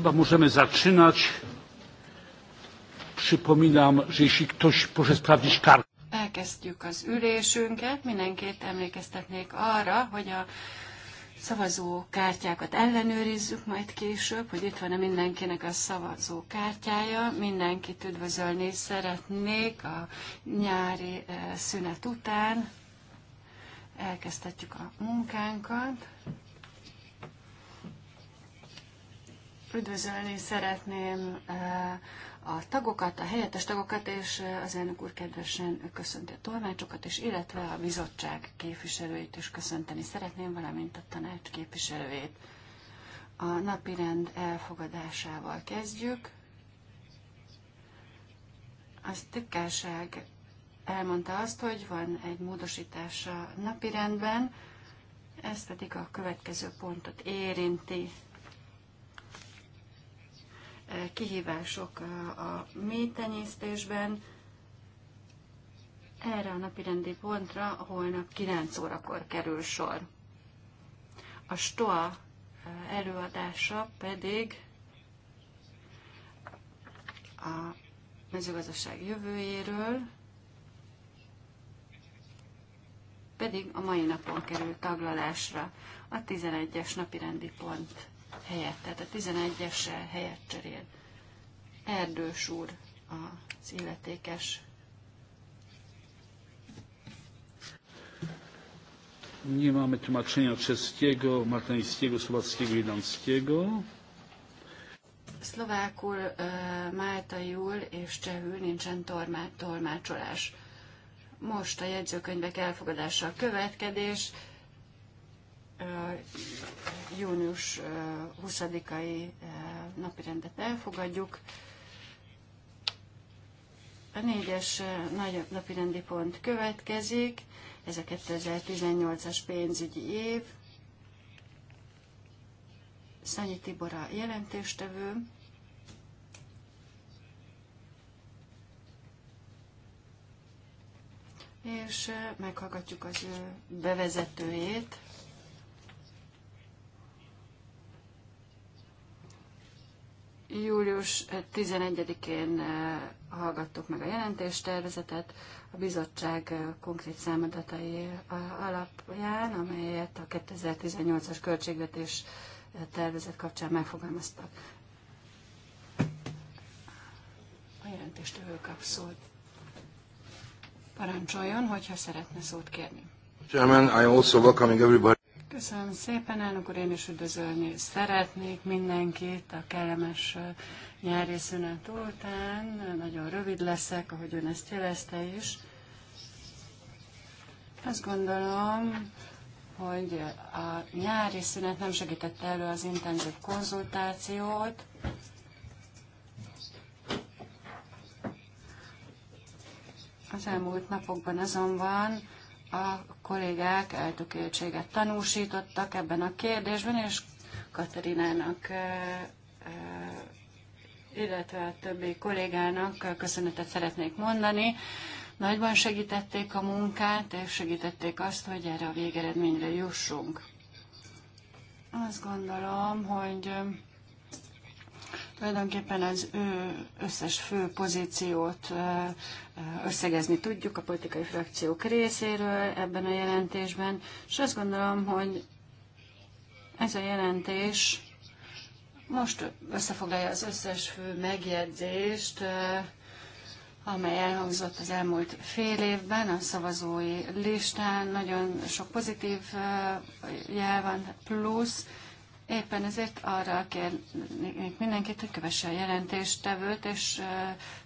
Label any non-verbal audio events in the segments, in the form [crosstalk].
Chyba możemy zaczynać. Przypominam, że jeśli ktoś może sprawdzić kartę. Elkezdjük az ülésünket. Mindenkit emlékeztetnék arra, hogy a szavazó kártyákat ellenőrizzük majd később, hogy itt van-e mindenkinek a szavazó kártyája. Mindenkit üdvözölni szeretnék a nyári eh, szünet után. Elkezdhetjük a munkánkat. Üdvözölni szeretném e, a tagokat, a helyettes tagokat, és e, az elnök úr kedvesen köszönti a tolmácsokat, és illetve a bizottság képviselőit is köszönteni szeretném, valamint a tanács képviselőjét. A napirend elfogadásával kezdjük. A titkárság elmondta azt, hogy van egy módosítás a napirendben, ez pedig a következő pontot érinti kihívások a mélytenyésztésben. Erre a napirendi pontra holnap 9 órakor kerül sor. A STOA előadása pedig a mezőgazdaság jövőjéről, pedig a mai napon kerül taglalásra a 11-es napirendi pont helyet, tehát a 11-essel helyet cserél. Erdős úr az illetékes. Nie mamy tłumaczenia czeskiego, martańskiego, słowackiego i danskiego. Szlovákul, máltaiul és csehül nincsen tolmácsolás. Most a jegyzőkönyvek elfogadása a következés június 20-ai napirendet elfogadjuk. A négyes nagyobb napirendi pont következik, ez a 2018-as pénzügyi év. Szanyi Tibor a jelentéstevő. És meghallgatjuk az ő bevezetőjét. Július 11-én eh, hallgattuk meg a jelentéstervezetet a bizottság eh, konkrét számadatai eh, alapján, amelyet a 2018-as költségvetés tervezet kapcsán megfogalmaztak. A jelentéstől kap szót. Parancsoljon, hogyha szeretne szót kérni. Chairman, I also welcoming everybody. Köszönöm szépen, elnök úr, én is üdvözölni szeretnék mindenkit a kellemes nyári szünet után. Nagyon rövid leszek, ahogy ön ezt jelezte is. Azt gondolom, hogy a nyári szünet nem segítette elő az intenzív konzultációt. Az elmúlt napokban azonban a kollégák eltökéltséget tanúsítottak ebben a kérdésben, és Katerinának, illetve a többi kollégának köszönetet szeretnék mondani. Nagyban segítették a munkát, és segítették azt, hogy erre a végeredményre jussunk. Azt gondolom, hogy Tulajdonképpen az ő összes fő pozíciót összegezni tudjuk a politikai frakciók részéről ebben a jelentésben, és azt gondolom, hogy ez a jelentés most összefoglalja az összes fő megjegyzést, amely elhangzott az elmúlt fél évben a szavazói listán. Nagyon sok pozitív jel van, plusz Éppen ezért arra kérnék mindenkit, hogy kövesse a jelentéstevőt, és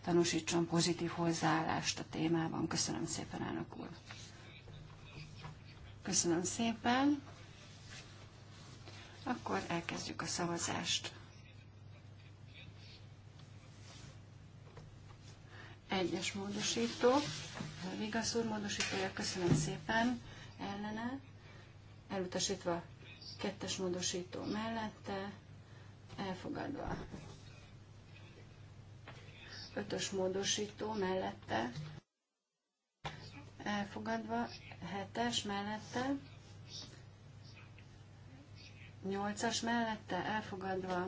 tanúsítson pozitív hozzáállást a témában. Köszönöm szépen, elnök úr. Köszönöm szépen. Akkor elkezdjük a szavazást. Egyes módosító, Vigasz úr módosítója, köszönöm szépen, ellene, elutasítva Kettes módosító mellette elfogadva. Ötös módosító mellette elfogadva. Hetes mellette. Nyolcas mellette elfogadva.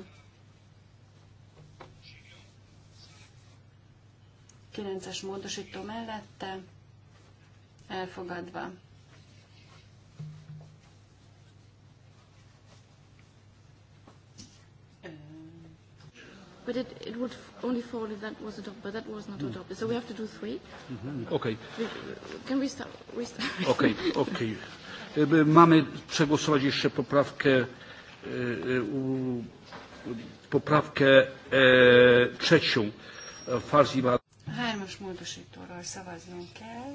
9-es módosító mellette elfogadva. But it, it would only fall if that was adopted, but that was not mm. adopted. So we have to do three. Mm-hmm. Okay. can we start? We start. [laughs] Okay, okay. Mamy przegłosować jeszcze poprawkę, e, poprawkę e, trzecią. Farzival. Hármas módosítóról szavaznunk kell.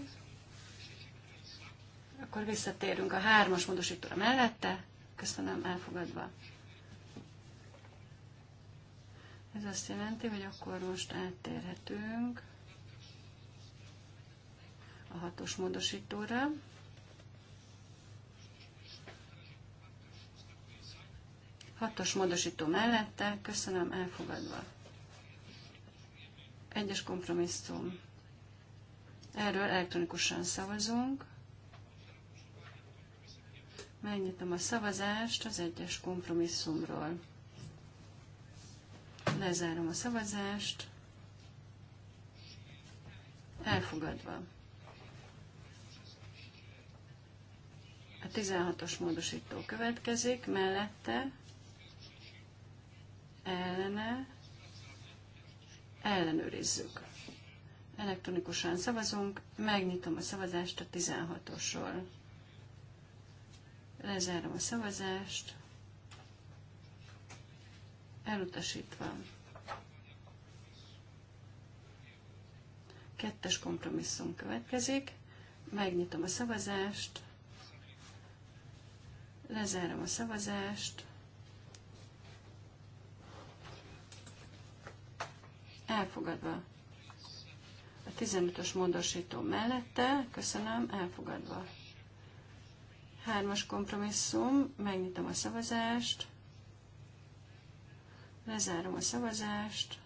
Akkor visszatérünk a hármas módosítóra mellette. Köszönöm, elfogadva. Ez azt jelenti, hogy akkor most áttérhetünk a hatos módosítóra. Hatos módosító mellette, köszönöm, elfogadva. Egyes kompromisszum. Erről elektronikusan szavazunk. Megnyitom a szavazást az egyes kompromisszumról. Lezárom a szavazást. Elfogadva. A 16-os módosító következik, mellette, ellene, ellenőrizzük. Elektronikusan szavazunk, megnyitom a szavazást a 16-osról. Lezárom a szavazást elutasítva. Kettes kompromisszum következik, megnyitom a szavazást, lezárom a szavazást, elfogadva. A 15-ös módosító mellette, köszönöm, elfogadva. Hármas kompromisszum, megnyitom a szavazást, Lezárom a szavazást.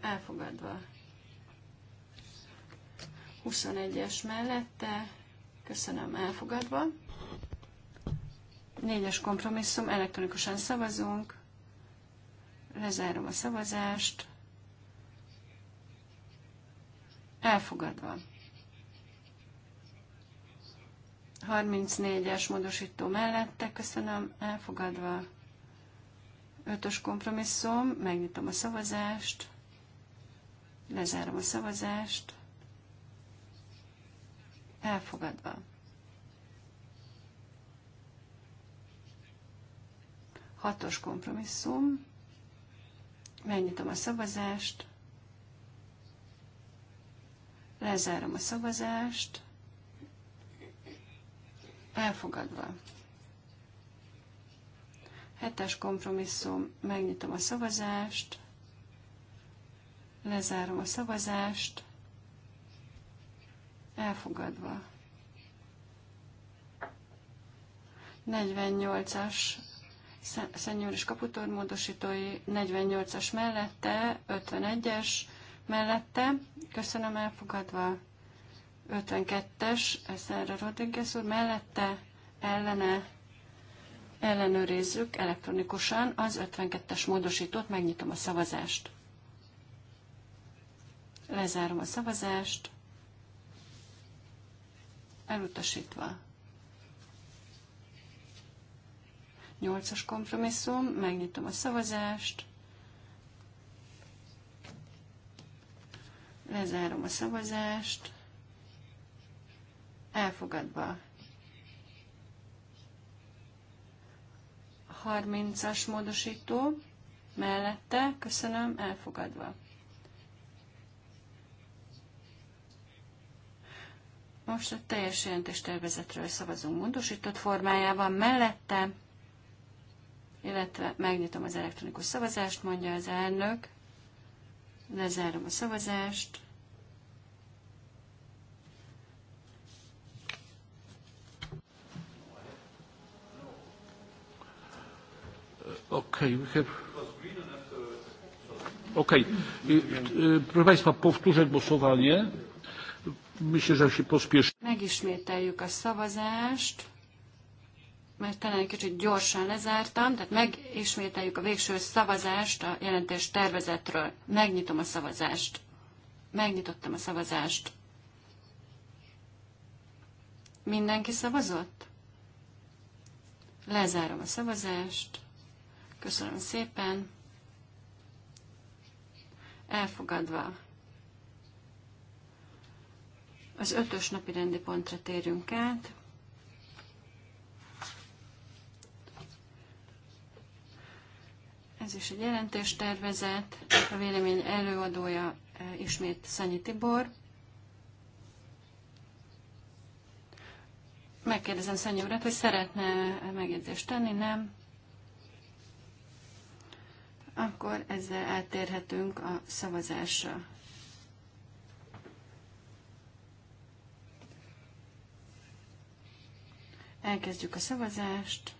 Elfogadva. 21-es mellette. Köszönöm, elfogadva. 4-es kompromisszum, elektronikusan szavazunk. Lezárom a szavazást. Elfogadva. 34-es módosító mellette, köszönöm, elfogadva. 5-ös kompromisszum, megnyitom a szavazást, lezárom a szavazást, elfogadva. 6-os kompromisszum, megnyitom a szavazást, lezárom a szavazást, Elfogadva. Hetes kompromisszum. Megnyitom a szavazást. Lezárom a szavazást. Elfogadva. 48-as szennyőr és Kaputor módosítói, 48-as mellette, 51-es mellette. Köszönöm elfogadva. 52-es, Eszerre Rodriguez úr, mellette ellene ellenőrizzük elektronikusan az 52-es módosítót, megnyitom a szavazást. Lezárom a szavazást. Elutasítva. 8-as kompromisszum, megnyitom a szavazást. Lezárom a szavazást elfogadva. 30-as módosító mellette, köszönöm, elfogadva. Most a teljes tervezetről szavazunk módosított formájában, mellette, illetve megnyitom az elektronikus szavazást, mondja az elnök, lezárom a szavazást, Okay, we have... Okay. Proszę Państwa, powtórzę głosowanie. Myślę, że się pospieszy. Megismételjük a szavazást, mert talán egy kicsit gyorsan lezártam, tehát megismételjük a végső szavazást a jelentés tervezetről. Megnyitom a szavazást. Megnyitottam a szavazást. Mindenki szavazott? Lezárom a szavazást. Köszönöm szépen. Elfogadva. Az ötös napi rendi pontra térünk át. Ez is egy jelentéstervezet. A vélemény előadója eh, ismét Szanyi Tibor. Megkérdezem Szanyi urat, hogy szeretne megjegyzést tenni, nem? akkor ezzel áttérhetünk a szavazásra. Elkezdjük a szavazást.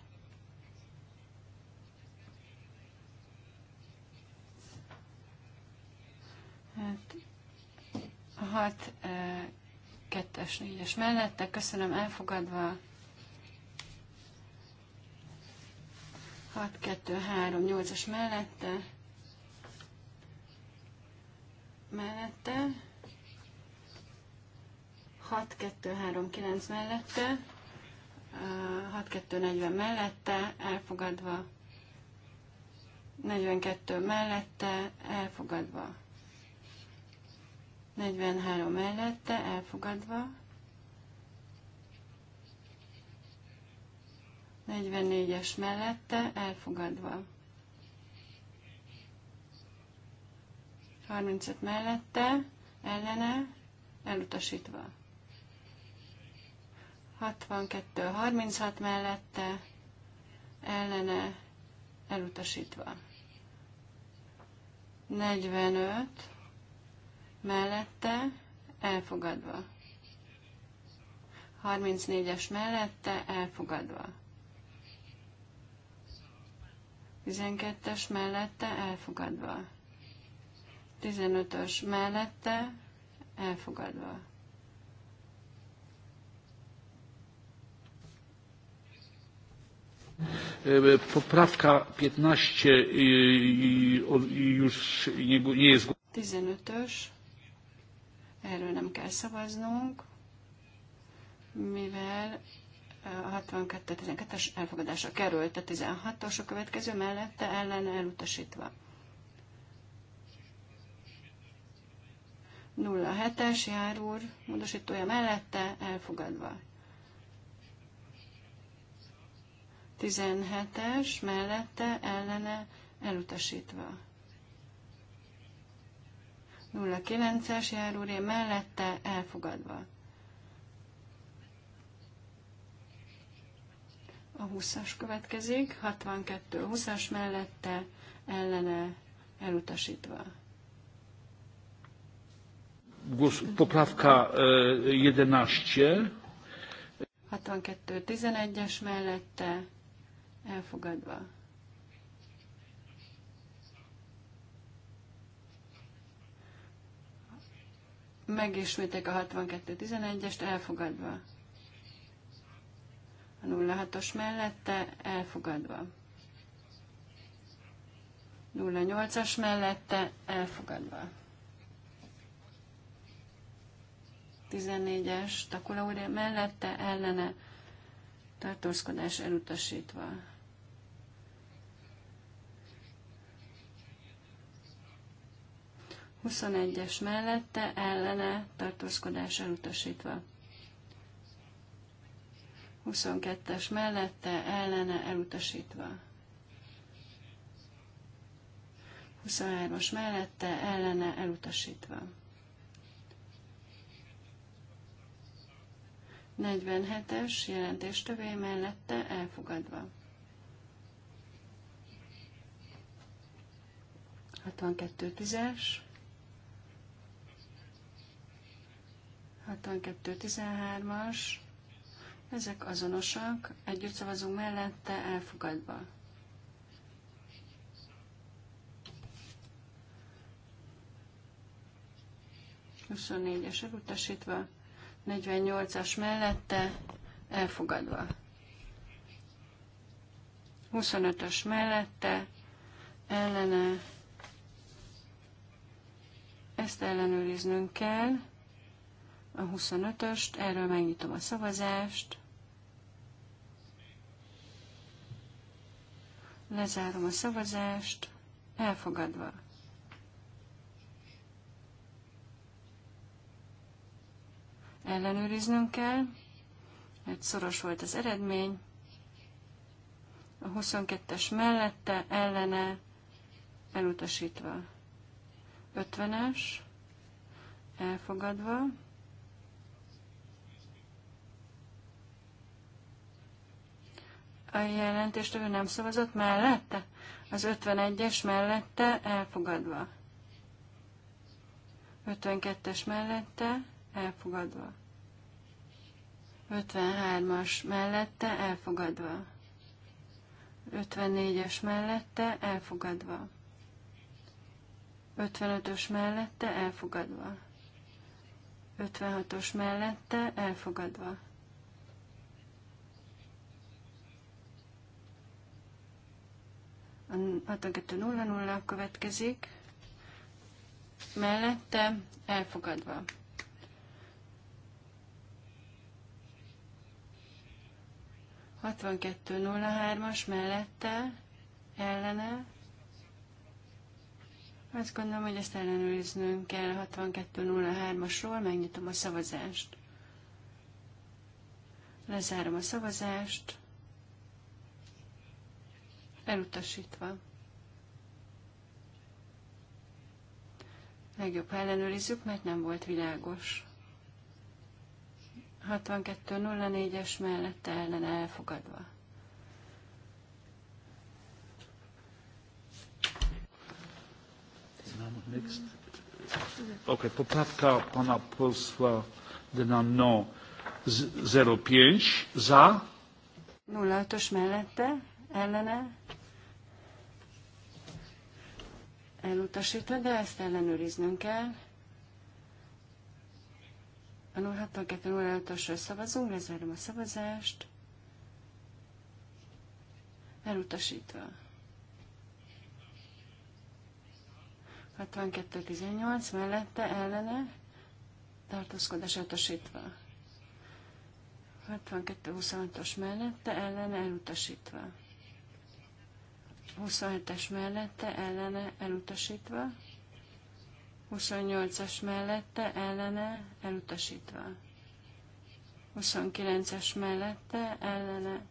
Hát, a 6, 2-es, 4-es mellette, köszönöm, elfogadva. 6, 2, 3, 8-as mellette, mellette, 6, 2, 3, 9 mellette, 6, 2, 40 mellette, elfogadva, 42 mellette, elfogadva, 43 mellette, elfogadva, 44-es mellette elfogadva. 35 mellette ellene elutasítva. 62-36 mellette ellene elutasítva. 45 mellette elfogadva. 34-es mellette elfogadva. 12-es mellette elfogadva. 15-ös mellette elfogadva. E, poprawka 15 e, już nie jest. 15-ös. Erről nem kell szavaznunk, mivel a 62-12-es elfogadásra került, a 16-os a következő mellette ellen elutasítva. 07-es jár úr módosítója mellette elfogadva. 17-es mellette ellene elutasítva. 09-es járúré mellette elfogadva. A 20-as következik, 62 a 20-as mellette ellene elutasítva. Głos, Poprawka 11. E, 62-11-es mellette elfogadva. Megismétek a 62-11-est elfogadva a 06-os mellette elfogadva. 08-as mellette elfogadva. 14-es Takula mellette ellene tartózkodás elutasítva. Huszonegyes mellette ellene tartózkodás elutasítva. 22-es mellette ellene elutasítva. 23-as mellette ellene elutasítva. 47-es tövé mellette elfogadva. 62-10-es. 62-13-as ezek azonosak, együtt szavazunk mellette, elfogadva. es elutasítva, 48-as mellette, elfogadva. 25-ös mellette, ellene, ezt ellenőriznünk kell, a 25-öst, erről megnyitom a szavazást, Lezárom a szavazást. Elfogadva. Ellenőriznünk kell, mert szoros volt az eredmény. A 22-es mellette, ellene, elutasítva. 50-es, elfogadva. a jelentést, ő nem szavazott mellette? Az 51-es mellette elfogadva. 52-es mellette elfogadva. 53-as mellette elfogadva. 54-es mellette elfogadva. 55-ös mellette elfogadva. 56-os mellette elfogadva. A 62.00 következik. Mellette elfogadva. as mellette ellene. Azt gondolom, hogy ezt ellenőriznünk kell 62.03-asról, megnyitom a szavazást. Lezárom a szavazást elutasítva. Legjobb, ha ellenőrizzük, mert nem volt világos. 62.04-es mellette ellen elfogadva. Ok, poprawka pana posła Denano 05 za. 0 ös mellette ellene elutasítva, de ezt ellenőriznünk kell. A 06-02-06-osról szavazunk, lezárom a szavazást. Elutasítva. 62-18 mellette ellene tartózkodás elutasítva. 62-26-os mellette ellene elutasítva. 27-es mellette ellene elutasítva, 28-as mellette ellene elutasítva, 29-es mellette ellene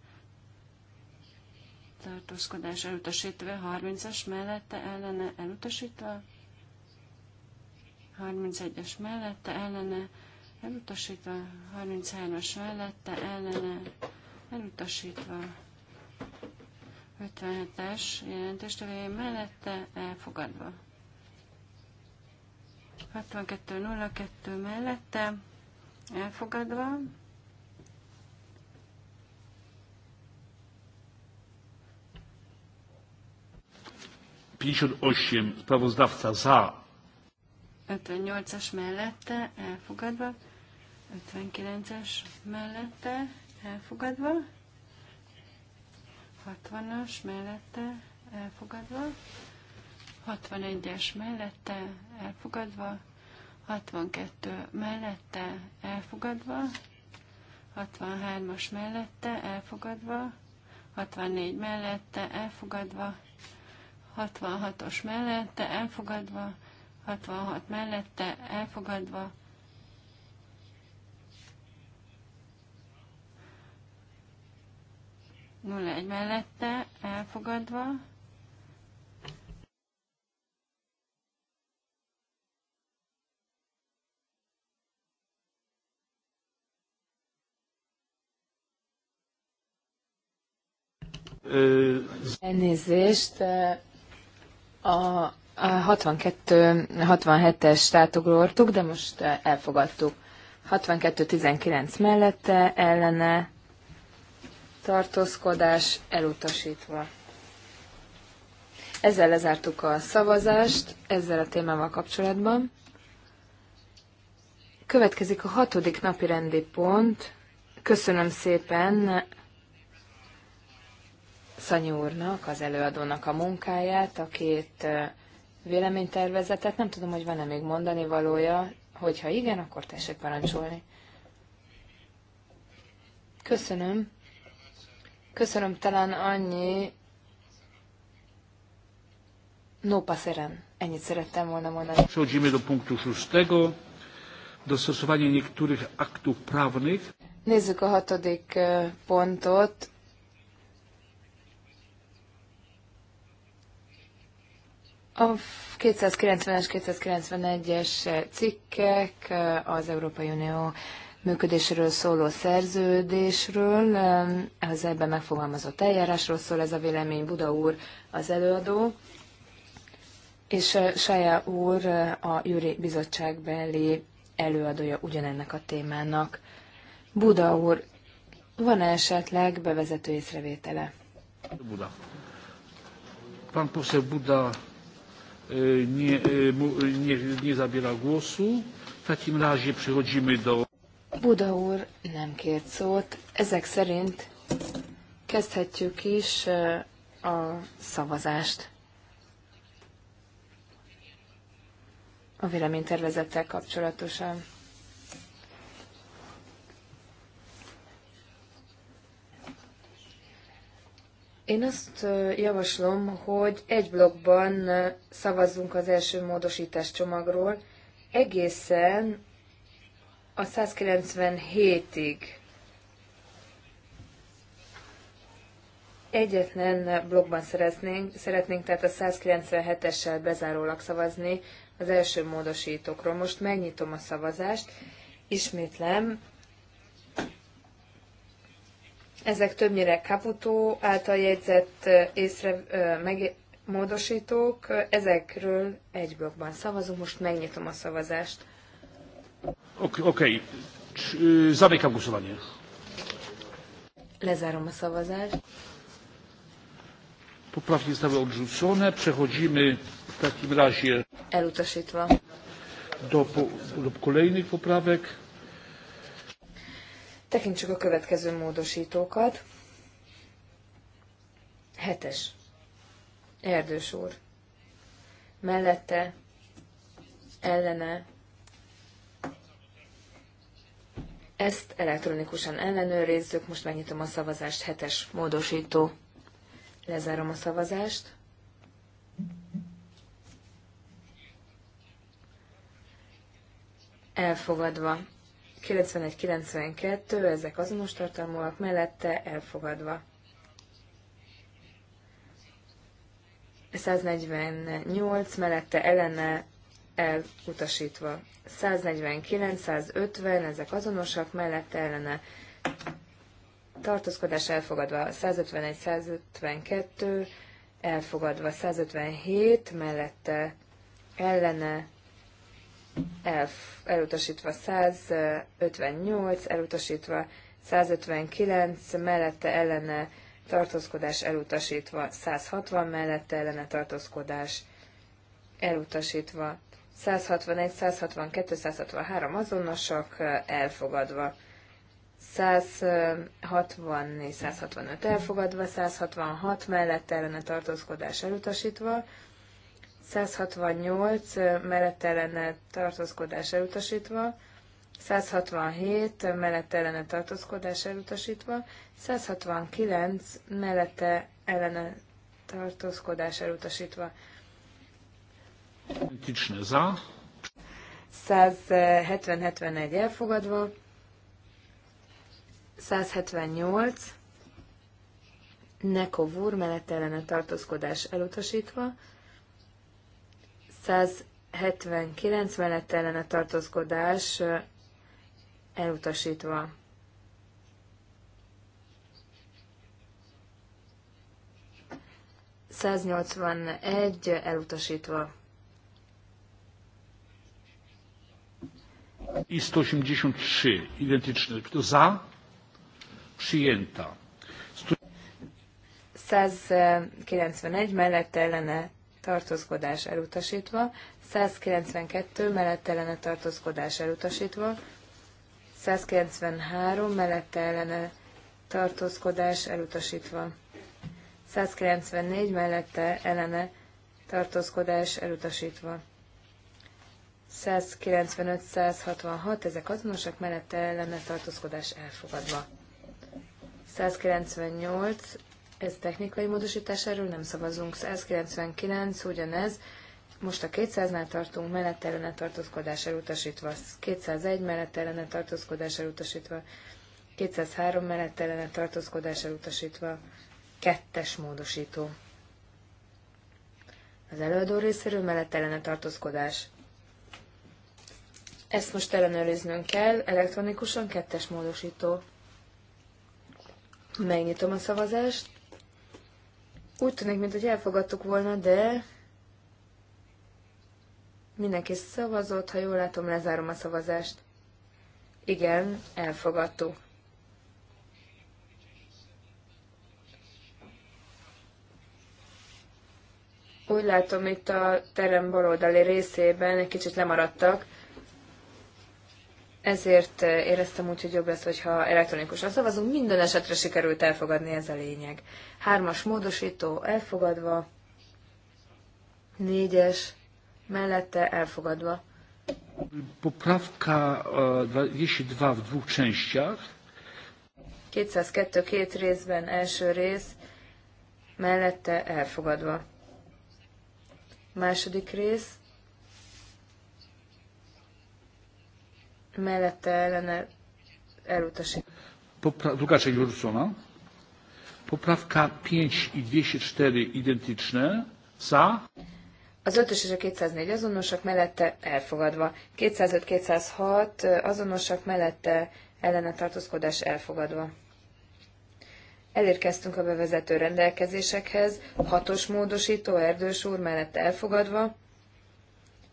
tartózkodás elutasítva, 30-as mellette ellene elutasítva, 31-es mellette ellene elutasítva, 33-as mellette ellene elutasítva. 57-es jelentéstevője mellette elfogadva. 62.02 mellette elfogadva. sprawozdawca za. 58-as mellette elfogadva. 59-es mellette elfogadva. 60-as mellette elfogadva, 61-es mellette elfogadva, 62 mellette elfogadva, 63-as mellette elfogadva, 64 mellette elfogadva, 66-os mellette elfogadva, 66 mellette elfogadva, 0-1 mellette elfogadva. Elnézést, a 62-67-es ortuk, de most elfogadtuk. 62-19 mellette, ellene tartózkodás elutasítva. Ezzel lezártuk a szavazást, ezzel a témával kapcsolatban. Következik a hatodik napi rendi pont. Köszönöm szépen Szanyi úrnak, az előadónak a munkáját, a két véleménytervezetet. Nem tudom, hogy van-e még mondani valója, hogyha igen, akkor tessék parancsolni. Köszönöm. Köszönöm talán annyi. No paseren. Ennyit szerettem volna mondani. Przechodzimy do punktu szóstego. Dostosowanie niektórych aktów prawnych. Nézzük a hatodik e, pontot. A 290-es, 291-es cikkek e, az Európai Unió működésről szóló szerződésről, az ebben megfogalmazott eljárásról szól ez a vélemény, Buda úr az előadó, és eh, Saja úr eh, a Júri Bizottságbeli előadója ugyanennek a témának. Buda úr, van -e esetleg bevezető észrevétele? Buda. Pan poseł Buda e, nie, e, e, nie, nie zabiera głosu. W takim razie przechodzimy do... Buda úr nem kért szót. Ezek szerint kezdhetjük is a szavazást. A véleménytervezettel kapcsolatosan. Én azt javaslom, hogy egy blokkban szavazzunk az első módosítás csomagról, egészen a 197-ig egyetlen blogban szeretnénk, szeretnénk tehát a 197-essel bezárólag szavazni az első módosítókról. Most megnyitom a szavazást, ismétlem, ezek többnyire Caputo által jegyzett észre meg, módosítók, ezekről egy blokkban szavazunk, most megnyitom a szavazást. Okej. Okay. Zamykam głosowanie. Lezárom a Poprawki zostały odrzucone. Przechodzimy w takim razie Elutasítva. Do, do kolejnych poprawek. Tekintsük a következő módosítókat. Hetes. Erdős úr. Mellette, ellene, Ezt elektronikusan ellenőrizzük, most megnyitom a szavazást, hetes módosító. Lezárom a szavazást. Elfogadva. 91-92, ezek azonos tartalmúak, mellette elfogadva. 148 mellette ellene elutasítva. 149, 150, ezek azonosak, mellette ellene tartózkodás elfogadva. 151, 152, elfogadva. 157, mellette ellene elf, elutasítva. 158, elutasítva. 159, mellette ellene tartózkodás elutasítva, 160 mellette ellene tartózkodás elutasítva, 161, 162, 163 azonosak, elfogadva. 164, 165 elfogadva, 166 mellett ellene tartózkodás elutasítva, 168 mellett ellene tartózkodás elutasítva, 167 mellette ellene tartózkodás elutasítva, 169 mellette ellene tartózkodás elutasítva, 170-71 elfogadva. 178. Nekov úr mellett ellene tartózkodás elutasítva. 179 mellett ellene tartózkodás elutasítva. egy elutasítva. i 183 identyczne. Kto za? Przyjęta. 191 mellette ellene tartózkodás elutasítva, 192 mellette ellene tartózkodás elutasítva, 193 mellette ellene tartózkodás elutasítva, 194 mellette ellene tartózkodás elutasítva. 195-166, ezek azonosak, mellette ellene tartózkodás elfogadva. 198, ez technikai módosítás, erről nem szavazunk. 199, ugyanez. Most a 200-nál tartunk, mellett ellene tartózkodás elutasítva. 201 mellett ellene tartózkodás elutasítva. 203 mellett ellene tartózkodás elutasítva. Kettes módosító. Az előadó részéről mellett ellene tartózkodás ezt most ellenőriznünk kell, elektronikusan kettes módosító. Megnyitom a szavazást. Úgy tűnik, mintha elfogadtuk volna, de mindenki szavazott, ha jól látom, lezárom a szavazást. Igen, elfogadtuk. Úgy látom, itt a terem baloldali részében egy kicsit lemaradtak ezért eh, éreztem úgy, hogy jobb lesz, hogyha elektronikusan szavazunk. Minden esetre sikerült elfogadni, ez a lényeg. Hármas módosító elfogadva, négyes mellette elfogadva. Poprawka 22 e, w dwóch częściach. 202 két részben első rész, mellette elfogadva. Második rész mellette lenne elutasít. Popra- druga część odrzucona. Poprawka 5 i 204 identyczne. Za. Az ötös és a 204 azonosak mellette elfogadva. 205-206 azonosak mellette ellene tartózkodás elfogadva. Elérkeztünk a bevezető rendelkezésekhez, hatos módosító erdős úr mellette elfogadva.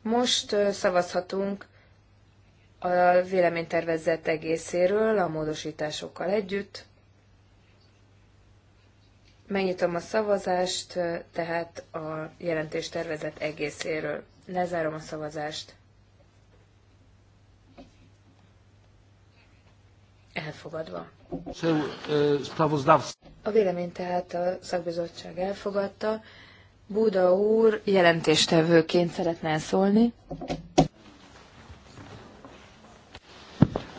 Most szavazhatunk a véleménytervezet egészéről a módosításokkal együtt. Megnyitom a szavazást, tehát a jelentéstervezet egészéről. Lezárom a szavazást. Elfogadva. Uh, a vélemény tehát a szakbizottság elfogadta. Buda úr jelentéstevőként szeretne szólni.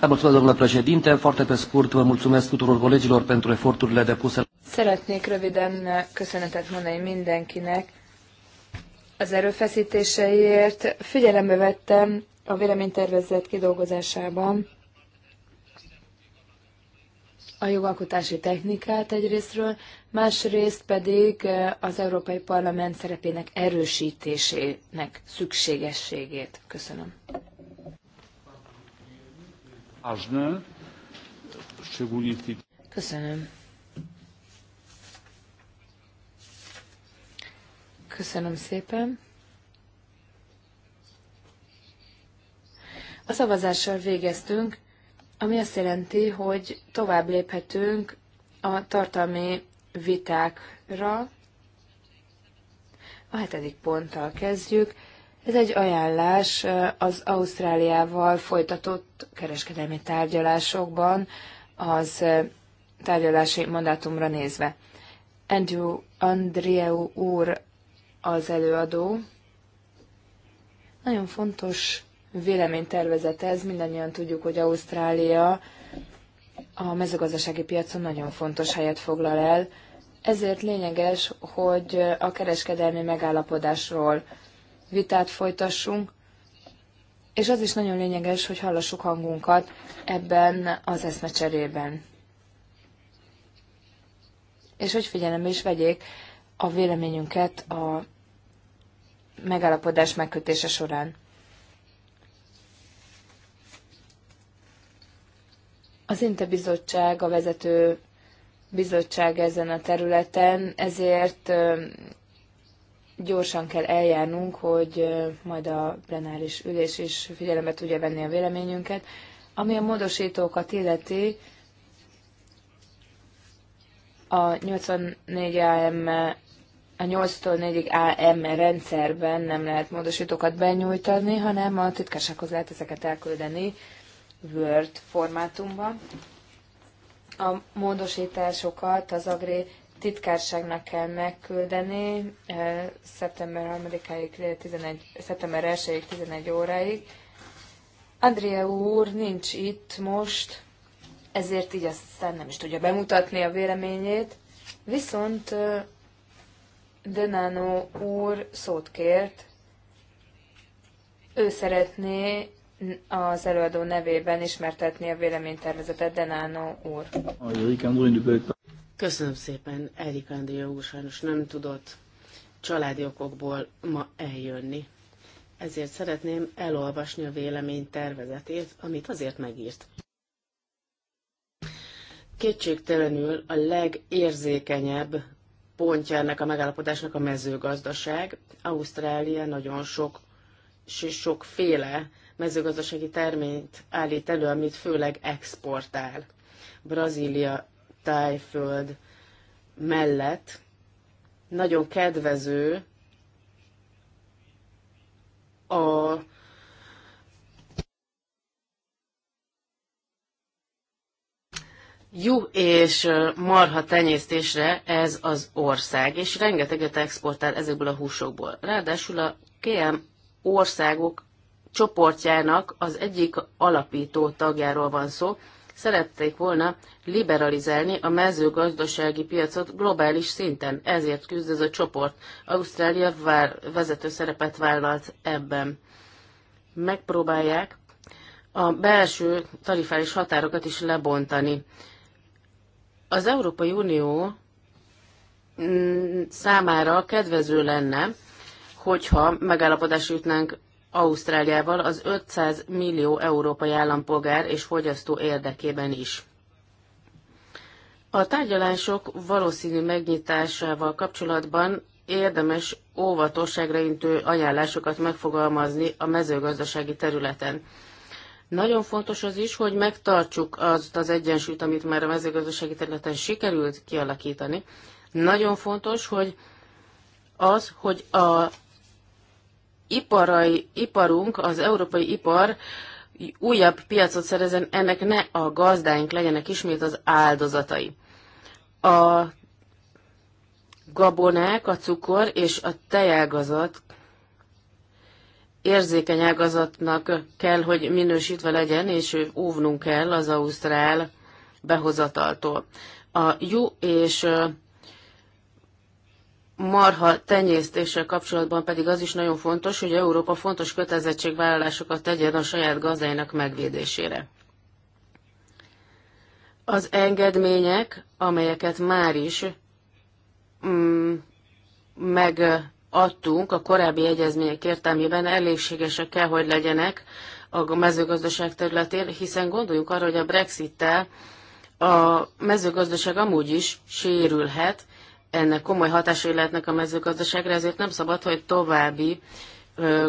Domnule președinte, foarte pe scurt vă mulțumesc tuturor colegilor pentru eforturile depuse. Szeretnék röviden köszönetet mondani mindenkinek az erőfeszítéseiért. Figyelembe vettem a véleménytervezet kidolgozásában a jogalkotási technikát egyrésztről, másrészt pedig az Európai Parlament szerepének erősítésének szükségességét. Köszönöm. Köszönöm. Köszönöm szépen. A szavazással végeztünk, ami azt jelenti, hogy tovább léphetünk a tartalmi vitákra. A hetedik ponttal kezdjük. Ez egy ajánlás az Ausztráliával folytatott kereskedelmi tárgyalásokban az tárgyalási mandátumra nézve. Andrew Andrieu úr az előadó. Nagyon fontos véleménytervezet ez, mindannyian tudjuk, hogy Ausztrália a mezőgazdasági piacon nagyon fontos helyet foglal el, ezért lényeges, hogy a kereskedelmi megállapodásról vitát folytassunk, és az is nagyon lényeges, hogy hallassuk hangunkat ebben az eszmecserében. És hogy figyelembe is vegyék a véleményünket a megállapodás megkötése során. Az bizottság, a vezető bizottság ezen a területen, ezért gyorsan kell eljárnunk, hogy majd a plenáris ülés is figyelembe tudja venni a véleményünket. Ami a módosítókat illeti, a 84 AM, a 8-tól 4-ig AM rendszerben nem lehet módosítókat benyújtani, hanem a titkársághoz lehet ezeket elküldeni Word formátumban. A módosításokat az Agri titkárságnak kell megküldeni eh, szeptember 3 ig 11, szeptember 1-ig, 11 óráig. Andrea úr nincs itt most, ezért így aztán nem is tudja bemutatni a véleményét, viszont eh, Denano úr szót kért, ő szeretné az előadó nevében ismertetni a véleménytervezetet Denano úr. Ah, Köszönöm szépen, Erik Andrió úr sajnos nem tudott családi okokból ma eljönni. Ezért szeretném elolvasni a vélemény tervezetét, amit azért megírt. Kétségtelenül a legérzékenyebb pontja ennek a megállapodásnak a mezőgazdaság. Ausztrália nagyon sok és sokféle mezőgazdasági terményt állít elő, amit főleg exportál. Brazília tájföld mellett nagyon kedvező a jó és marha tenyésztésre ez az ország, és rengeteget exportál ezekből a húsokból. Ráadásul a KM országok csoportjának az egyik alapító tagjáról van szó, szerették volna liberalizálni a mezőgazdasági piacot globális szinten. Ezért küzd ez a csoport. Ausztrália vár, vezető szerepet vállalt ebben. Megpróbálják a belső tarifális határokat is lebontani. Az Európai Unió mm, számára kedvező lenne, hogyha megállapodás jutnánk Ausztráliával az 500 millió európai állampolgár és fogyasztó érdekében is. A tárgyalások valószínű megnyitásával kapcsolatban érdemes óvatosságra intő ajánlásokat megfogalmazni a mezőgazdasági területen. Nagyon fontos az is, hogy megtartsuk azt az egyensúlyt, amit már a mezőgazdasági területen sikerült kialakítani. Nagyon fontos, hogy az, hogy a iparai, iparunk, az európai ipar újabb piacot szerezen, ennek ne a gazdáink legyenek ismét az áldozatai. A gabonák, a cukor és a tejágazat érzékeny ágazatnak kell, hogy minősítve legyen, és óvnunk kell az ausztrál behozataltól. A jó és marha tenyésztéssel kapcsolatban pedig az is nagyon fontos, hogy Európa fontos kötelezettségvállalásokat tegyen a saját gazdáinak megvédésére. Az engedmények, amelyeket már is mm, megadtunk a korábbi egyezmények értelmében, elégségesek kell, hogy legyenek a mezőgazdaság területén, hiszen gondoljuk arra, hogy a Brexit-tel a mezőgazdaság amúgy is sérülhet, ennek komoly hatásai lehetnek a mezőgazdaságra, ezért nem szabad, hogy további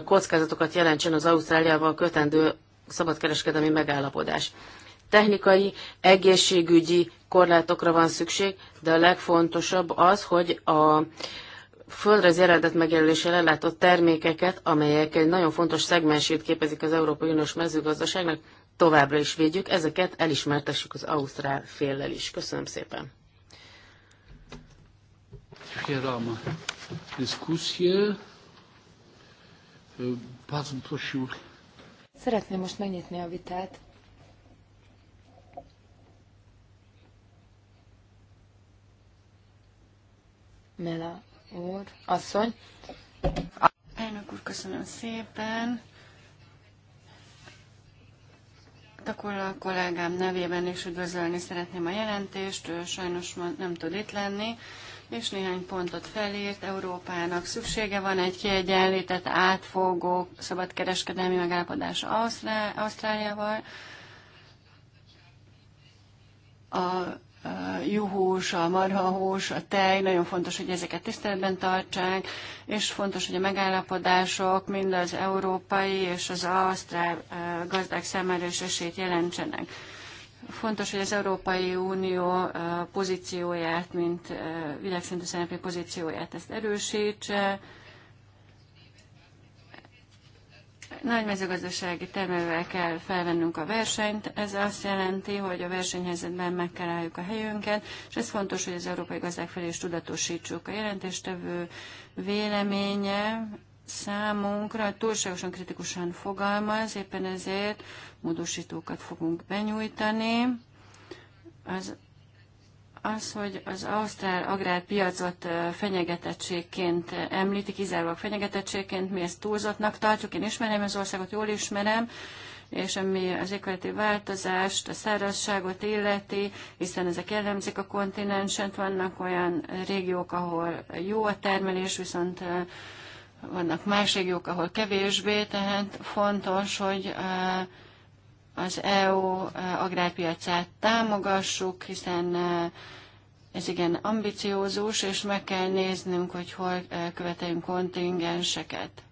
kockázatokat jelentsen az Ausztráliával kötendő szabadkereskedelmi megállapodás. Technikai, egészségügyi korlátokra van szükség, de a legfontosabb az, hogy a földrajz eredet megjelöléssel ellátott termékeket, amelyek egy nagyon fontos szegmensét képezik az Európai Uniós mezőgazdaságnak, továbbra is védjük, ezeket elismertessük az Ausztrál féllel is. Köszönöm szépen! Otwieram dyskusję. E, bardzo prosił. Szeretném most megnyitni a vitát. Mela úr, asszony. Elnök úr, köszönöm szépen. Takolla a kollégám nevében is üdvözölni szeretném a jelentést, ő sajnos nem tud itt lenni, és néhány pontot felírt. Európának szüksége van egy kiegyenlített, átfogó szabadkereskedelmi megállapodás Ausztrá- Ausztráliával. A juhús, a marhahús, a tej, nagyon fontos, hogy ezeket tiszteletben tartsák, és fontos, hogy a megállapodások mind az európai és az ausztrál gazdák számára is esélyt jelentsenek. Fontos, hogy az Európai Unió pozícióját, mint világszintű szereplő pozícióját ezt erősítse. Nagy mezőgazdasági termelővel kell felvennünk a versenyt. Ez azt jelenti, hogy a versenyhelyzetben meg kell álljuk a helyünket, és ez fontos, hogy az európai gazdák felé is tudatosítsuk. A jelentéstevő véleménye számunkra túlságosan kritikusan fogalmaz, éppen ezért módosítókat fogunk benyújtani. Az, az, hogy az ausztrál agrárpiacot fenyegetettségként említik, kizárólag fenyegetettségként, mi ezt túlzottnak tartjuk, én ismerem az országot, jól ismerem, és ami az éghajlati változást, a szárazságot illeti, hiszen ezek jellemzik a kontinensen, vannak olyan régiók, ahol jó a termelés, viszont vannak más régiók, ahol kevésbé, tehát fontos, hogy az EU e, agrárpiacát támogassuk, hiszen e, ez igen ambiciózus, és meg kell néznünk, hogy hol e, követeljünk kontingenseket.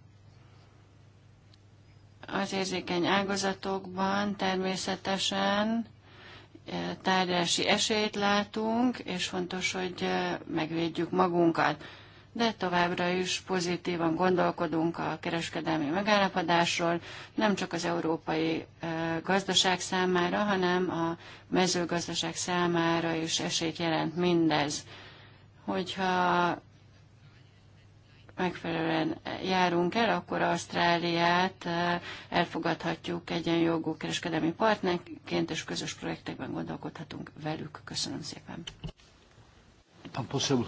Az érzékeny ágazatokban természetesen tárgyási esélyt látunk, és fontos, hogy megvédjük magunkat de továbbra is pozitívan gondolkodunk a kereskedelmi megállapodásról, nem csak az európai gazdaság számára, hanem a mezőgazdaság számára is esélyt jelent mindez. Hogyha megfelelően járunk el, akkor Ausztráliát elfogadhatjuk egyenjogú kereskedelmi partnerként, és közös projektekben gondolkodhatunk velük. Köszönöm szépen. Pan poseł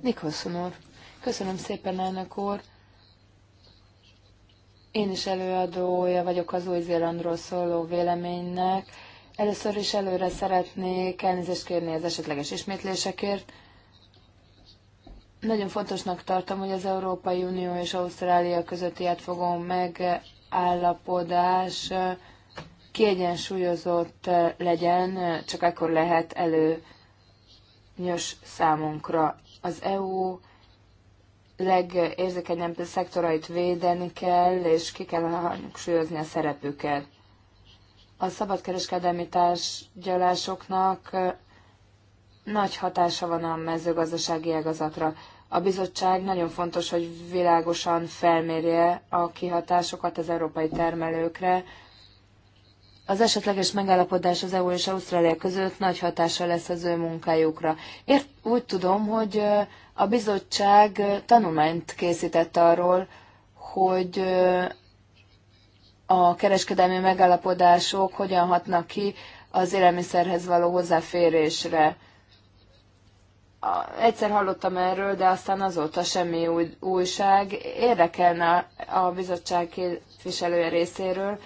Nikolson úr. Köszönöm szépen, elnök úr. Én is előadója vagyok az Új-Zélandról szóló véleménynek. Először is előre szeretnék elnézést kérni az esetleges ismétlésekért. Nagyon fontosnak tartom, hogy az Európai Unió és Ausztrália közötti átfogó megállapodás kiegyensúlyozott legyen, csak akkor lehet előnyös számunkra az EU legérzékenyebb szektorait védeni kell, és ki kell hangsúlyozni a szerepüket. A szabadkereskedelmi tárgyalásoknak nagy hatása van a mezőgazdasági ágazatra. A bizottság nagyon fontos, hogy világosan felmérje a kihatásokat az európai termelőkre, az esetleges megállapodás az EU és Ausztrália között nagy hatása lesz az ő munkájukra. Ért, úgy tudom, hogy a bizottság tanulmányt készített arról, hogy a kereskedelmi megállapodások hogyan hatnak ki az élelmiszerhez való hozzáférésre. Egyszer hallottam erről, de aztán azóta semmi új, újság. Érdekelne a bizottság képviselője részéről,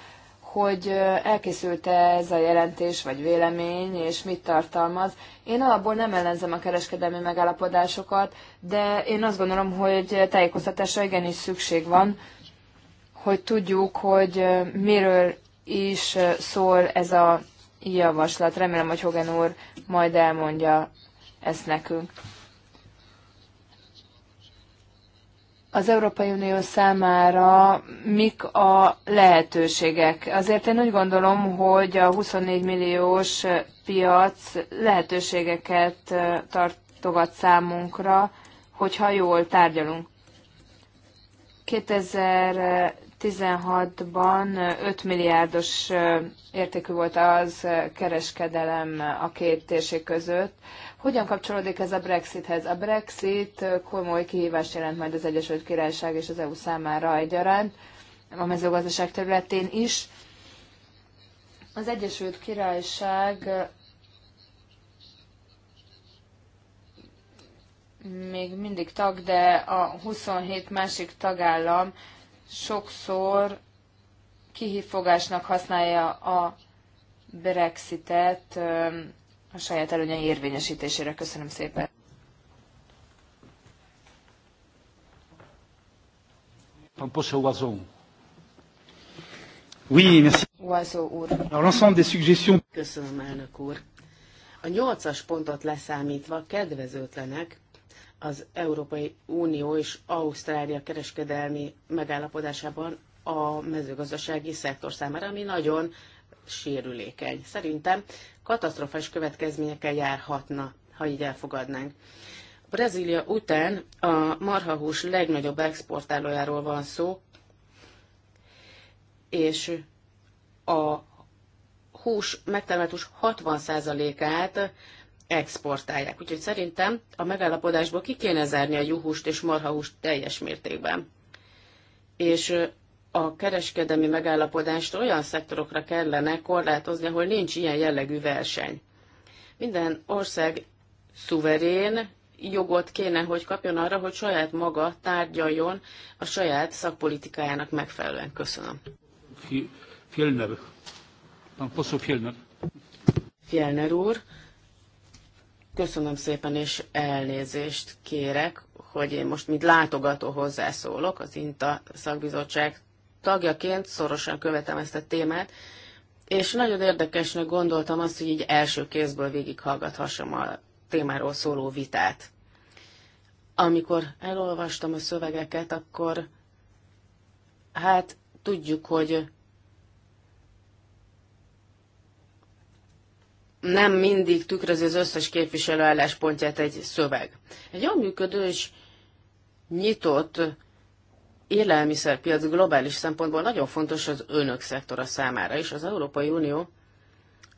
hogy elkészült-e ez a jelentés vagy vélemény, és mit tartalmaz. Én alapból nem ellenzem a kereskedelmi megállapodásokat, de én azt gondolom, hogy tájékoztatásra igenis szükség van, hogy tudjuk, hogy miről is szól ez a javaslat. Remélem, hogy Hogan úr majd elmondja ezt nekünk. az Európai Unió számára mik a lehetőségek. Azért én úgy gondolom, hogy a 24 milliós piac lehetőségeket tartogat számunkra, hogyha jól tárgyalunk. 2016-ban 5 milliárdos értékű volt az kereskedelem a két térség között. Hogyan kapcsolódik ez a Brexithez? A Brexit komoly kihívást jelent majd az Egyesült Királyság és az EU számára egyaránt, a mezőgazdaság területén is. Az Egyesült Királyság még mindig tag, de a 27 másik tagállam sokszor kihívfogásnak használja a Brexitet a saját előnyei érvényesítésére. Köszönöm szépen. Oui, merci. Köszönöm, elnök úr. A nyolcas pontot leszámítva kedvezőtlenek az Európai Unió és Ausztrália kereskedelmi megállapodásában a mezőgazdasági szektor számára, ami nagyon sérülékeny. Szerintem katasztrofás következményekkel járhatna, ha így elfogadnánk. Brazília után a marhahús legnagyobb exportálójáról van szó, és a hús, megtermelt hús 60%-át exportálják. Úgyhogy szerintem a megállapodásból ki kéne zárni a juhúst és marhahúst teljes mértékben. És a kereskedelmi megállapodást olyan szektorokra kellene korlátozni, ahol nincs ilyen jellegű verseny. Minden ország szuverén jogot kéne, hogy kapjon arra, hogy saját maga tárgyaljon a saját szakpolitikájának megfelelően. Köszönöm. Fjellner. Fjellner. Fjellner úr, köszönöm szépen, és elnézést kérek, hogy én most, mint látogató hozzászólok az INTA szakbizottság tagjaként szorosan követem ezt a témát, és nagyon érdekesnek gondoltam azt, hogy így első kézből végighallgathassam a témáról szóló vitát. Amikor elolvastam a szövegeket, akkor hát tudjuk, hogy nem mindig tükrözi az összes képviselő álláspontját egy szöveg. Egy jól működő és nyitott élelmiszerpiac globális szempontból nagyon fontos az önök szektora számára is. Az Európai Unió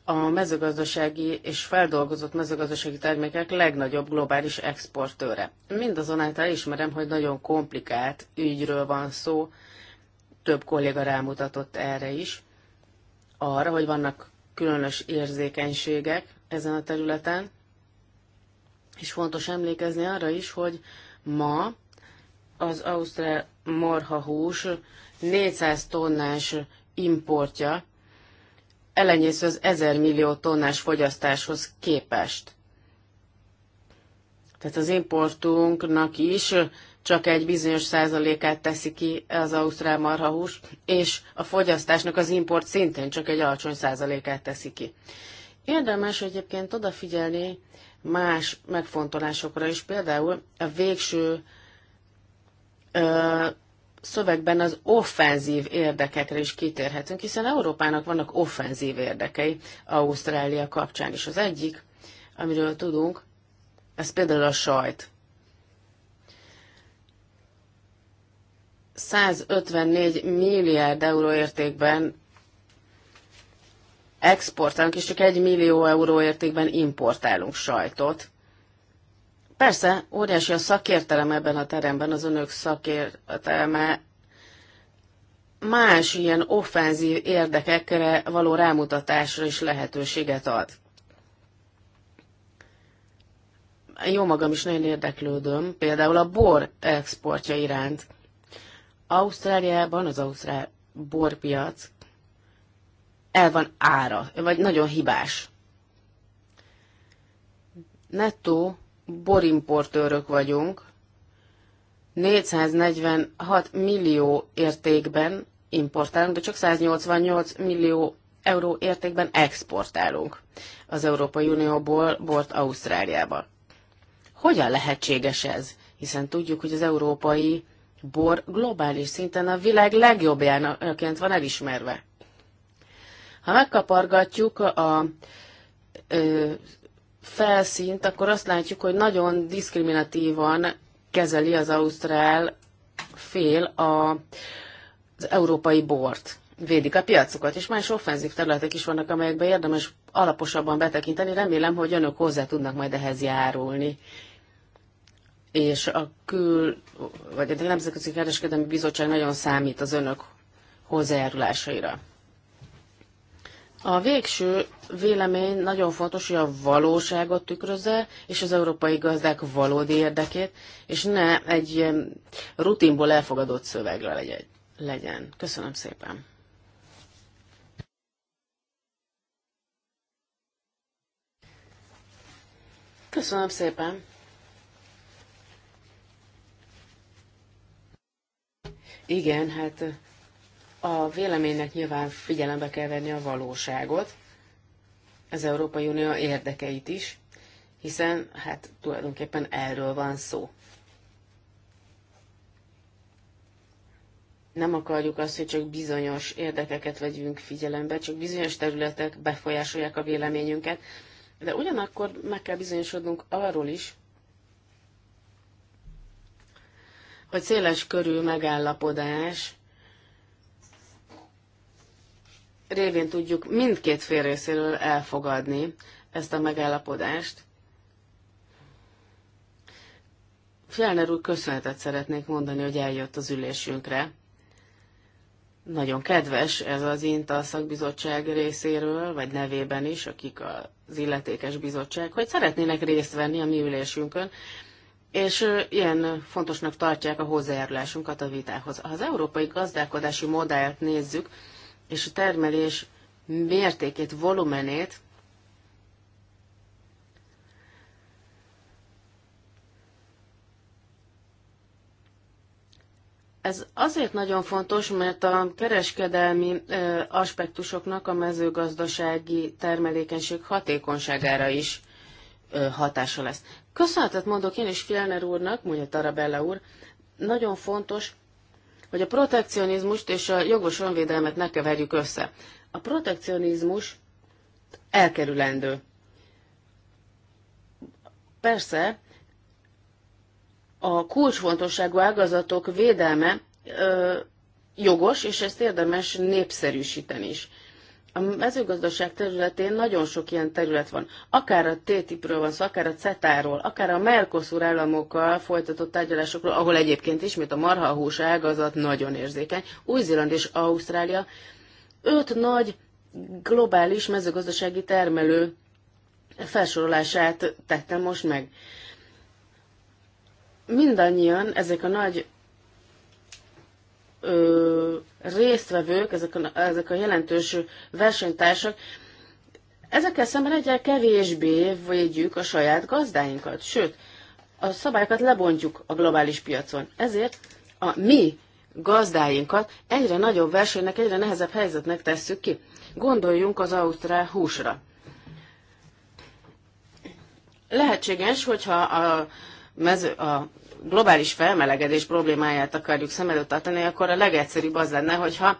a mezőgazdasági és feldolgozott mezőgazdasági termékek legnagyobb globális exportőre. Mindazonáltal ismerem, hogy nagyon komplikált ügyről van szó, több kolléga rámutatott erre is, arra, hogy vannak különös érzékenységek ezen a területen, és fontos emlékezni arra is, hogy ma az ausztrál marhahús 400 tonnás importja elenyésző az 1000 millió tonnás fogyasztáshoz képest. Tehát az importunknak is csak egy bizonyos százalékát teszi ki az ausztrál marhahús, és a fogyasztásnak az import szintén csak egy alacsony százalékát teszi ki. Érdemes egyébként odafigyelni más megfontolásokra is, például a végső ö, szövegben az offenzív érdekekre is kitérhetünk, hiszen Európának vannak offenzív érdekei Ausztrália kapcsán is. Az egyik, amiről tudunk, ez például a sajt. 154 milliárd euró értékben exportálunk, és csak 1 millió euró értékben importálunk sajtot. Persze, óriási a szakértelem ebben a teremben, az önök szakértelme más ilyen offenzív érdekekre való rámutatásra is lehetőséget ad. Jó magam is nagyon érdeklődöm, például a bor exportja iránt. Ausztráliában az ausztrál borpiac el van ára, vagy nagyon hibás. Nettó borimportőrök vagyunk, 446 millió értékben importálunk, de csak 188 millió euró értékben exportálunk az Európai Unióból bort Ausztráliába. Hogyan lehetséges ez? Hiszen tudjuk, hogy az európai bor globális szinten a világ legjobbjának van elismerve. Ha megkapargatjuk a felszínt, akkor azt látjuk, hogy nagyon diszkriminatívan kezeli az ausztrál fél a, az európai bort. Védik a piacokat, és más offenzív területek is vannak, amelyekbe érdemes alaposabban betekinteni. Remélem, hogy önök hozzá tudnak majd ehhez járulni és a kül, vagy a Nemzetközi Kereskedelmi Bizottság nagyon számít az önök hozzájárulásaira. A végső vélemény nagyon fontos, hogy a valóságot tükrözze, és az európai gazdák valódi érdekét, és ne egy rutinból elfogadott szövegre legyen. Köszönöm szépen! Köszönöm szépen! Igen, hát a véleménynek nyilván figyelembe kell venni a valóságot, az Európai Unió érdekeit is, hiszen hát tulajdonképpen erről van szó. Nem akarjuk azt, hogy csak bizonyos érdekeket vegyünk figyelembe, csak bizonyos területek befolyásolják a véleményünket, de ugyanakkor meg kell bizonyosodnunk arról is, hogy széles körül megállapodás révén tudjuk mindkét fél részéről elfogadni ezt a megállapodást. Fjellner úr, köszönetet szeretnék mondani, hogy eljött az ülésünkre. Nagyon kedves ez az INTA szakbizottság részéről, vagy nevében is, akik az illetékes bizottság, hogy szeretnének részt venni a mi ülésünkön, és ilyen fontosnak tartják a hozzájárulásunkat a vitához. Ha az európai gazdálkodási modellt nézzük, és a termelés mértékét, volumenét Ez azért nagyon fontos, mert a kereskedelmi aspektusoknak a mezőgazdasági termelékenység hatékonyságára is hatása lesz. Köszönetet mondok én is Fjellner úrnak, mondja Tarabella úr, nagyon fontos, hogy a protekcionizmust és a jogos önvédelmet ne keverjük össze. A protekcionizmus elkerülendő. Persze, a kulcsfontosságú ágazatok védelme ö, jogos, és ezt érdemes népszerűsíteni is. A mezőgazdaság területén nagyon sok ilyen terület van. Akár a TTIP-ről van szó, akár a CETA-ról, akár a Mercosur államokkal folytatott tárgyalásokról, ahol egyébként ismét a marhahús ágazat nagyon érzékeny. Új-Zéland és Ausztrália öt nagy globális mezőgazdasági termelő felsorolását tettem most meg mindannyian ezek a nagy ö, résztvevők, ezek a, ezek a jelentős versenytársak, ezekkel szemben egyre kevésbé védjük a saját gazdáinkat, sőt, a szabályokat lebontjuk a globális piacon. Ezért a mi gazdáinkat egyre nagyobb versenynek, egyre nehezebb helyzetnek tesszük ki. Gondoljunk az ausztrál húsra. Lehetséges, hogyha a, mező, a globális felmelegedés problémáját akarjuk szem előtt tartani, akkor a legegyszerűbb az lenne, hogyha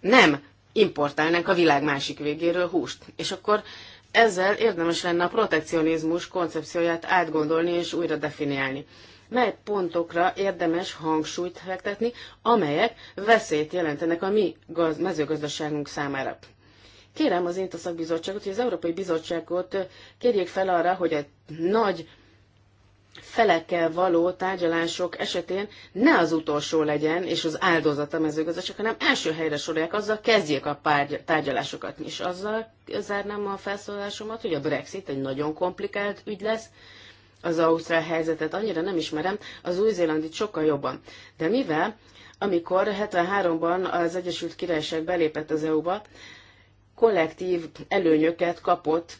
nem importálnánk a világ másik végéről húst. És akkor ezzel érdemes lenne a protekcionizmus koncepcióját átgondolni és újra definiálni. Mely pontokra érdemes hangsúlyt fektetni, amelyek veszélyt jelentenek a mi gaz- mezőgazdaságunk számára. Kérem az Inta szakbizottságot, hogy az Európai Bizottságot kérjék fel arra, hogy a nagy felekkel való tárgyalások esetén ne az utolsó legyen, és az áldozat a mezőgazdaság, hanem első helyre sorolják, azzal kezdjék a párgy, tárgyalásokat is. Azzal zárnám a felszólalásomat, hogy a Brexit egy nagyon komplikált ügy lesz, az ausztrál helyzetet annyira nem ismerem, az új zélandi sokkal jobban. De mivel, amikor 73-ban az Egyesült Királyság belépett az EU-ba, kollektív előnyöket kapott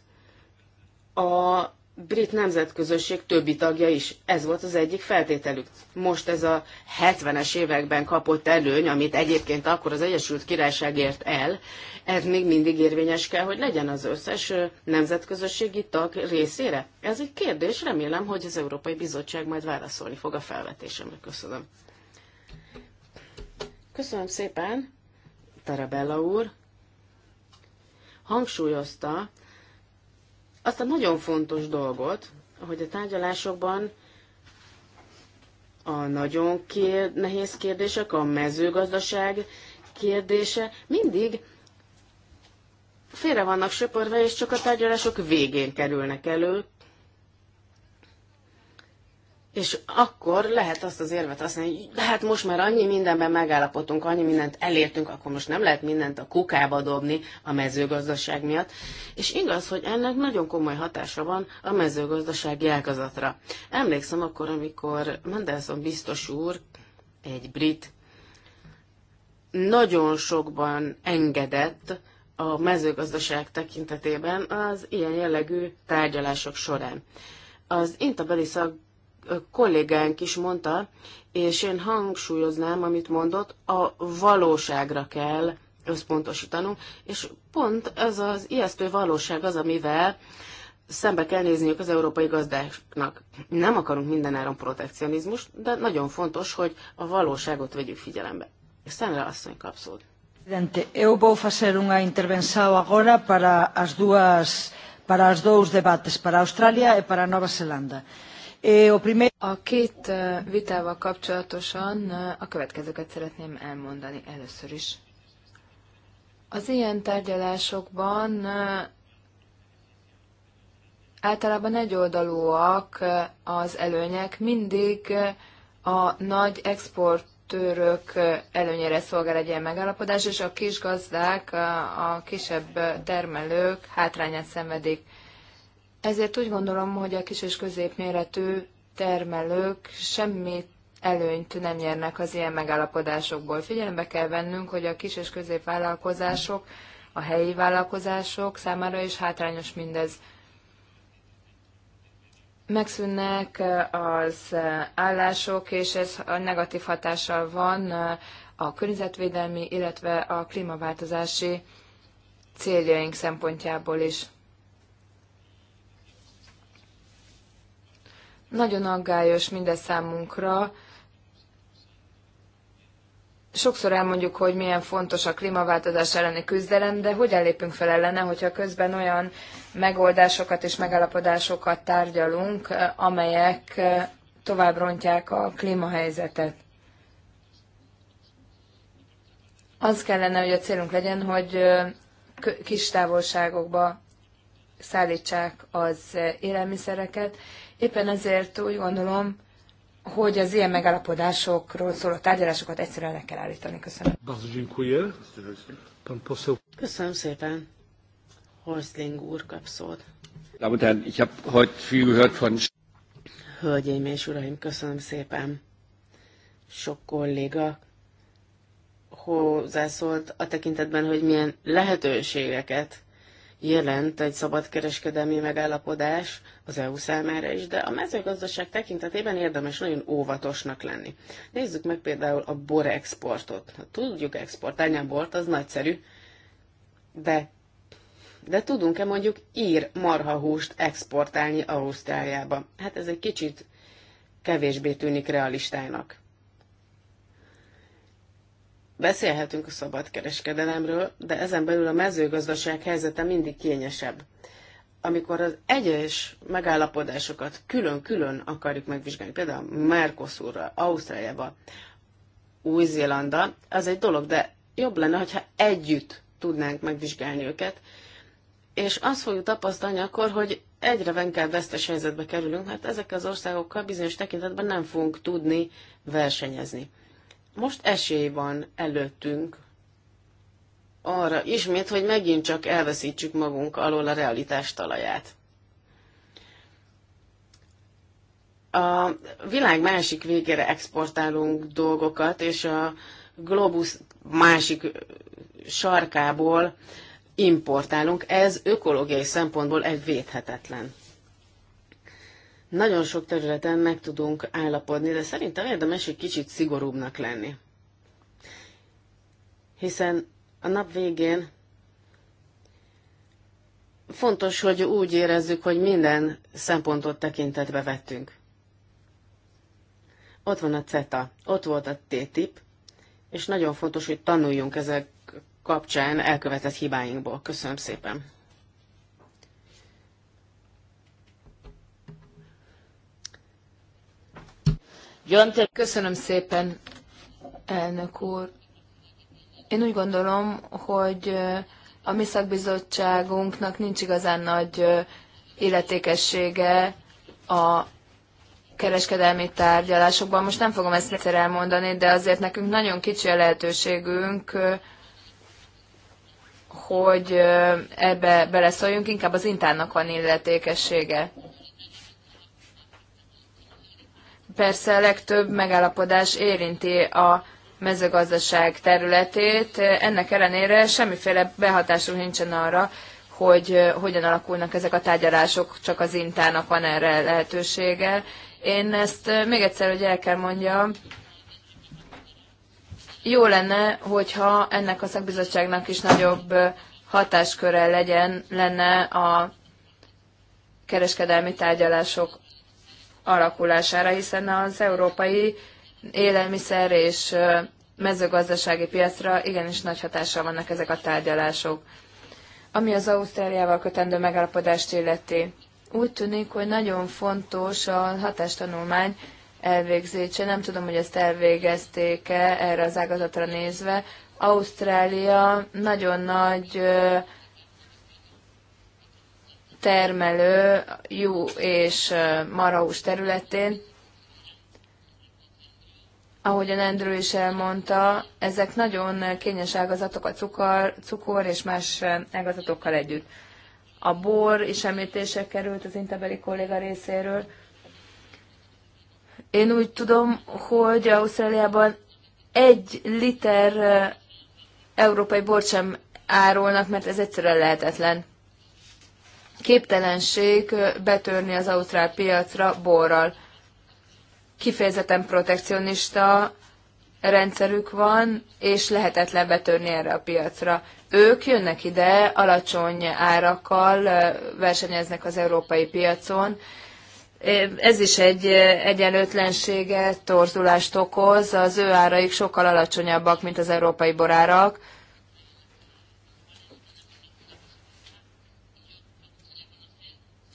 a brit nemzetközösség többi tagja is. Ez volt az egyik feltételük. Most ez a 70-es években kapott előny, amit egyébként akkor az Egyesült Királyság ért el, ez még mindig érvényes kell, hogy legyen az összes nemzetközösségi tag részére. Ez egy kérdés, remélem, hogy az Európai Bizottság majd válaszolni fog a felvetésemre. Köszönöm. Köszönöm szépen, Tarabella úr. Hangsúlyozta, azt a nagyon fontos dolgot, hogy a tárgyalásokban a nagyon kér, nehéz kérdések, a mezőgazdaság kérdése mindig félre vannak söpörve, és csak a tárgyalások végén kerülnek elő, és akkor lehet azt az érvet használni, hogy de hát most már annyi mindenben megállapodtunk, annyi mindent elértünk, akkor most nem lehet mindent a kukába dobni a mezőgazdaság miatt. És igaz, hogy ennek nagyon komoly hatása van a mezőgazdasági ágazatra. Emlékszem akkor, amikor Mendelssohn biztos úr, egy brit, nagyon sokban engedett a mezőgazdaság tekintetében az ilyen jellegű tárgyalások során. Az Intabeli szak kollégánk is mondta, és én hangsúlyoznám, amit mondott, a valóságra kell összpontosítanunk, és pont ez az ijesztő valóság az, amivel szembe kell nézniük az európai gazdáknak. Nem akarunk mindenáron protekcionizmust, de nagyon fontos, hogy a valóságot vegyük figyelembe. Szenre asszony kapszód. Presidente, eu vou facer unha intervenção agora para as duas para os dous debates, para Australia e para Nova Zelândia. A két eh, vitával kapcsolatosan eh, a következőket szeretném elmondani először is. Az ilyen tárgyalásokban eh, általában egyoldalúak az előnyek, mindig a nagy exportőrök előnyére szolgál egy ilyen megállapodás, és a kis gazdák, a kisebb termelők hátrányát szenvedik. Ezért úgy gondolom, hogy a kis és középméretű termelők semmit előnyt nem nyernek az ilyen megállapodásokból. Figyelembe kell vennünk, hogy a kis és középvállalkozások, a helyi vállalkozások számára is hátrányos mindez. Megszűnnek az állások, és ez a negatív hatással van a környezetvédelmi, illetve a klímaváltozási céljaink szempontjából is. Nagyon aggályos minden számunkra. Sokszor elmondjuk, hogy milyen fontos a klímaváltozás elleni küzdelem, de hogyan lépünk fel ellene, hogyha közben olyan megoldásokat és megállapodásokat tárgyalunk, amelyek tovább rontják a klímahelyzetet. Az kellene, hogy a célunk legyen, hogy kis távolságokba szállítsák az élelmiszereket, Éppen ezért úgy gondolom, hogy az ilyen megállapodásokról szóló tárgyalásokat egyszerűen le kell állítani. Köszönöm. Köszönöm szépen. Horstling úr kap szót. Hölgyeim és uraim, köszönöm szépen. Sok kolléga hozzászólt a tekintetben, hogy milyen lehetőségeket jelent egy szabadkereskedelmi megállapodás az EU számára is, de a mezőgazdaság tekintetében érdemes nagyon óvatosnak lenni. Nézzük meg például a bor exportot. Ha tudjuk exportálni a bort, az nagyszerű, de, de tudunk-e mondjuk ír marhahúst exportálni Ausztráliába? Hát ez egy kicsit kevésbé tűnik realistának. Beszélhetünk a szabadkereskedelemről, de ezen belül a mezőgazdaság helyzete mindig kényesebb. Amikor az egyes megállapodásokat külön-külön akarjuk megvizsgálni, például Mercosurra, Ausztráliába, Új-Zélanda, az egy dolog, de jobb lenne, hogyha együtt tudnánk megvizsgálni őket, és azt fogjuk tapasztalni akkor, hogy egyre inkább vesztes helyzetbe kerülünk, mert ezekkel az országokkal bizonyos tekintetben nem fogunk tudni versenyezni. Most esély van előttünk arra ismét, hogy megint csak elveszítsük magunk alól a realitás talaját. A világ másik végére exportálunk dolgokat, és a globus másik sarkából importálunk. Ez ökológiai szempontból egy védhetetlen. Nagyon sok területen meg tudunk állapodni, de szerintem érdemes egy kicsit szigorúbbnak lenni. Hiszen a nap végén fontos, hogy úgy érezzük, hogy minden szempontot tekintetbe vettünk. Ott van a CETA, ott volt a TTIP, és nagyon fontos, hogy tanuljunk ezek kapcsán elkövetett hibáinkból. Köszönöm szépen! Köszönöm szépen, elnök úr. Én úgy gondolom, hogy a mi szakbizottságunknak nincs igazán nagy illetékessége a kereskedelmi tárgyalásokban. Most nem fogom ezt egyszer elmondani, de azért nekünk nagyon kicsi a lehetőségünk, hogy ebbe beleszóljunk, inkább az intának van illetékessége persze a legtöbb megállapodás érinti a mezőgazdaság területét, ennek ellenére semmiféle behatásunk nincsen arra, hogy eh, hogyan alakulnak ezek a tárgyalások, csak az intának van erre lehetősége. Én ezt eh, még egyszer, hogy el kell mondjam, jó lenne, hogyha ennek a szakbizottságnak is nagyobb eh, hatásköre legyen, lenne a kereskedelmi tárgyalások alakulására, hiszen az európai élelmiszer és mezőgazdasági piacra igenis nagy hatással vannak ezek a tárgyalások. Ami az Ausztráliával kötendő megállapodást illeti, úgy tűnik, hogy nagyon fontos a hatástanulmány elvégzése. Nem tudom, hogy ezt elvégezték-e erre az ágazatra nézve. Ausztrália nagyon nagy termelő jó és Maraus területén. Ahogyan Andrew is elmondta, ezek nagyon kényes ágazatok a cukor, cukor és más ágazatokkal együtt. A bor is említése került az interbeli kolléga részéről. Én úgy tudom, hogy Ausztráliában egy liter európai bort sem árulnak, mert ez egyszerűen lehetetlen képtelenség betörni az ausztrál piacra borral. Kifejezetten protekcionista rendszerük van, és lehetetlen betörni erre a piacra. Ők jönnek ide, alacsony árakkal versenyeznek az európai piacon. Ez is egy egyenlőtlenséget, torzulást okoz. Az ő áraik sokkal alacsonyabbak, mint az európai borárak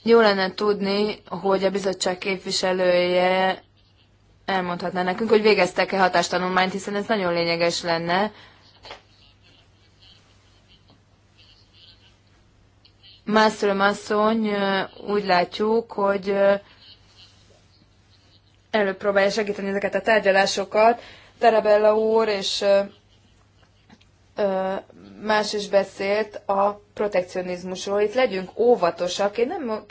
Jó lenne tudni, hogy a bizottság képviselője elmondhatná nekünk, hogy végeztek-e hatástanulmányt, hiszen ez nagyon lényeges lenne. Mászröm asszony, úgy látjuk, hogy előbb próbálja segíteni ezeket a tárgyalásokat. Terebella úr és más is beszélt a protekcionizmusról. Itt legyünk óvatosak. Én nem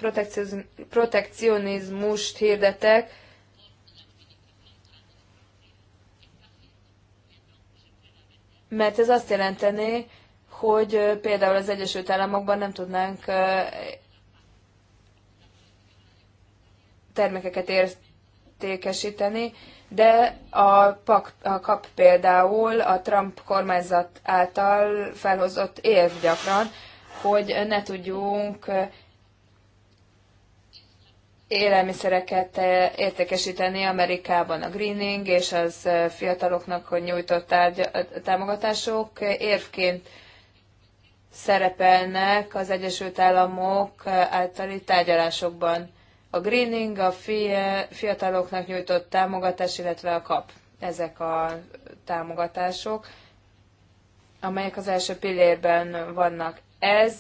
protekcionizmust hirdetek, mert ez azt jelenteni, hogy például az Egyesült Államokban nem tudnánk termékeket értékesíteni, de a, PAK, a KAP például a Trump kormányzat által felhozott érv gyakran, hogy ne tudjunk élelmiszereket értékesíteni Amerikában a greening és az fiataloknak hogy nyújtott tárgy, támogatások érvként szerepelnek az Egyesült Államok általi tárgyalásokban. A greening, a fiataloknak nyújtott támogatás, illetve a kap. Ezek a támogatások, amelyek az első pillérben vannak. Ez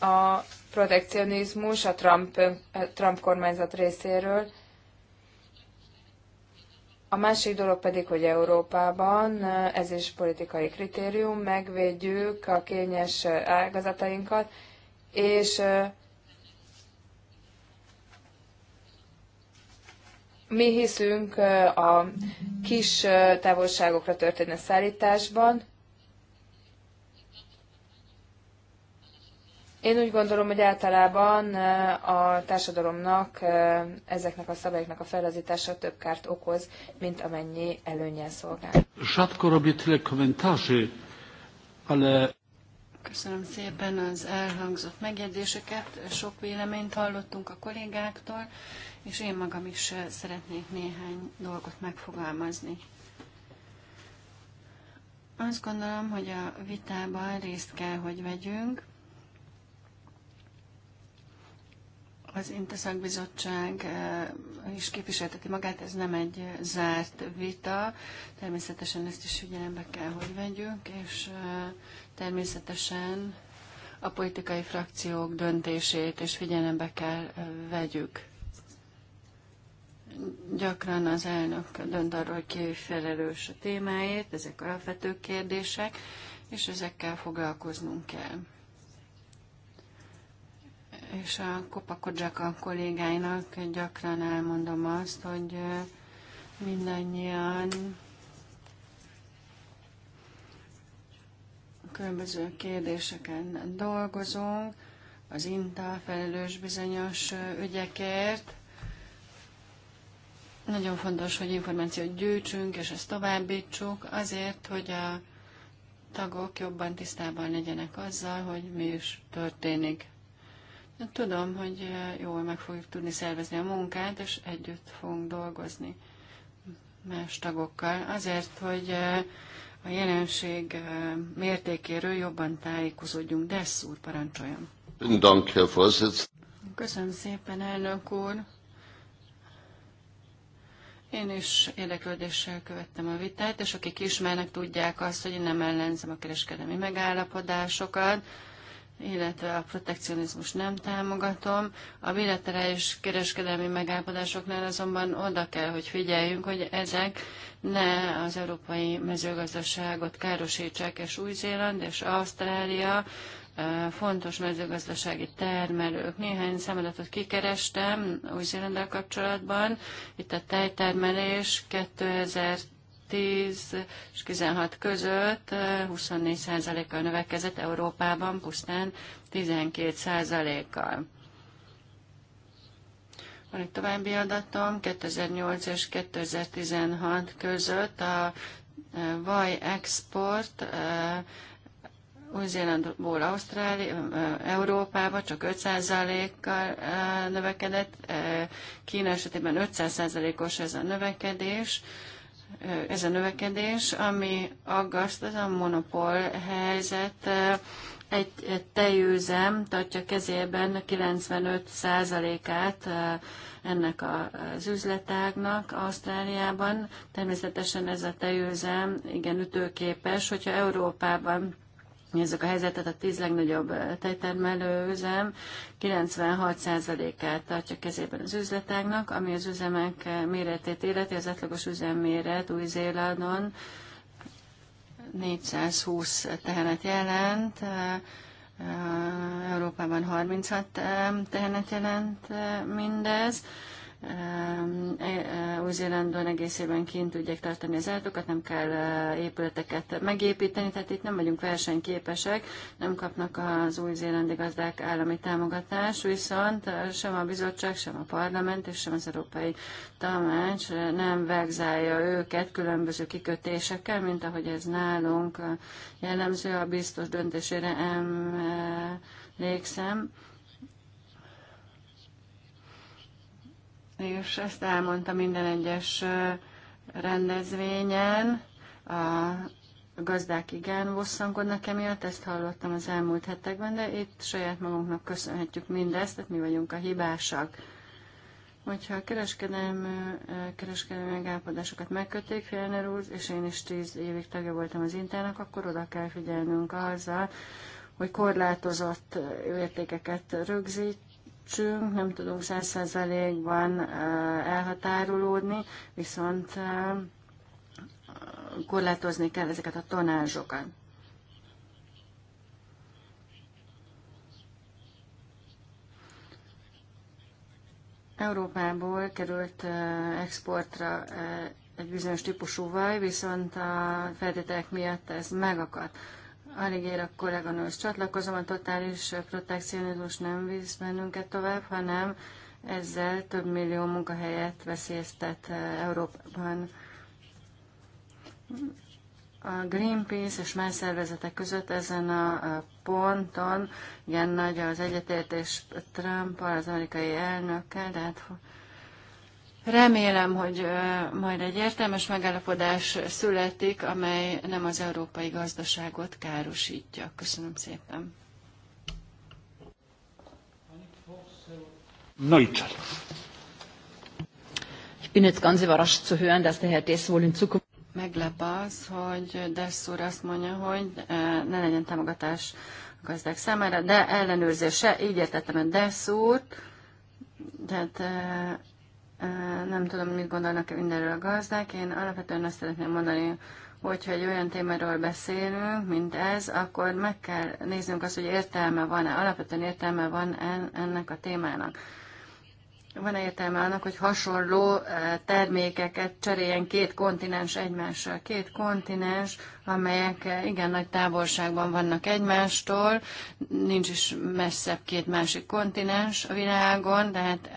a protekcionizmus a Trump, Trump kormányzat részéről, a másik dolog pedig, hogy Európában, ez is politikai kritérium, megvédjük a kényes ágazatainkat, és Mi hiszünk a kis távolságokra történő szállításban. Én úgy gondolom, hogy általában a társadalomnak ezeknek a szabályoknak a felazítása több kárt okoz, mint amennyi előnyel szolgál. Rzadko robię tyle komentarzy, ale... Köszönöm szépen az elhangzott megjegyzéseket. Sok véleményt hallottunk a kollégáktól, és én magam is szeretnék néhány dolgot megfogalmazni. Azt gondolom, hogy a vitában részt kell, hogy vegyünk. Az Interszakbizottság eh, is képviselteti magát, ez nem egy zárt vita, természetesen ezt is figyelembe kell, hogy vegyünk, és eh, Természetesen a politikai frakciók döntését és figyelembe kell vegyük. Gyakran az elnök dönt arról, hogy ki felelős a témáért, ezek alapvető kérdések, és ezekkel foglalkoznunk kell. És a Kopakodzsaka kollégáinak gyakran elmondom azt, hogy mindannyian különböző kérdéseken dolgozunk, az INTA felelős bizonyos ügyekért. Nagyon fontos, hogy információt gyűjtsünk, és ezt továbbítsuk, azért, hogy a tagok jobban tisztában legyenek azzal, hogy mi is történik. Hát tudom, hogy jól meg fogjuk tudni szervezni a munkát, és együtt fogunk dolgozni más tagokkal, azért, hogy a jelenség mértékéről jobban tájékozódjunk. Dessz úr, parancsoljon. Köszönöm szépen, elnök úr. Én is érdeklődéssel követtem a vitát, és akik ismernek, tudják azt, hogy én nem ellenzem a kereskedelmi megállapodásokat, illetve a protekcionizmus nem támogatom. A bilaterális kereskedelmi megállapodásoknál azonban oda kell, hogy figyeljünk, hogy ezek ne az európai mezőgazdaságot károsítsák, és Új-Zéland és Ausztrália fontos mezőgazdasági termelők. Néhány számadatot kikerestem Új-Zélandel kapcsolatban. Itt a tejtermelés 2000 10 és 16 között 24%-kal növekedett Európában, pusztán 12%-kal. Van egy további adatom, 2008 és 2016 között a vaj export új-Zélandból Ausztrália, Európába csak 5%-kal növekedett, Kína esetében 500%-os ez a növekedés, ez a növekedés, ami aggaszt, ez a monopól helyzet. Egy, egy tejőzem tartja kezében 95%-át ennek az üzletágnak Ausztráliában. Természetesen ez a tejőzem igen ütőképes, hogyha Európában Nézzük a helyzetet, a tíz legnagyobb tejtermelő üzem 96%-át tartja kezében az üzletágnak, ami az üzemek méretét életi, az átlagos üzemméret Új-Zélandon 420 tehenet jelent, Európában 36 tehenet jelent mindez. Új-Zélandon évben kint tudják tartani az állatokat, nem kell e, épületeket megépíteni, tehát itt nem vagyunk versenyképesek, nem kapnak az új-zélandi gazdák állami támogatást, viszont e, sem a bizottság, sem a parlament és sem az Európai Tanács e, nem vegzálja őket különböző kikötésekkel, mint ahogy ez nálunk jellemző a biztos döntésére emlékszem. és ezt elmondta minden egyes rendezvényen. A gazdák igen bosszankodnak emiatt, ezt hallottam az elmúlt hetekben, de itt saját magunknak köszönhetjük mindezt, tehát mi vagyunk a hibásak. Hogyha a kereskedelmi, kereskedelmi megállapodásokat megköték, Fjellner úr, és én is tíz évig tagja voltam az Intának, akkor oda kell figyelnünk azzal, hogy korlátozott értékeket rögzít, lépcsünk, nem tudunk 100%-ban elhatárolódni, viszont korlátozni kell ezeket a tonázsokat. Európából került exportra egy bizonyos típusú vaj, viszont a feltételek miatt ez megakadt. Alig ér a kolléganős csatlakozom, a totális protekcionizmus nem visz bennünket tovább, hanem ezzel több millió munkahelyet veszélyeztet eh, Európában. A Greenpeace és más szervezetek között ezen a ponton igen nagy az egyetértés Trump, az amerikai elnökkel, de hát Remélem, hogy majd egy értelmes megállapodás születik, amely nem az európai gazdaságot károsítja. Köszönöm szépen. Ich bin jetzt ganz überrascht zu hören, dass der Herr Dess wohl in Zukunft meglep az, hogy Dessz úr azt mondja, hogy ne legyen támogatás a gazdák számára, de ellenőrzése, így értettem a Dessz úr, tehát nem tudom, mit gondolnak mindenről a gazdák. Én alapvetően azt szeretném mondani, hogyha egy olyan témáról beszélünk, mint ez, akkor meg kell néznünk azt, hogy értelme van-e, alapvetően értelme van ennek a témának. Van-e értelme annak, hogy hasonló termékeket cseréljen két kontinens egymással? Két kontinens, amelyek igen nagy távolságban vannak egymástól, nincs is messzebb két másik kontinens a világon, tehát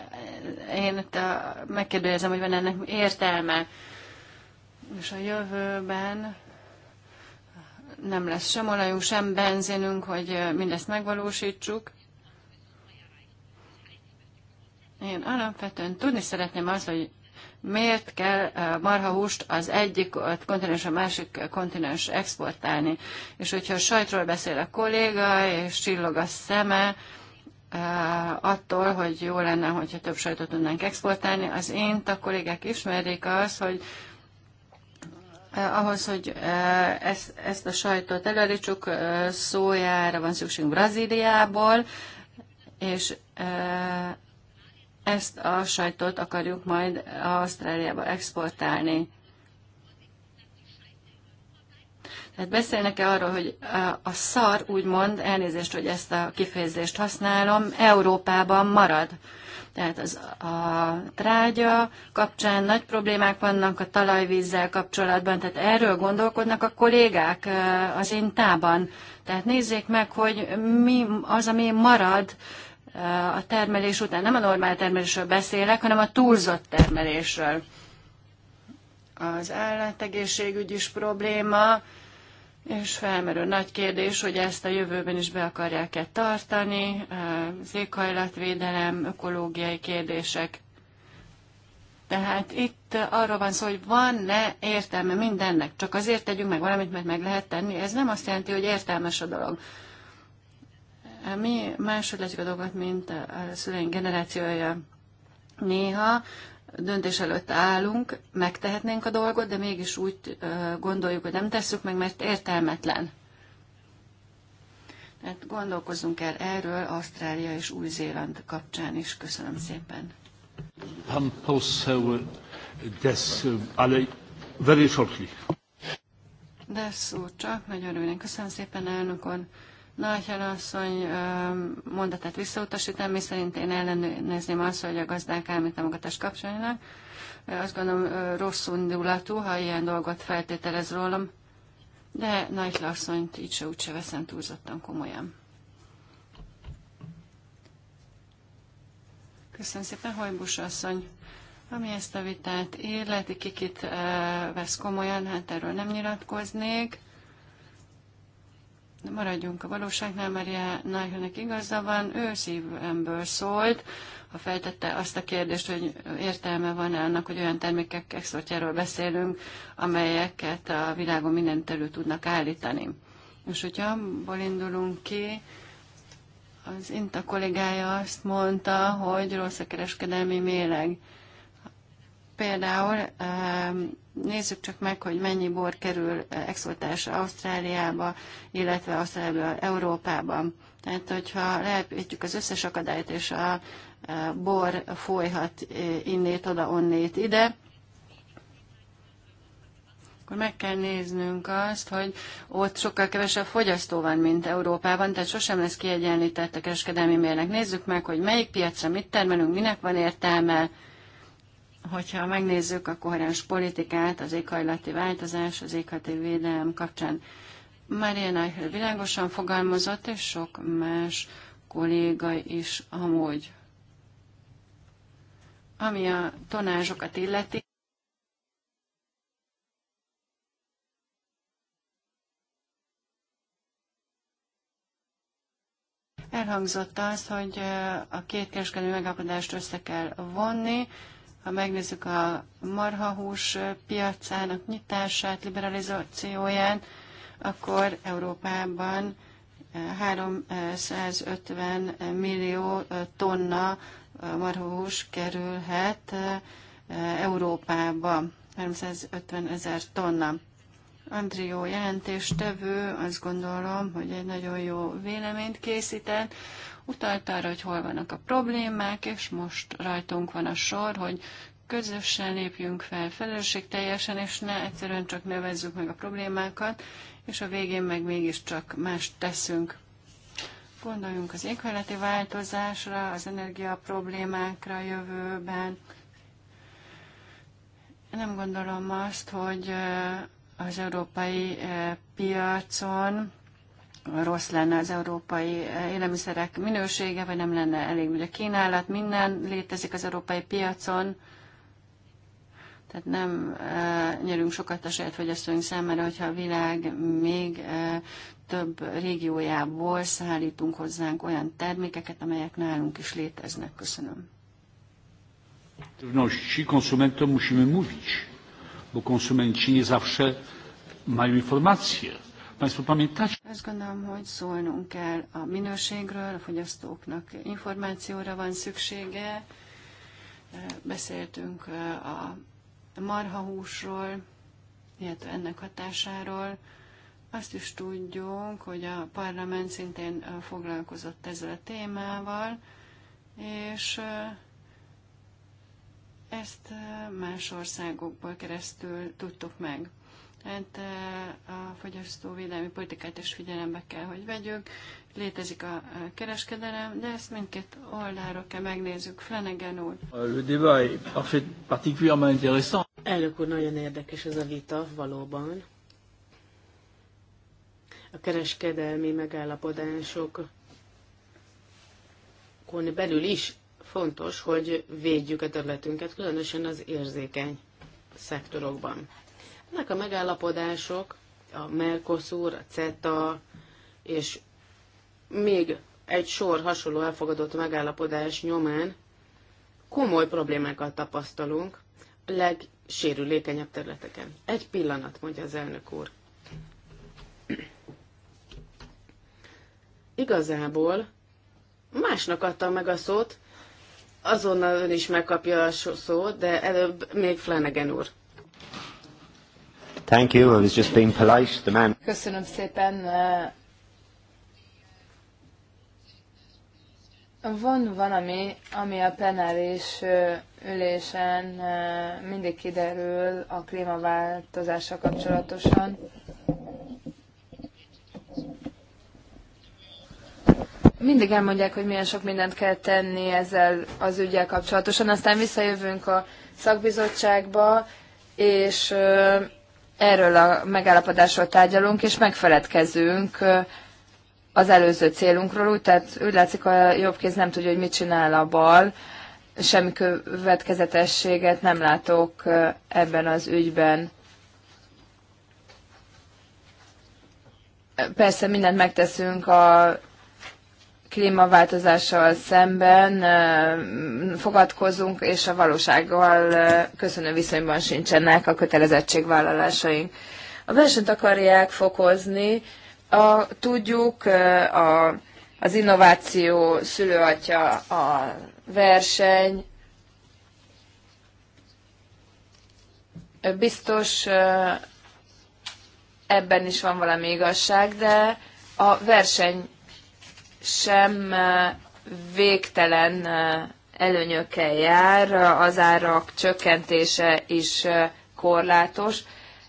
én itt a, megkérdezem, hogy van ennek értelme. És a jövőben nem lesz sem olajunk, sem benzinünk, hogy mindezt megvalósítsuk. Én alapvetően tudni szeretném azt, hogy miért kell eh, marhahúst az egyik kontinens, a másik kontinens exportálni. És hogyha a sajtról beszél a kolléga, és csillog a szeme, attól, hogy jó lenne, hogyha több sajtot tudnánk exportálni. Az én a kollégák ismerik azt, hogy ahhoz, hogy ezt, ezt a sajtot előadítsuk, szójára van szükségünk Brazíliából, és ezt a sajtot akarjuk majd Ausztráliába exportálni. Tehát beszélnek-e arról, hogy a szar, úgymond, elnézést, hogy ezt a kifejezést használom, Európában marad. Tehát az, a trágya kapcsán nagy problémák vannak a talajvízzel kapcsolatban, tehát erről gondolkodnak a kollégák az intában. Tehát nézzék meg, hogy mi az, ami marad a termelés után. Nem a normál termelésről beszélek, hanem a túlzott termelésről. Az állategészségügy is probléma, és felmerül nagy kérdés, hogy ezt a jövőben is be akarják-e tartani, az éghajlatvédelem, ökológiai kérdések. Tehát itt arról van szó, hogy van-e értelme mindennek, csak azért tegyünk meg valamit, mert meg lehet tenni. Ez nem azt jelenti, hogy értelmes a dolog. Mi máshogy a dolgot, mint a szüleink generációja néha döntés előtt állunk, megtehetnénk a dolgot, de mégis úgy gondoljuk, hogy nem tesszük meg, mert értelmetlen. Tehát gondolkozzunk el erről Ausztrália és Új-Zéland kapcsán is. Köszönöm szépen. De szó very csak nagyon örülnénk. Köszönöm szépen, elnök Nagyhal asszony mondatát visszautasítom, mi szerint én ellenőrizném azt, hogy a gazdák állami támogatást kapcsolatnak. Azt gondolom rossz indulatú, ha ilyen dolgot feltételez rólam, de nagy asszonyt így se úgyse veszem túlzottan komolyan. Köszönöm szépen, Hajbus asszony. Ami ezt a vitát életi kikit vesz komolyan, hát erről nem nyilatkoznék maradjunk a valóságnál, Maria Nagyhőnek igaza van, ő szívemből szólt, ha feltette azt a kérdést, hogy értelme van -e annak, hogy olyan termékek exportjáról beszélünk, amelyeket a világon minden elő tudnak állítani. És hogyha abból indulunk ki, az Inta kollégája azt mondta, hogy rossz a kereskedelmi méleg. Például Nézzük csak meg, hogy mennyi bor kerül eh, exportásra Ausztráliába, illetve Ausztráliába, Európában. Tehát, hogyha lehetjük az összes akadályt, és a eh, bor folyhat eh, innét, oda, onnét, ide, akkor meg kell néznünk azt, hogy ott sokkal kevesebb fogyasztó van, mint Európában, tehát sosem lesz kiegyenlített a kereskedelmi mérnek. Nézzük meg, hogy melyik piacra mit termelünk, minek van értelme, hogyha megnézzük a koherens politikát, az éghajlati változás, az éghajlati védelem kapcsán, Marian Eichel világosan fogalmazott, és sok más kolléga is amúgy. Ami a tonázsokat illeti, Elhangzott az, hogy a két kereskedő megállapodást össze kell vonni, ha megnézzük a marhahús piacának nyitását, liberalizációját, akkor Európában 350 eh, millió eh, tonna eh, marhahús kerülhet Európába, 350 ezer tonna. Andrió jelentéstevő, azt gondolom, hogy egy nagyon jó véleményt készített, utalt arra, hogy hol vannak a problémák, és most rajtunk van a sor, hogy közösen lépjünk fel felelősségteljesen, és ne egyszerűen csak nevezzük meg a problémákat, és a végén meg mégiscsak más teszünk. Gondoljunk az éghajlati változásra, az energia problémákra a jövőben. Nem gondolom azt, hogy eh, az európai eh, piacon rossz lenne az európai eh, élelmiszerek minősége, vagy nem lenne elég ugye a kínálat, minden létezik az európai piacon, tehát nem e, nyerünk sokat a saját fogyasztóink számára, hogyha a világ még e, több régiójából szállítunk hozzánk olyan termékeket, amelyek nálunk is léteznek. Köszönöm. Równości konsumentom musimy mówić, bo konsumenci nie zawsze mają informacje. Państwo pamiętacie? Azt gondolom, hogy szólnunk kell a minőségről, a fogyasztóknak információra van szüksége. Beszéltünk a marhahúsról, illetve ennek hatásáról. Azt is tudjuk, hogy a parlament szintén foglalkozott ezzel a témával, és ezt más országokból keresztül tudtuk meg. Tehát a fogyasztóvédelmi politikát is figyelembe kell, hogy vegyük. Létezik a kereskedelem, de ezt mindkét oldalról kell megnézzük. Flanagan úr. Euh, le débat est particulièrement intéressant. Elnök úr, nagyon érdekes ez a vita, valóban. A kereskedelmi megállapodásokon belül is fontos, hogy védjük a területünket, különösen az érzékeny szektorokban. Ennek a megállapodások, a Mercosur, a CETA, és még egy sor hasonló elfogadott megállapodás nyomán komoly problémákat tapasztalunk a legsérülékenyebb területeken. Egy pillanat, mondja az elnök úr. Igazából másnak adtam meg a szót, azonnal ön is megkapja a szót, de előbb még Flanagan úr. Thank you, I was just being polite. The man... Köszönöm szépen. Eh, van valami, ami a plenáris eh, ülésen eh, mindig kiderül a klímaváltozással kapcsolatosan. Mindig elmondják, hogy milyen sok mindent kell tenni ezzel az ügyel kapcsolatosan, aztán visszajövünk a szakbizottságba, és erről a megállapodásról tárgyalunk, és megfeledkezünk az előző célunkról, úgy, tehát úgy látszik, a jobb kéz nem tudja, hogy mit csinál a bal, semmi következetességet nem látok ebben az ügyben. Persze mindent megteszünk a klímaváltozással szemben fogadkozunk, és a valósággal köszönő viszonyban sincsenek a kötelezettségvállalásaink. A versenyt akarják fokozni, a, tudjuk, a, az innováció szülőatya a verseny, biztos ebben is van valami igazság, de a verseny sem eh, végtelen eh, előnyökkel jár, az árak csökkentése is eh, korlátos,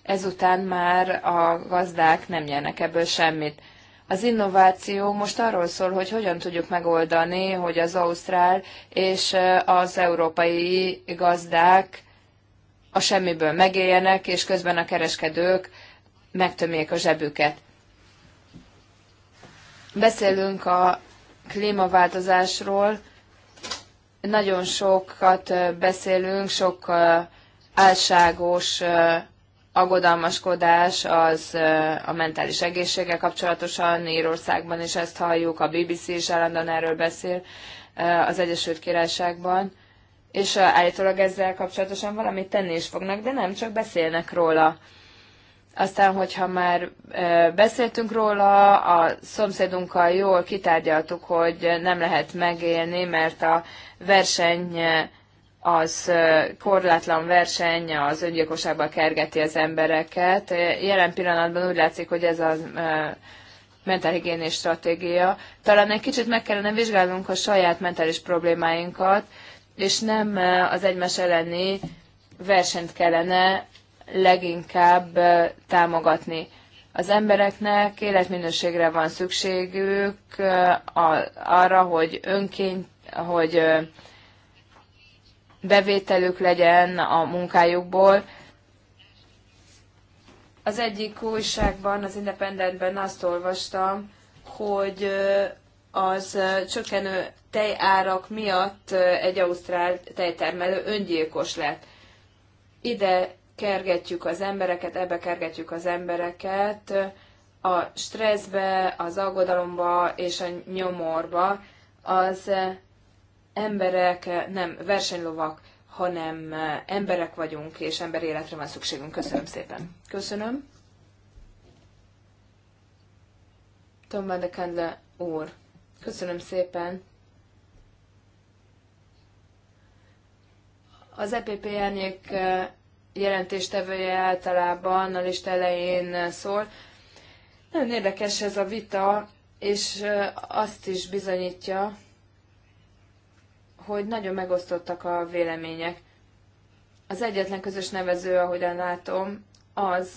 ezután már a gazdák nem nyernek ebből semmit. Az innováció most arról szól, hogy hogyan tudjuk megoldani, hogy az ausztrál és az európai gazdák a semmiből megéljenek, és közben a kereskedők megtömjék a zsebüket. Beszélünk a klímaváltozásról, nagyon sokat beszélünk, sok álságos aggodalmaskodás az a mentális egészséggel kapcsolatosan Írországban is ezt halljuk, a BBC is állandóan erről beszél az Egyesült Királyságban, és állítólag ezzel kapcsolatosan valamit tenni is fognak, de nem, csak beszélnek róla. Aztán, hogyha már beszéltünk róla, a szomszédunkkal jól kitárgyaltuk, hogy nem lehet megélni, mert a verseny az korlátlan verseny az öngyilkosságba kergeti az embereket. Jelen pillanatban úgy látszik, hogy ez a mentálhigiénés stratégia. Talán egy kicsit meg kellene vizsgálnunk a saját mentális problémáinkat, és nem az egymás elleni versenyt kellene leginkább eh, támogatni. Az embereknek életminőségre van szükségük eh, arra, hogy önként, hogy eh, bevételük legyen a munkájukból. Az egyik újságban, az Independentben azt olvastam, hogy az csökkenő tejárak miatt egy ausztrál tejtermelő öngyilkos lett. Ide kergetjük az embereket, ebbe kergetjük az embereket, a stresszbe, az aggodalomba és a nyomorba. Az eh, emberek eh, nem versenylovak, hanem eh, emberek vagyunk, és ember életre van szükségünk. Köszönöm szépen. Köszönöm. Tom van de Kandle úr. Köszönöm szépen. Az EPP árnyék jelentéstevője általában a lista elején szól. Nagyon érdekes ez a vita, és azt is bizonyítja, hogy nagyon megosztottak a vélemények. Az egyetlen közös nevező, ahogyan látom, az,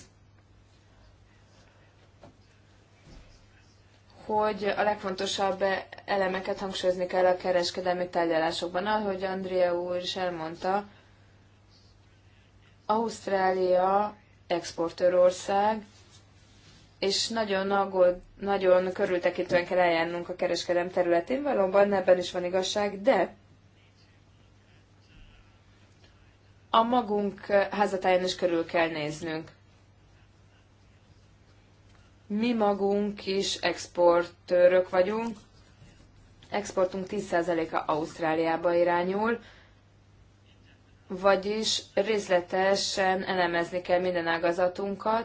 hogy a legfontosabb elemeket hangsúlyozni kell a kereskedelmi tárgyalásokban. Ahogy Andrea úr is elmondta, Ausztrália exportőrország, és nagyon, aggód, nagyon körültekintően kell eljárnunk a kereskedelem területén, valóban ebben is van igazság, de a magunk házatáján is körül kell néznünk. Mi magunk is exportőrök vagyunk, exportunk 10%-a Ausztráliába irányul, vagyis részletesen elemezni kell minden ágazatunkat,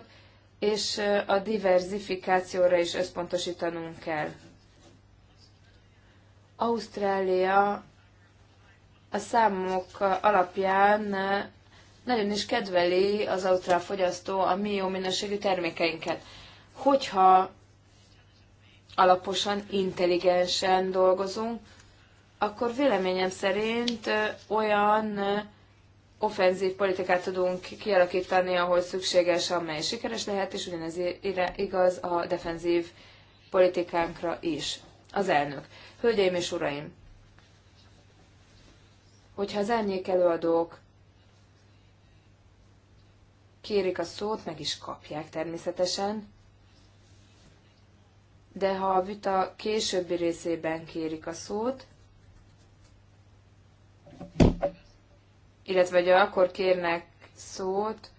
és a diversifikációra is összpontosítanunk kell. Ausztrália a számok alapján nagyon is kedveli az ausztrál fogyasztó a mi jó minőségű termékeinket. Hogyha alaposan, intelligensen dolgozunk, akkor véleményem szerint olyan offenzív politikát tudunk kialakítani, ahol szükséges, amely sikeres lehet, és ugyanez igaz a defenzív politikánkra is. Az elnök. Hölgyeim és uraim! Hogyha az árnyék előadók kérik a szót, meg is kapják természetesen, de ha a vita későbbi részében kérik a szót, illetve hogy akkor kérnek szót,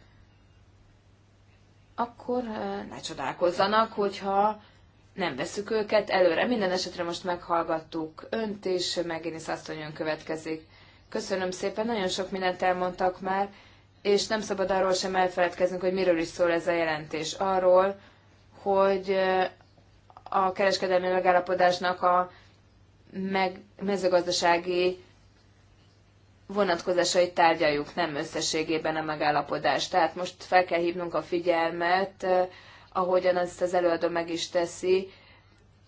akkor eh, ne csodálkozzanak, hogyha nem veszük őket előre. Minden esetre most meghallgattuk önt, és megint asszonyon következik. Köszönöm szépen, nagyon sok mindent elmondtak már, és nem szabad arról sem elfeledkeznünk, hogy miről is szól ez a jelentés. Arról, hogy eh, a kereskedelmi megállapodásnak a meg, mezőgazdasági vonatkozásait tárgyaljuk, nem összességében a megállapodást. Tehát most fel kell hívnunk a figyelmet, eh, ahogyan azt az előadó meg is teszi,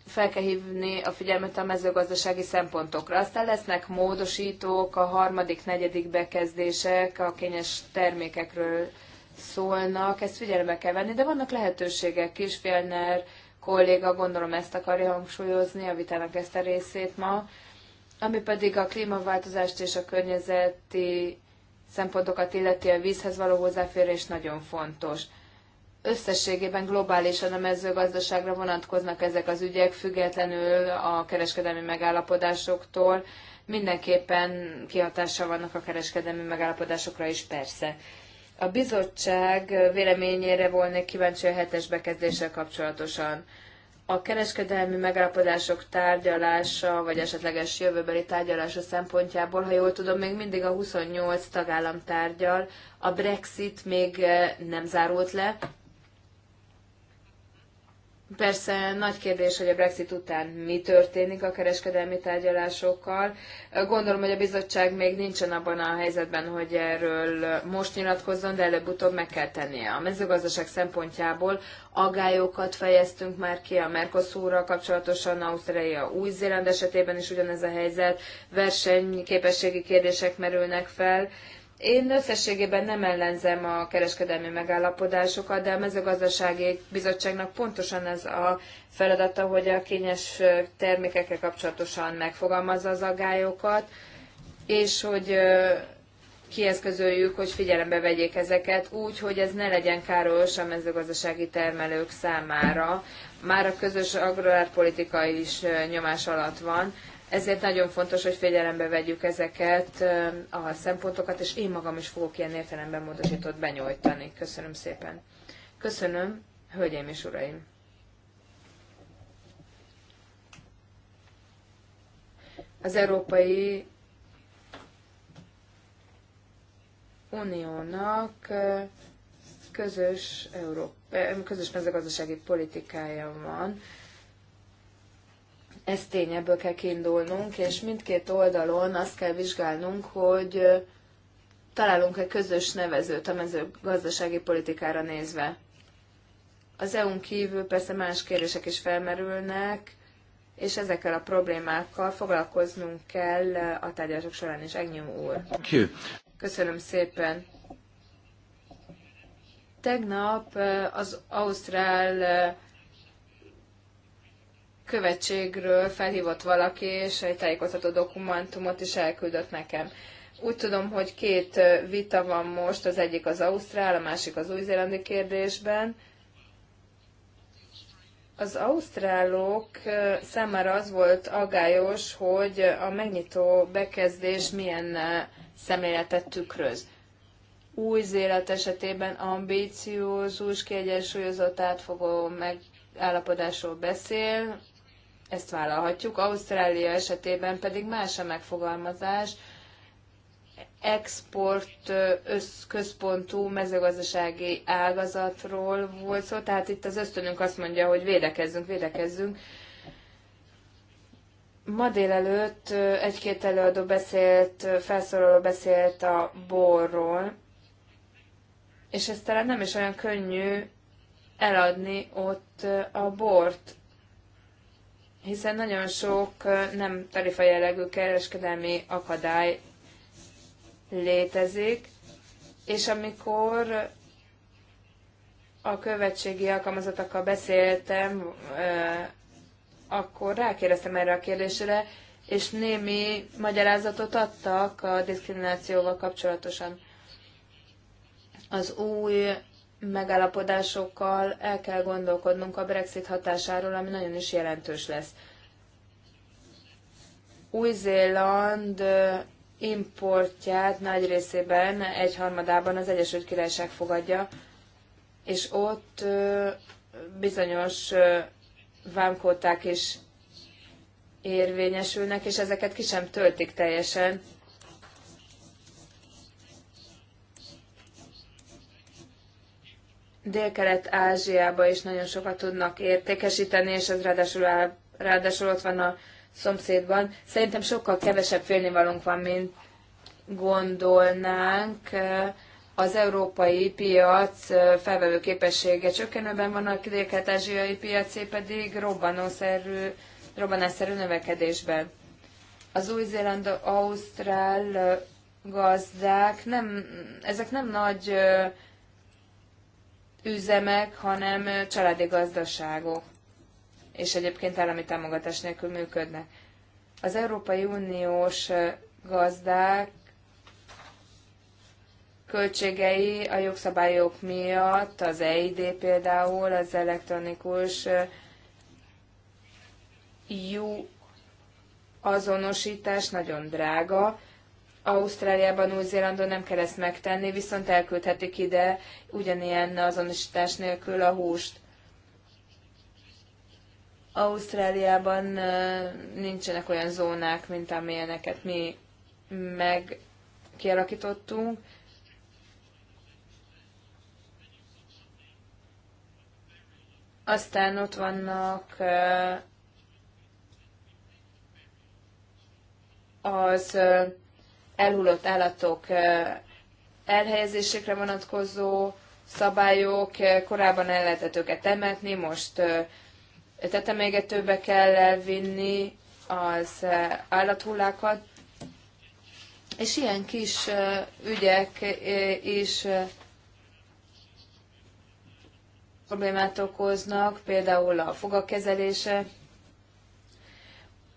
fel kell hívni a figyelmet a mezőgazdasági szempontokra. Aztán lesznek módosítók, a harmadik, negyedik bekezdések, a kényes termékekről szólnak, ezt figyelembe kell venni, de vannak lehetőségek Kisfélner kolléga gondolom ezt akarja hangsúlyozni, a vitának ezt a részét ma. Ami pedig a klímaváltozást és a környezeti szempontokat illeti a vízhez való hozzáférés nagyon fontos. Összességében globálisan a mezőgazdaságra vonatkoznak ezek az ügyek, függetlenül a kereskedelmi megállapodásoktól. Mindenképpen kihatással vannak a kereskedelmi megállapodásokra is, persze. A bizottság véleményére volnék kíváncsi a hetes bekezdéssel kapcsolatosan a kereskedelmi megállapodások tárgyalása, vagy esetleges jövőbeli tárgyalása szempontjából, ha jól tudom, még mindig a 28 tagállam tárgyal. A Brexit még eh, nem zárult le, Persze nagy kérdés, hogy a Brexit után mi történik a kereskedelmi tárgyalásokkal. Gondolom, hogy a bizottság még nincsen abban a helyzetben, hogy erről most nyilatkozzon, de előbb-utóbb meg kell tennie. A mezőgazdaság szempontjából aggályokat fejeztünk már ki a Mercosurral kapcsolatosan, Ausztrália, Új-Zéland esetében is ugyanez a helyzet, versenyképességi kérdések merülnek fel én összességében nem ellenzem a kereskedelmi megállapodásokat, de a mezőgazdasági bizottságnak pontosan ez a feladata, hogy a kényes termékekkel kapcsolatosan megfogalmazza az aggályokat, és hogy kieszközöljük, hogy figyelembe vegyék ezeket úgy, hogy ez ne legyen káros a mezőgazdasági termelők számára. Már a közös agrárpolitika is nyomás alatt van, ezért nagyon fontos, hogy figyelembe vegyük ezeket a szempontokat, és én magam is fogok ilyen értelemben módosított benyújtani. Köszönöm szépen. Köszönöm, hölgyeim és uraim! Az Európai Uniónak közös, Európa, közös mezőgazdasági politikája van, ez tény, ebből kell kiindulnunk, és mindkét oldalon azt kell vizsgálnunk, hogy találunk-e közös nevezőt a mezőgazdasági politikára nézve. Az EU-n kívül persze más kérdések is felmerülnek, és ezekkel a problémákkal foglalkoznunk kell a tárgyalások során is. Egnyom úr. Köszönöm szépen. Tegnap az Ausztrál követségről felhívott valaki, és egy tájékoztató dokumentumot is elküldött nekem. Úgy tudom, hogy két vita van most, az egyik az Ausztrál, a másik az új-zélandi kérdésben. Az ausztrálok számára az volt agályos, hogy a megnyitó bekezdés milyen szemléletet tükröz. új zélet esetében ambíciózus, kiegyensúlyozott átfogó megállapodásról beszél, ezt vállalhatjuk, Ausztrália esetében pedig más a megfogalmazás, export központú mezőgazdasági ágazatról volt szó, tehát itt az ösztönünk azt mondja, hogy védekezzünk, védekezzünk. Ma délelőtt egy-két előadó beszélt, felszólaló beszélt a borról, és ez talán nem is olyan könnyű eladni ott a bort hiszen nagyon sok nem tarifa jellegű kereskedelmi akadály létezik, és amikor a követségi alkalmazatokkal beszéltem, akkor rákérdeztem erre a kérdésre, és némi magyarázatot adtak a diszkriminációval kapcsolatosan. Az új megállapodásokkal el kell gondolkodnunk a Brexit hatásáról, ami nagyon is jelentős lesz. Új-Zéland importját nagy részében, egy harmadában az Egyesült Királyság fogadja, és ott bizonyos vámkóták is érvényesülnek, és ezeket ki sem töltik teljesen. Dél-Kelet-Ázsiába is nagyon sokat tudnak értékesíteni, és ez ráadásul, ráadásul ott van a szomszédban. Szerintem sokkal kevesebb félnivalónk van, mint gondolnánk. Az európai piac felvevő képessége csökkenőben van, a dél-kelet-ázsiai piacé pedig robbanószerű, robbanásszerű növekedésben. Az új-zéland, ausztrál gazdák nem, ezek nem nagy üzemek, hanem családi gazdaságok, és egyébként állami támogatás nélkül működnek. Az Európai Uniós gazdák költségei a jogszabályok miatt, az EID például, az elektronikus jó azonosítás nagyon drága, Ausztráliában, Új-Zélandon nem kell ezt megtenni, viszont elküldhetik ide ugyanilyen azonosítás nélkül a húst. Ausztráliában nincsenek olyan zónák, mint amilyeneket mi meg kialakítottunk. Aztán ott vannak az elhullott állatok elhelyezésekre vonatkozó szabályok, korábban el lehetett őket temetni, most tetemégetőbe kell elvinni az állathullákat, és ilyen kis ügyek is problémát okoznak, például a fogakezelése,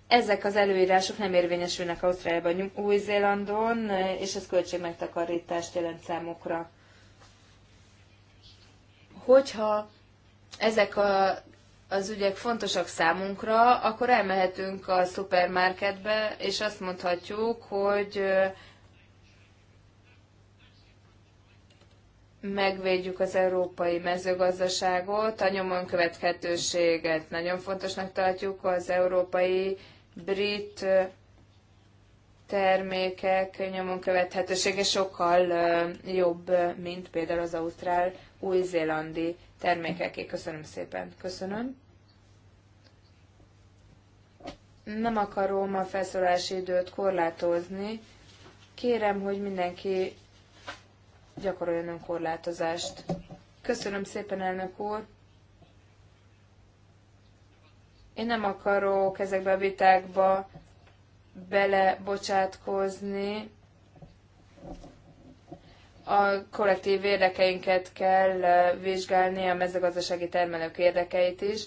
ezek az előírások nem érvényesülnek Ausztráliában, Új-Zélandon, és ez költségmegtakarítást jelent számukra. Hogyha ezek a, az ügyek fontosak számunkra, akkor elmehetünk a szupermarketbe, és azt mondhatjuk, hogy megvédjük az európai mezőgazdaságot, a nyomon követhetőséget nagyon fontosnak tartjuk, az európai brit termékek nyomon követhetősége sokkal jobb, mint például az ausztrál új-zélandi termékeké. Köszönöm szépen. Köszönöm. Nem akarom a felszólalási időt korlátozni. Kérem, hogy mindenki gyakoroljon önkorlátozást. Köszönöm szépen, elnök úr. Én nem akarok ezekbe a vitákba belebocsátkozni. A kollektív érdekeinket kell eh, vizsgálni, a mezőgazdasági termelők érdekeit is.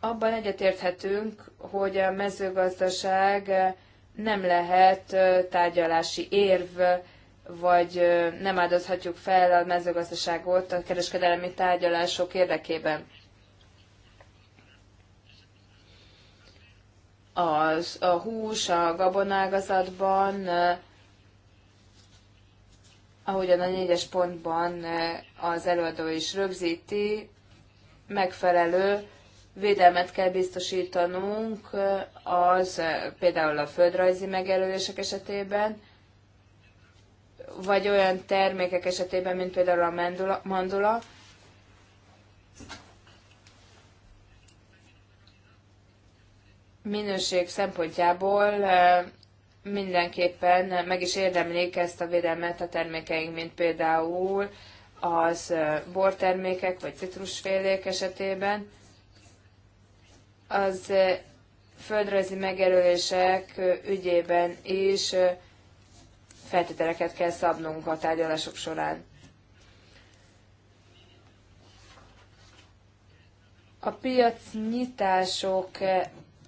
Abban egyetérthetünk, hogy a mezőgazdaság eh, nem lehet eh, tárgyalási érv, vagy nem áldozhatjuk fel a mezőgazdaságot a kereskedelmi tárgyalások érdekében. az, a hús a gabonágazatban, eh, ahogyan a négyes pontban eh, az előadó is rögzíti, megfelelő védelmet kell biztosítanunk eh, az például a földrajzi megjelölések esetében, vagy olyan termékek esetében, mint például a mandula, mandula minőség szempontjából mindenképpen meg is érdemlik ezt a védelmet a termékeink, mint például az bortermékek vagy citrusfélék esetében. Az földrajzi megjelölések ügyében is feltételeket kell szabnunk a tárgyalások során. A piac nyitások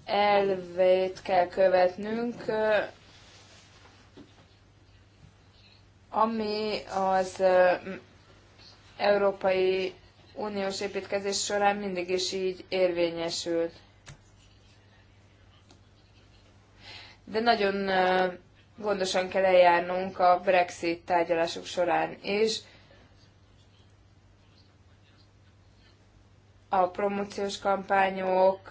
elvét kell követnünk, ami az Európai Uniós építkezés során mindig is így érvényesült. De nagyon gondosan kell eljárnunk a Brexit tárgyalások során is. A promóciós kampányok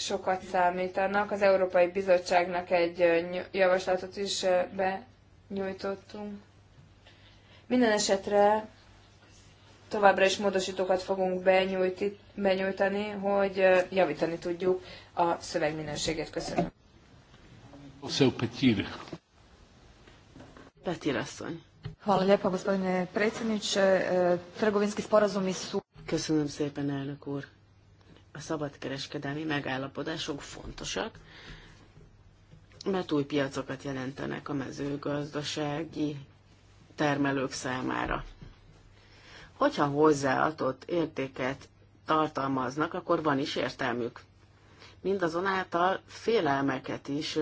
sokat számítanak. Az Európai Bizottságnak egy javaslatot is benyújtottunk. Minden esetre továbbra is módosítókat fogunk benyújti, benyújtani, hogy javítani tudjuk a szövegminőségét. Köszönöm. Petir. asszony. Hvala lijepa, gospodine predsjedniče. E, trgovinski sporazumi su... Köszönöm szépen, elnök úr a szabadkereskedelmi megállapodások fontosak, mert új piacokat jelentenek a mezőgazdasági termelők számára. Hogyha hozzáadott értéket tartalmaznak, akkor van is értelmük. Mindazonáltal félelmeket is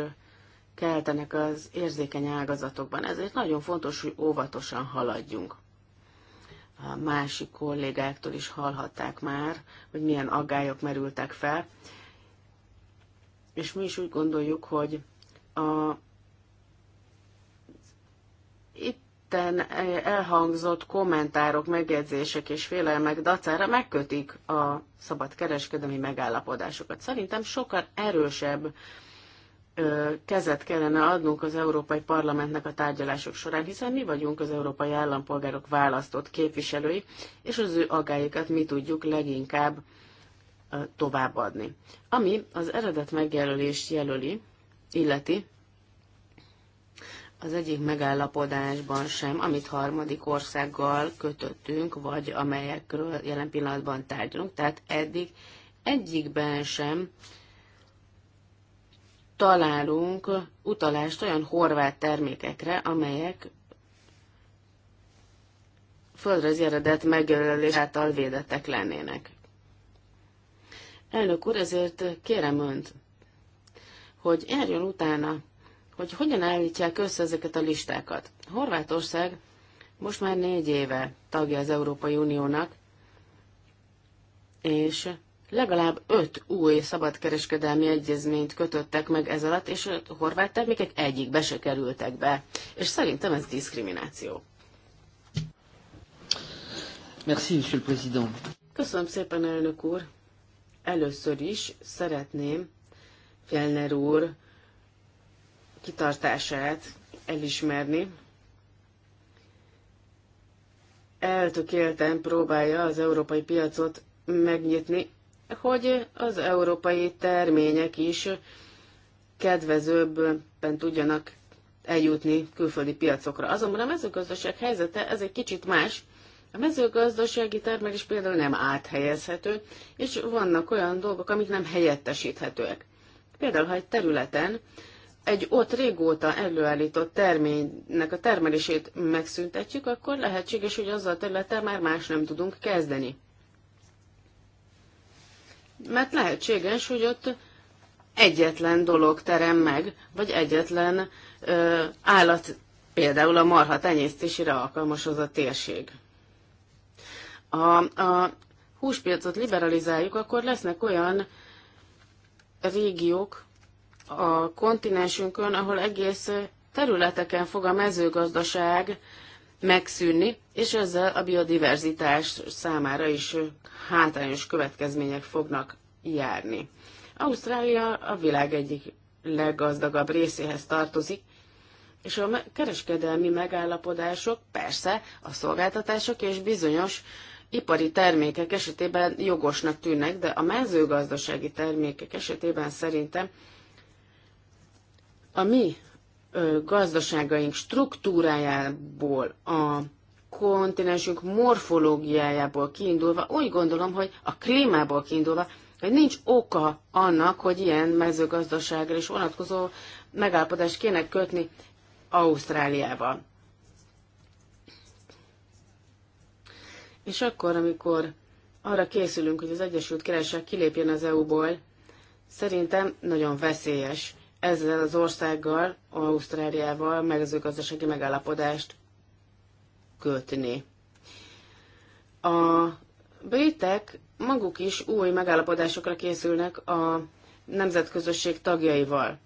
keltenek az érzékeny ágazatokban, ezért nagyon fontos, hogy óvatosan haladjunk a másik kollégáktól is hallhatták már, hogy milyen aggályok merültek fel. És mi is úgy gondoljuk, hogy a itten elhangzott kommentárok, megjegyzések és félelmek dacára megkötik a szabad kereskedelmi megállapodásokat. Szerintem sokkal erősebb kezet kellene adnunk az Európai Parlamentnek a tárgyalások során, hiszen mi vagyunk az európai állampolgárok választott képviselői, és az ő agályokat mi tudjuk leginkább továbbadni. Ami az eredet megjelölést jelöli, illeti, az egyik megállapodásban sem, amit harmadik országgal kötöttünk, vagy amelyekről jelen pillanatban tárgyalunk, tehát eddig egyikben sem találunk utalást olyan horvát termékekre, amelyek földrajzi eredet megjelölés által védettek lennének. Elnök úr, ezért kérem önt, hogy járjon utána, hogy hogyan állítják össze ezeket a listákat. Horvátország most már négy éve tagja az Európai Uniónak, és legalább öt új szabadkereskedelmi egyezményt kötöttek meg ez alatt, és a horvát termékek egyikbe se kerültek be. És szerintem ez diszkrimináció. Merci, Monsieur le Président. Köszönöm szépen, elnök úr. Először is szeretném Fjellner úr kitartását elismerni. Eltökélten próbálja az európai piacot megnyitni, hogy az európai termények is kedvezőbben tudjanak eljutni külföldi piacokra. Azonban a mezőgazdaság helyzete ez egy kicsit más. A mezőgazdasági termelés például nem áthelyezhető, és vannak olyan dolgok, amik nem helyettesíthetőek. Például, ha egy területen egy ott régóta előállított terménynek a termelését megszüntetjük, akkor lehetséges, hogy azzal a területen már más nem tudunk kezdeni mert lehetséges, hogy ott egyetlen dolog terem meg, vagy egyetlen ö, állat, például a marha tenyésztésére alkalmas az a térség. A, a húspiacot liberalizáljuk, akkor lesznek olyan régiók a kontinensünkön, ahol egész területeken fog a mezőgazdaság megszűnni, és ezzel a biodiverzitás számára is hátrányos következmények fognak járni. Ausztrália a világ egyik leggazdagabb részéhez tartozik, és a kereskedelmi megállapodások persze a szolgáltatások és bizonyos ipari termékek esetében jogosnak tűnnek, de a mezőgazdasági termékek esetében szerintem a mi gazdaságaink struktúrájából, a kontinensünk morfológiájából kiindulva, úgy gondolom, hogy a klímából kiindulva, hogy nincs oka annak, hogy ilyen mezőgazdaságra is vonatkozó megállapodást kéne kötni Ausztráliában. És akkor, amikor arra készülünk, hogy az Egyesült Királyság kilépjen az EU-ból, szerintem nagyon veszélyes ezzel az országgal, Ausztráliával mezőgazdasági megállapodást kötni. A britek maguk is új megállapodásokra készülnek a nemzetközösség tagjaival.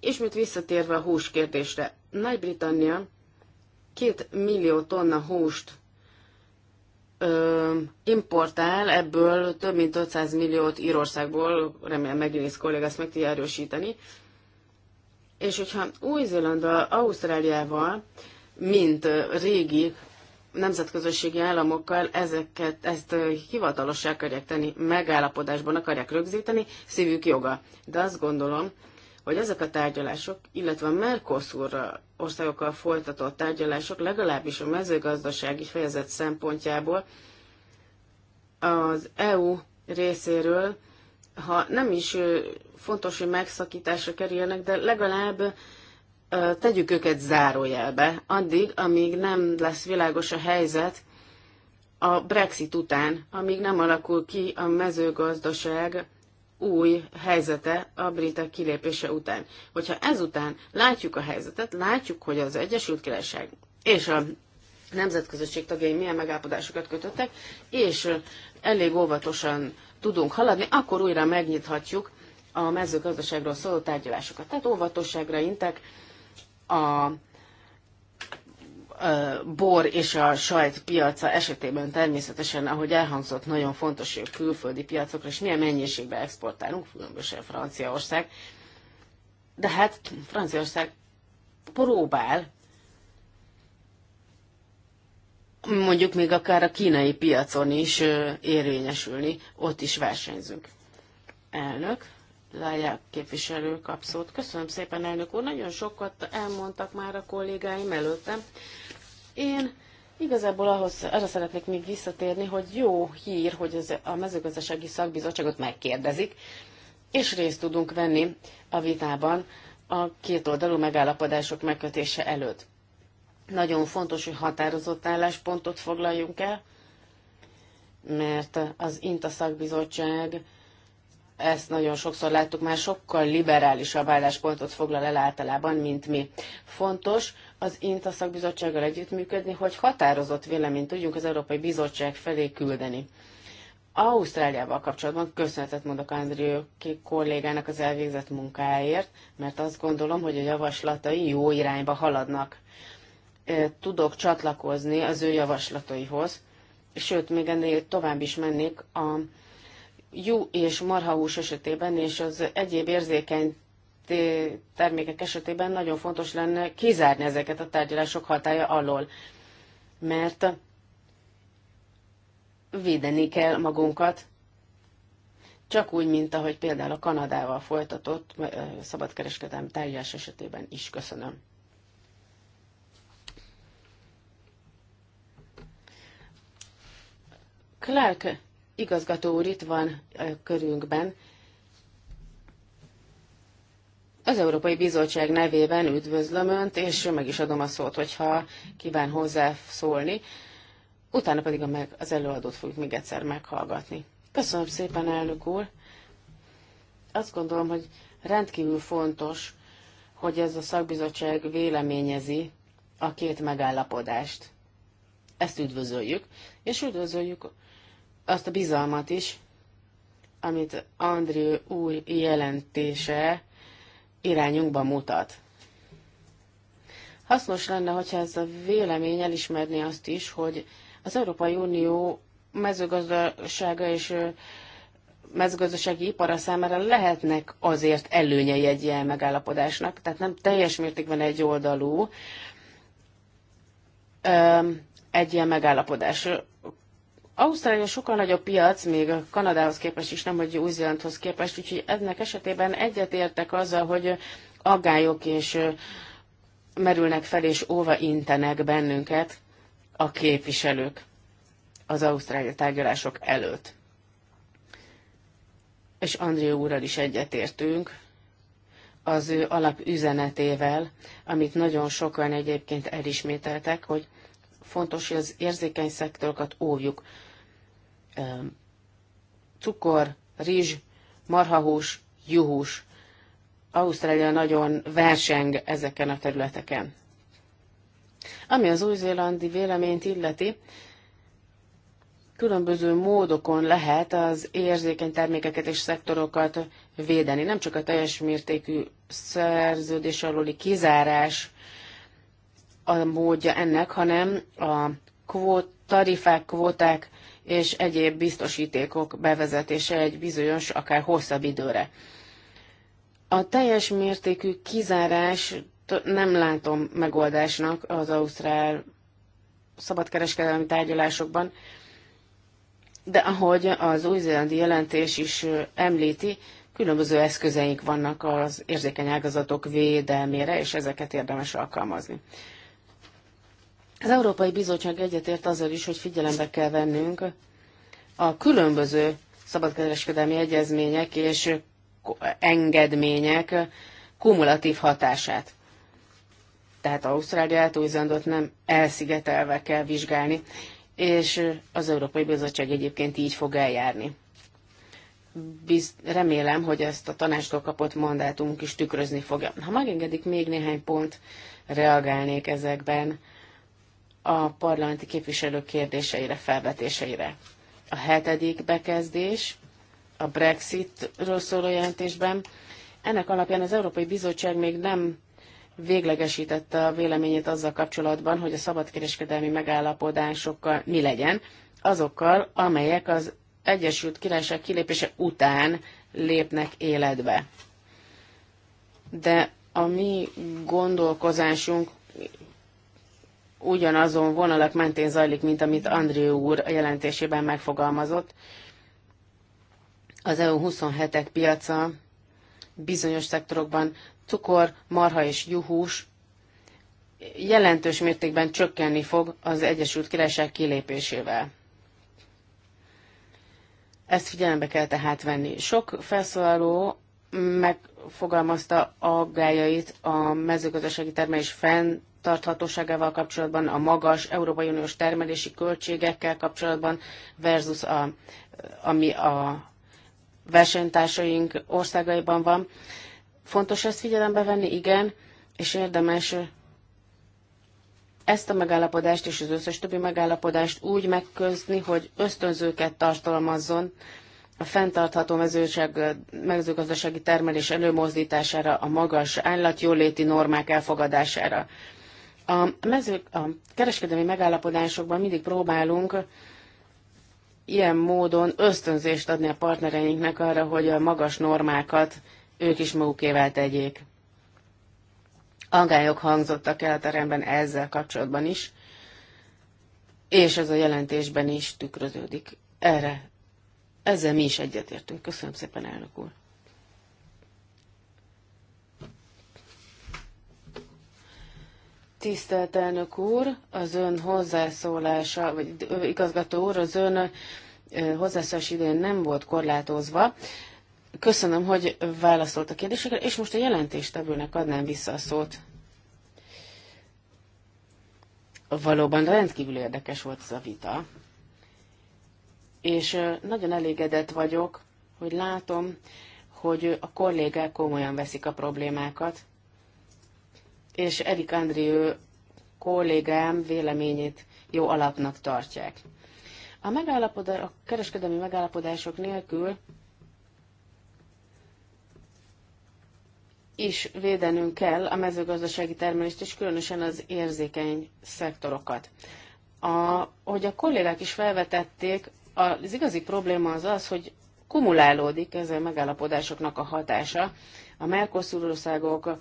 Ismét visszatérve a hús kérdésre. Nagy-Britannia két millió tonna húst ö, importál, ebből több mint 500 milliót Írországból, remélem megint kolléga ezt meg tudja erősíteni. És hogyha Új-Zélandal, Ausztráliával mint régi nemzetközösségi államokkal ezeket, ezt hivatalossá akarják tenni, megállapodásban akarják rögzíteni, szívük joga. De azt gondolom, hogy ezek a tárgyalások, illetve a Mercosur országokkal folytatott tárgyalások legalábbis a mezőgazdasági fejezet szempontjából az EU részéről, ha nem is fontos, hogy megszakításra kerüljenek, de legalább tegyük őket zárójelbe, addig, amíg nem lesz világos a helyzet a Brexit után, amíg nem alakul ki a mezőgazdaság új helyzete a britek kilépése után. Hogyha ezután látjuk a helyzetet, látjuk, hogy az Egyesült Királyság és a nemzetközösség tagjai milyen megállapodásokat kötöttek, és elég óvatosan tudunk haladni, akkor újra megnyithatjuk a mezőgazdaságról szóló tárgyalásokat. Tehát óvatosságra intek, a bor és a sajt piaca esetében természetesen, ahogy elhangzott, nagyon fontos, hogy a külföldi piacokra és milyen mennyiségben exportálunk, különbözően Franciaország. De hát Franciaország próbál mondjuk még akár a kínai piacon is érvényesülni, ott is versenyzünk. Elnök. Láják képviselő kapszót. Köszönöm szépen, elnök úr. Nagyon sokat elmondtak már a kollégáim előttem. Én Igazából ahhoz, arra szeretnék még visszatérni, hogy jó hír, hogy ez a mezőgazdasági szakbizottságot megkérdezik, és részt tudunk venni a vitában a két oldalú megállapodások megkötése előtt. Nagyon fontos, hogy határozott álláspontot foglaljunk el, mert az INTA szakbizottság ezt nagyon sokszor láttuk, már sokkal liberálisabb álláspontot foglal el általában, mint mi. Fontos az INTA szakbizottsággal együttműködni, hogy határozott véleményt tudjunk az Európai Bizottság felé küldeni. Ausztráliával kapcsolatban köszönetet mondok Andrő kollégának az elvégzett munkáért, mert azt gondolom, hogy a javaslatai jó irányba haladnak. Tudok csatlakozni az ő javaslataihoz, sőt, még ennél tovább is mennék a jó és marhahús esetében és az egyéb érzékeny termékek esetében nagyon fontos lenne kizárni ezeket a tárgyalások hatája alól, mert védeni kell magunkat, csak úgy, mint ahogy például a Kanadával folytatott szabadkereskedelmi tárgyalás esetében is. Köszönöm. Clark igazgató úr itt van körünkben. Az Európai Bizottság nevében üdvözlöm Önt, és meg is adom a szót, hogyha kíván hozzászólni. Utána pedig a meg, az előadót fogjuk még egyszer meghallgatni. Köszönöm szépen, elnök úr! Azt gondolom, hogy rendkívül fontos, hogy ez a szakbizottság véleményezi a két megállapodást. Ezt üdvözöljük, és üdvözöljük azt a bizalmat is, amit Andrew új jelentése irányunkba mutat. Hasznos lenne, hogyha ez a vélemény elismerné azt is, hogy az Európai Unió mezőgazdasága és mezőgazdasági ipara számára lehetnek azért előnyei egy ilyen megállapodásnak, tehát nem teljes mértékben egy oldalú egy ilyen megállapodás. Ausztrália sokkal nagyobb piac, még a Kanadához képest is, nem hogy Új-Zélandhoz képest, úgyhogy ennek esetében egyetértek azzal, hogy aggályok és merülnek fel és óva intenek bennünket a képviselők az ausztrál tárgyalások előtt. És André úrral is egyetértünk az ő alapüzenetével, amit nagyon sokan egyébként elismételtek, hogy fontos, hogy az érzékeny szektorokat óvjuk cukor, rizs, marhahús, juhús. Ausztrália nagyon verseng ezeken a területeken. Ami az új-zélandi véleményt illeti, különböző módokon lehet az érzékeny termékeket és szektorokat védeni. Nem csak a teljes mértékű szerződés aluli kizárás a módja ennek, hanem a kvót, tarifák, kvóták és egyéb biztosítékok bevezetése egy bizonyos, akár hosszabb időre. A teljes mértékű kizárás nem látom megoldásnak az ausztrál szabadkereskedelmi tárgyalásokban, de ahogy az új-zélandi jelentés is említi, különböző eszközeink vannak az érzékeny ágazatok védelmére, és ezeket érdemes alkalmazni. Az Európai Bizottság egyetért azzal is, hogy figyelembe kell vennünk a különböző szabadkereskedelmi egyezmények és engedmények kumulatív hatását. Tehát Ausztráliát, új Zandot nem elszigetelve kell vizsgálni, és az Európai Bizottság egyébként így fog eljárni. Biz, remélem, hogy ezt a tanástól kapott mandátumunk is tükrözni fogja. Ha megengedik, még néhány pont reagálnék ezekben a parlamenti képviselők kérdéseire, felvetéseire. A hetedik bekezdés a Brexitről szóló jelentésben. Ennek alapján az Európai Bizottság még nem véglegesítette a véleményét azzal kapcsolatban, hogy a szabadkereskedelmi megállapodásokkal mi legyen, azokkal, amelyek az Egyesült Királyság kilépése után lépnek életbe. De a mi gondolkozásunk ugyanazon vonalak mentén zajlik, mint amit André úr a jelentésében megfogalmazott. Az EU 27-ek piaca bizonyos szektorokban cukor, marha és juhús jelentős mértékben csökkenni fog az Egyesült Királyság kilépésével. Ezt figyelembe kell tehát venni. Sok felszólaló megfogalmazta aggájait a mezőgazdasági termelés fenn fenntarthatóságával kapcsolatban, a magas Európai Uniós termelési költségekkel kapcsolatban versus a, ami a versenytársaink országaiban van. Fontos ezt figyelembe venni, igen, és érdemes ezt a megállapodást és az összes többi megállapodást úgy megközni, hogy ösztönzőket tartalmazzon a fenntartható mezőség, mezőgazdasági termelés előmozdítására, a magas állatjóléti normák elfogadására. A, mezők, a kereskedelmi megállapodásokban mindig próbálunk ilyen módon ösztönzést adni a partnereinknek arra, hogy a magas normákat ők is magukével tegyék. Angályok hangzottak el a teremben ezzel kapcsolatban is, és ez a jelentésben is tükröződik. Erre, ezzel mi is egyetértünk. Köszönöm szépen, elnök úr. Tisztelt elnök úr, az ön hozzászólása, vagy igazgató úr, az ön hozzászólás idején nem volt korlátozva. Köszönöm, hogy válaszolt a kérdésekre, és most a jelentéstevőnek adnám vissza a szót. Valóban rendkívül érdekes volt ez a vita, és nagyon elégedett vagyok, hogy látom, hogy a kollégák komolyan veszik a problémákat, és Erik Andriő kollégám véleményét jó alapnak tartják. A, megállapodás, a kereskedelmi megállapodások nélkül is védenünk kell a mezőgazdasági termelést, és különösen az érzékeny szektorokat. A, hogy a kollégák is felvetették, az igazi probléma az az, hogy kumulálódik ezen megállapodásoknak a hatása. A Mercosur országok,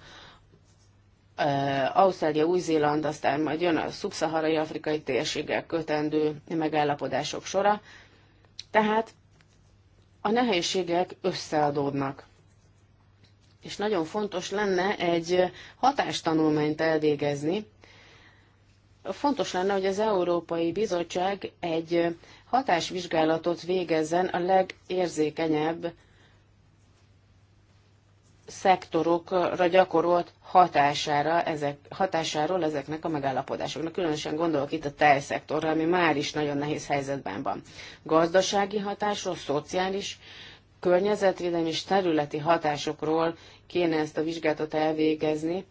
Ausztrália, Új-Zéland, aztán majd jön a szubszaharai afrikai térséggel kötendő megállapodások sora. Tehát a nehézségek összeadódnak. És nagyon fontos lenne egy hatástanulmányt elvégezni. Fontos lenne, hogy az Európai Bizottság egy hatásvizsgálatot végezzen a legérzékenyebb szektorokra gyakorolt hatására, ezek, hatásáról ezeknek a megállapodásoknak. Különösen gondolok itt a tejszektorra, ami már is nagyon nehéz helyzetben van. Gazdasági hatásról, szociális, környezetvédelmi és területi hatásokról kéne ezt a vizsgálatot elvégezni,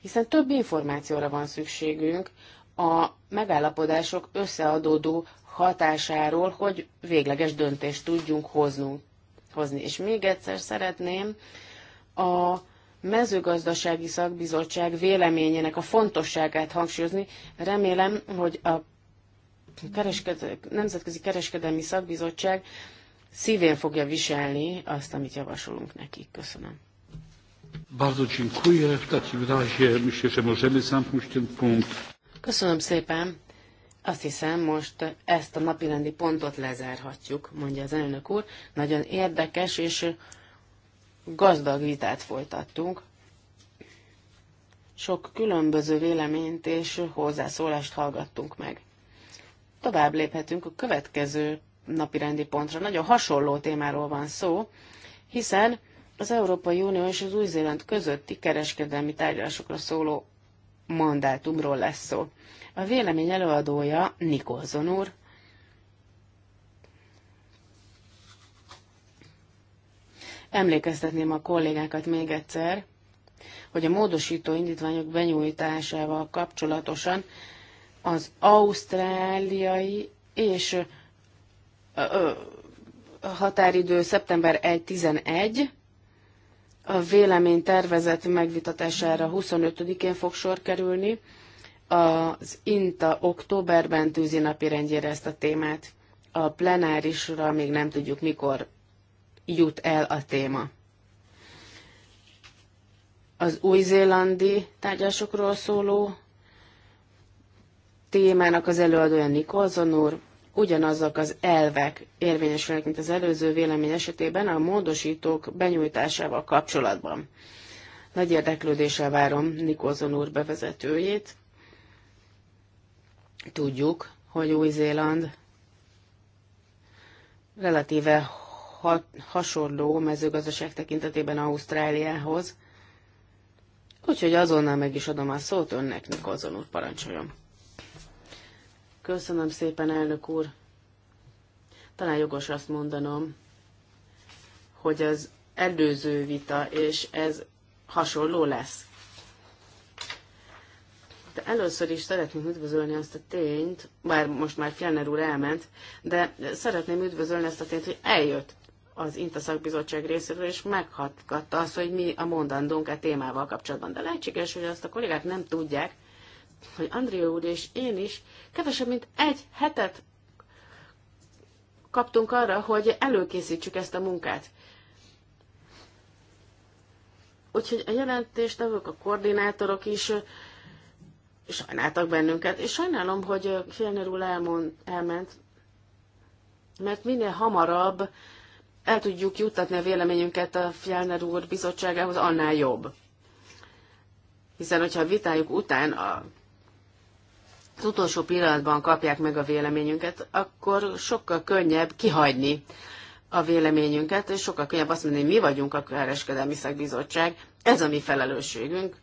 hiszen több információra van szükségünk a megállapodások összeadódó hatásáról, hogy végleges döntést tudjunk hoznunk, hozni. És még egyszer szeretném a mezőgazdasági szakbizottság véleményének a fontosságát hangsúlyozni. Remélem, hogy a keresked... Nemzetközi Kereskedelmi Szakbizottság szívén fogja viselni azt, amit javasolunk nekik. Köszönöm. Bardzo dziękuję. W takim razie myślę, że możemy zamknąć ten punkt. Köszönöm szépen. Azt hiszem, most ezt a napirendi pontot lezárhatjuk, mondja az elnök úr. Nagyon érdekes és gazdag vitát folytattunk. Sok különböző véleményt és hozzászólást hallgattunk meg. Tovább léphetünk a következő napirendi pontra. Nagyon hasonló témáról van szó, hiszen az Európai Unió és az Új-Zéland közötti kereskedelmi tárgyalásokra szóló mandátumról lesz szó. A vélemény előadója Nikolson úr, Emlékeztetném a kollégákat még egyszer, hogy a módosító indítványok benyújtásával kapcsolatosan az ausztráliai és határidő szeptember 1-11, a vélemény tervezett megvitatására 25-én fog sor kerülni, az INTA októberben tűzi napi rendjére ezt a témát. A plenárisra még nem tudjuk, mikor jut el a téma. Az új-zélandi tárgyásokról szóló témának az előadója Nikolson úr, ugyanazok az elvek érvényesülnek, mint az előző vélemény esetében a módosítók benyújtásával kapcsolatban. Nagy érdeklődéssel várom Nikolson úr bevezetőjét. Tudjuk, hogy Új-Zéland relatíve ha, hasonló mezőgazdaság tekintetében Ausztráliához. Úgyhogy azonnal meg is adom a szót önnek, Nikolzon úr, parancsoljon. Köszönöm szépen, elnök úr. Talán jogos azt mondanom, hogy az előző vita, és ez hasonló lesz. De először is szeretném üdvözölni azt a tényt, bár most már Kellner úr elment, de szeretném üdvözölni azt a tényt, hogy eljött az INTA szakbizottság részéről, és meghatgatta azt, hogy mi a mondandónk a e témával kapcsolatban. De lehetséges, hogy azt a kollégák nem tudják, hogy Andrea úr és én is kevesebb, mint egy hetet kaptunk arra, hogy előkészítsük ezt a munkát. Úgyhogy a jelentéstevők, a koordinátorok is sajnáltak bennünket, és sajnálom, hogy Fjellner úr elmond, elment, mert minél hamarabb el tudjuk juttatni a véleményünket a Fjellner úr bizottságához, annál jobb. Hiszen, hogyha a vitájuk után a, az utolsó pillanatban kapják meg a véleményünket, akkor sokkal könnyebb kihagyni a véleményünket, és sokkal könnyebb azt mondani, hogy mi vagyunk a Kereskedelmi Szakbizottság, ez a mi felelősségünk,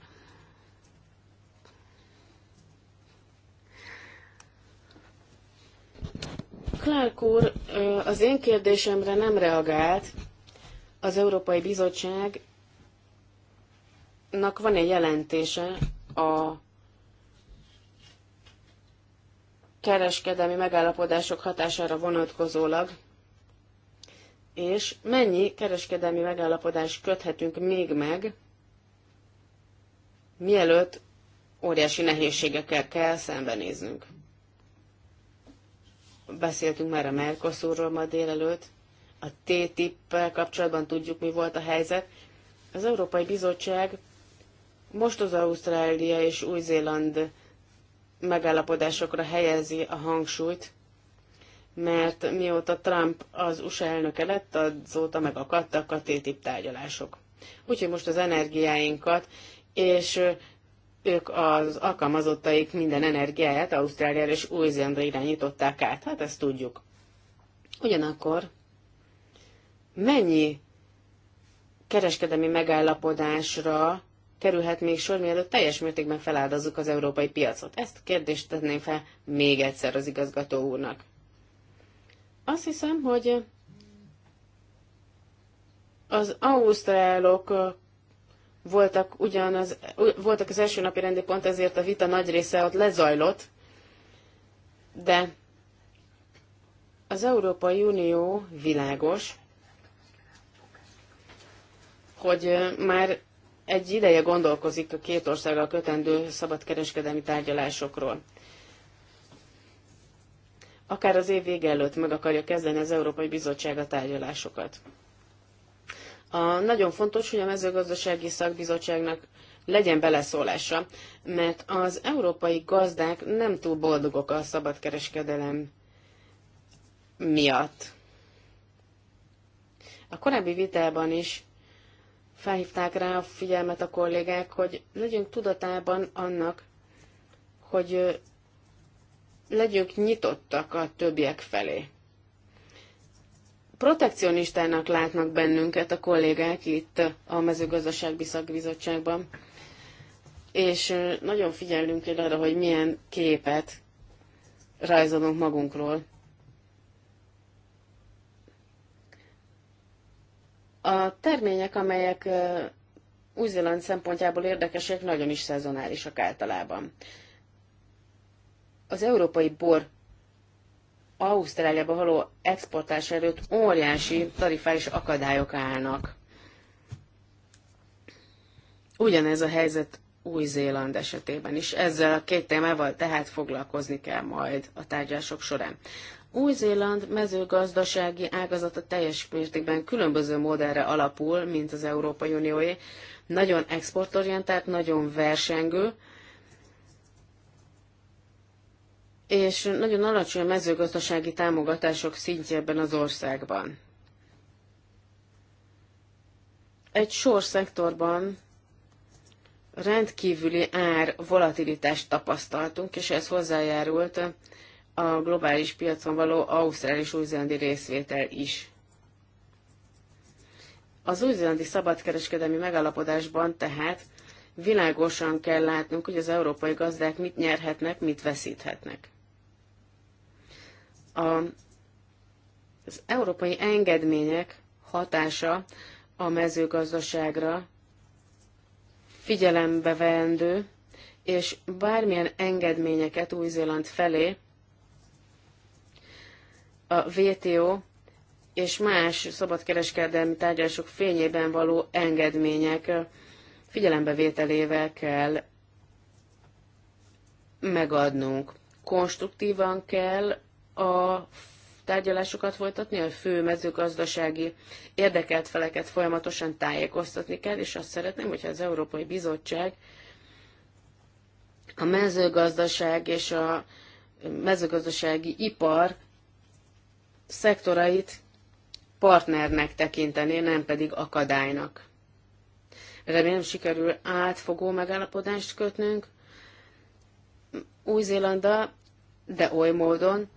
Clark úr az én kérdésemre nem reagált. Az Európai Bizottságnak van egy jelentése a kereskedelmi megállapodások hatására vonatkozólag, és mennyi kereskedelmi megállapodást köthetünk még meg, mielőtt óriási nehézségekkel kell szembenéznünk beszéltünk már a Mercosurról ma délelőtt, a TTIP-pel kapcsolatban tudjuk, mi volt a helyzet. Az Európai Bizottság most az Ausztrália és Új-Zéland megállapodásokra helyezi a hangsúlyt, mert mióta Trump az USA elnöke lett, azóta megakadtak a TTIP tárgyalások. Úgyhogy most az energiáinkat és ők az alkalmazottaik minden energiáját Ausztráliára és Új-Zélandra irányították át. Hát ezt tudjuk. Ugyanakkor mennyi kereskedelmi megállapodásra kerülhet még sor, mielőtt teljes mértékben feláldozzuk az európai piacot? Ezt kérdést tenném fel még egyszer az igazgató úrnak. Azt hiszem, hogy az ausztrálok voltak, ugyanaz, voltak az első napi rendi pont, ezért a vita nagy része ott lezajlott, de az Európai Unió világos, hogy már egy ideje gondolkozik a két országgal kötendő szabadkereskedelmi tárgyalásokról. Akár az év vége előtt meg akarja kezdeni az Európai Bizottság a tárgyalásokat. A, nagyon fontos, hogy a mezőgazdasági szakbizottságnak legyen beleszólása, mert az európai gazdák nem túl boldogok a szabadkereskedelem miatt. A korábbi vitában is felhívták rá a figyelmet a kollégák, hogy legyünk tudatában annak, hogy legyünk nyitottak a többiek felé protekcionistának látnak bennünket a kollégák itt a mezőgazdasági szakbizottságban, és nagyon figyelünk el arra, hogy milyen képet rajzolunk magunkról. A termények, amelyek Új-Zéland szempontjából érdekesek, nagyon is szezonálisak általában. Az európai bor Ausztráliába való exportás előtt óriási tarifális akadályok állnak. Ugyanez a helyzet Új-Zéland esetében is. Ezzel a két témával tehát foglalkozni kell majd a tárgyások során. Új-Zéland mezőgazdasági ágazata teljes mértékben különböző modellre alapul, mint az Európai Unióé. Nagyon exportorientált, nagyon versengő, és nagyon alacsony a mezőgazdasági támogatások szintje ebben az országban. Egy sor szektorban rendkívüli ár volatilitást tapasztaltunk, és ez hozzájárult a globális piacon való ausztrál és új részvétel is. Az új szabadkereskedelmi megalapodásban tehát világosan kell látnunk, hogy az európai gazdák mit nyerhetnek, mit veszíthetnek a, az európai engedmények hatása a mezőgazdaságra figyelembe veendő, és bármilyen engedményeket Új-Zéland felé a WTO és más szabadkereskedelmi tárgyalások fényében való engedmények figyelembevételével kell megadnunk. Konstruktívan kell a tárgyalásokat folytatni, a fő mezőgazdasági érdekelt feleket folyamatosan tájékoztatni kell, és azt szeretném, hogyha az Európai Bizottság a mezőgazdaság és a mezőgazdasági ipar szektorait partnernek tekinteni, nem pedig akadálynak. Remélem sikerül átfogó megállapodást kötnünk Új-Zélanda, de oly módon,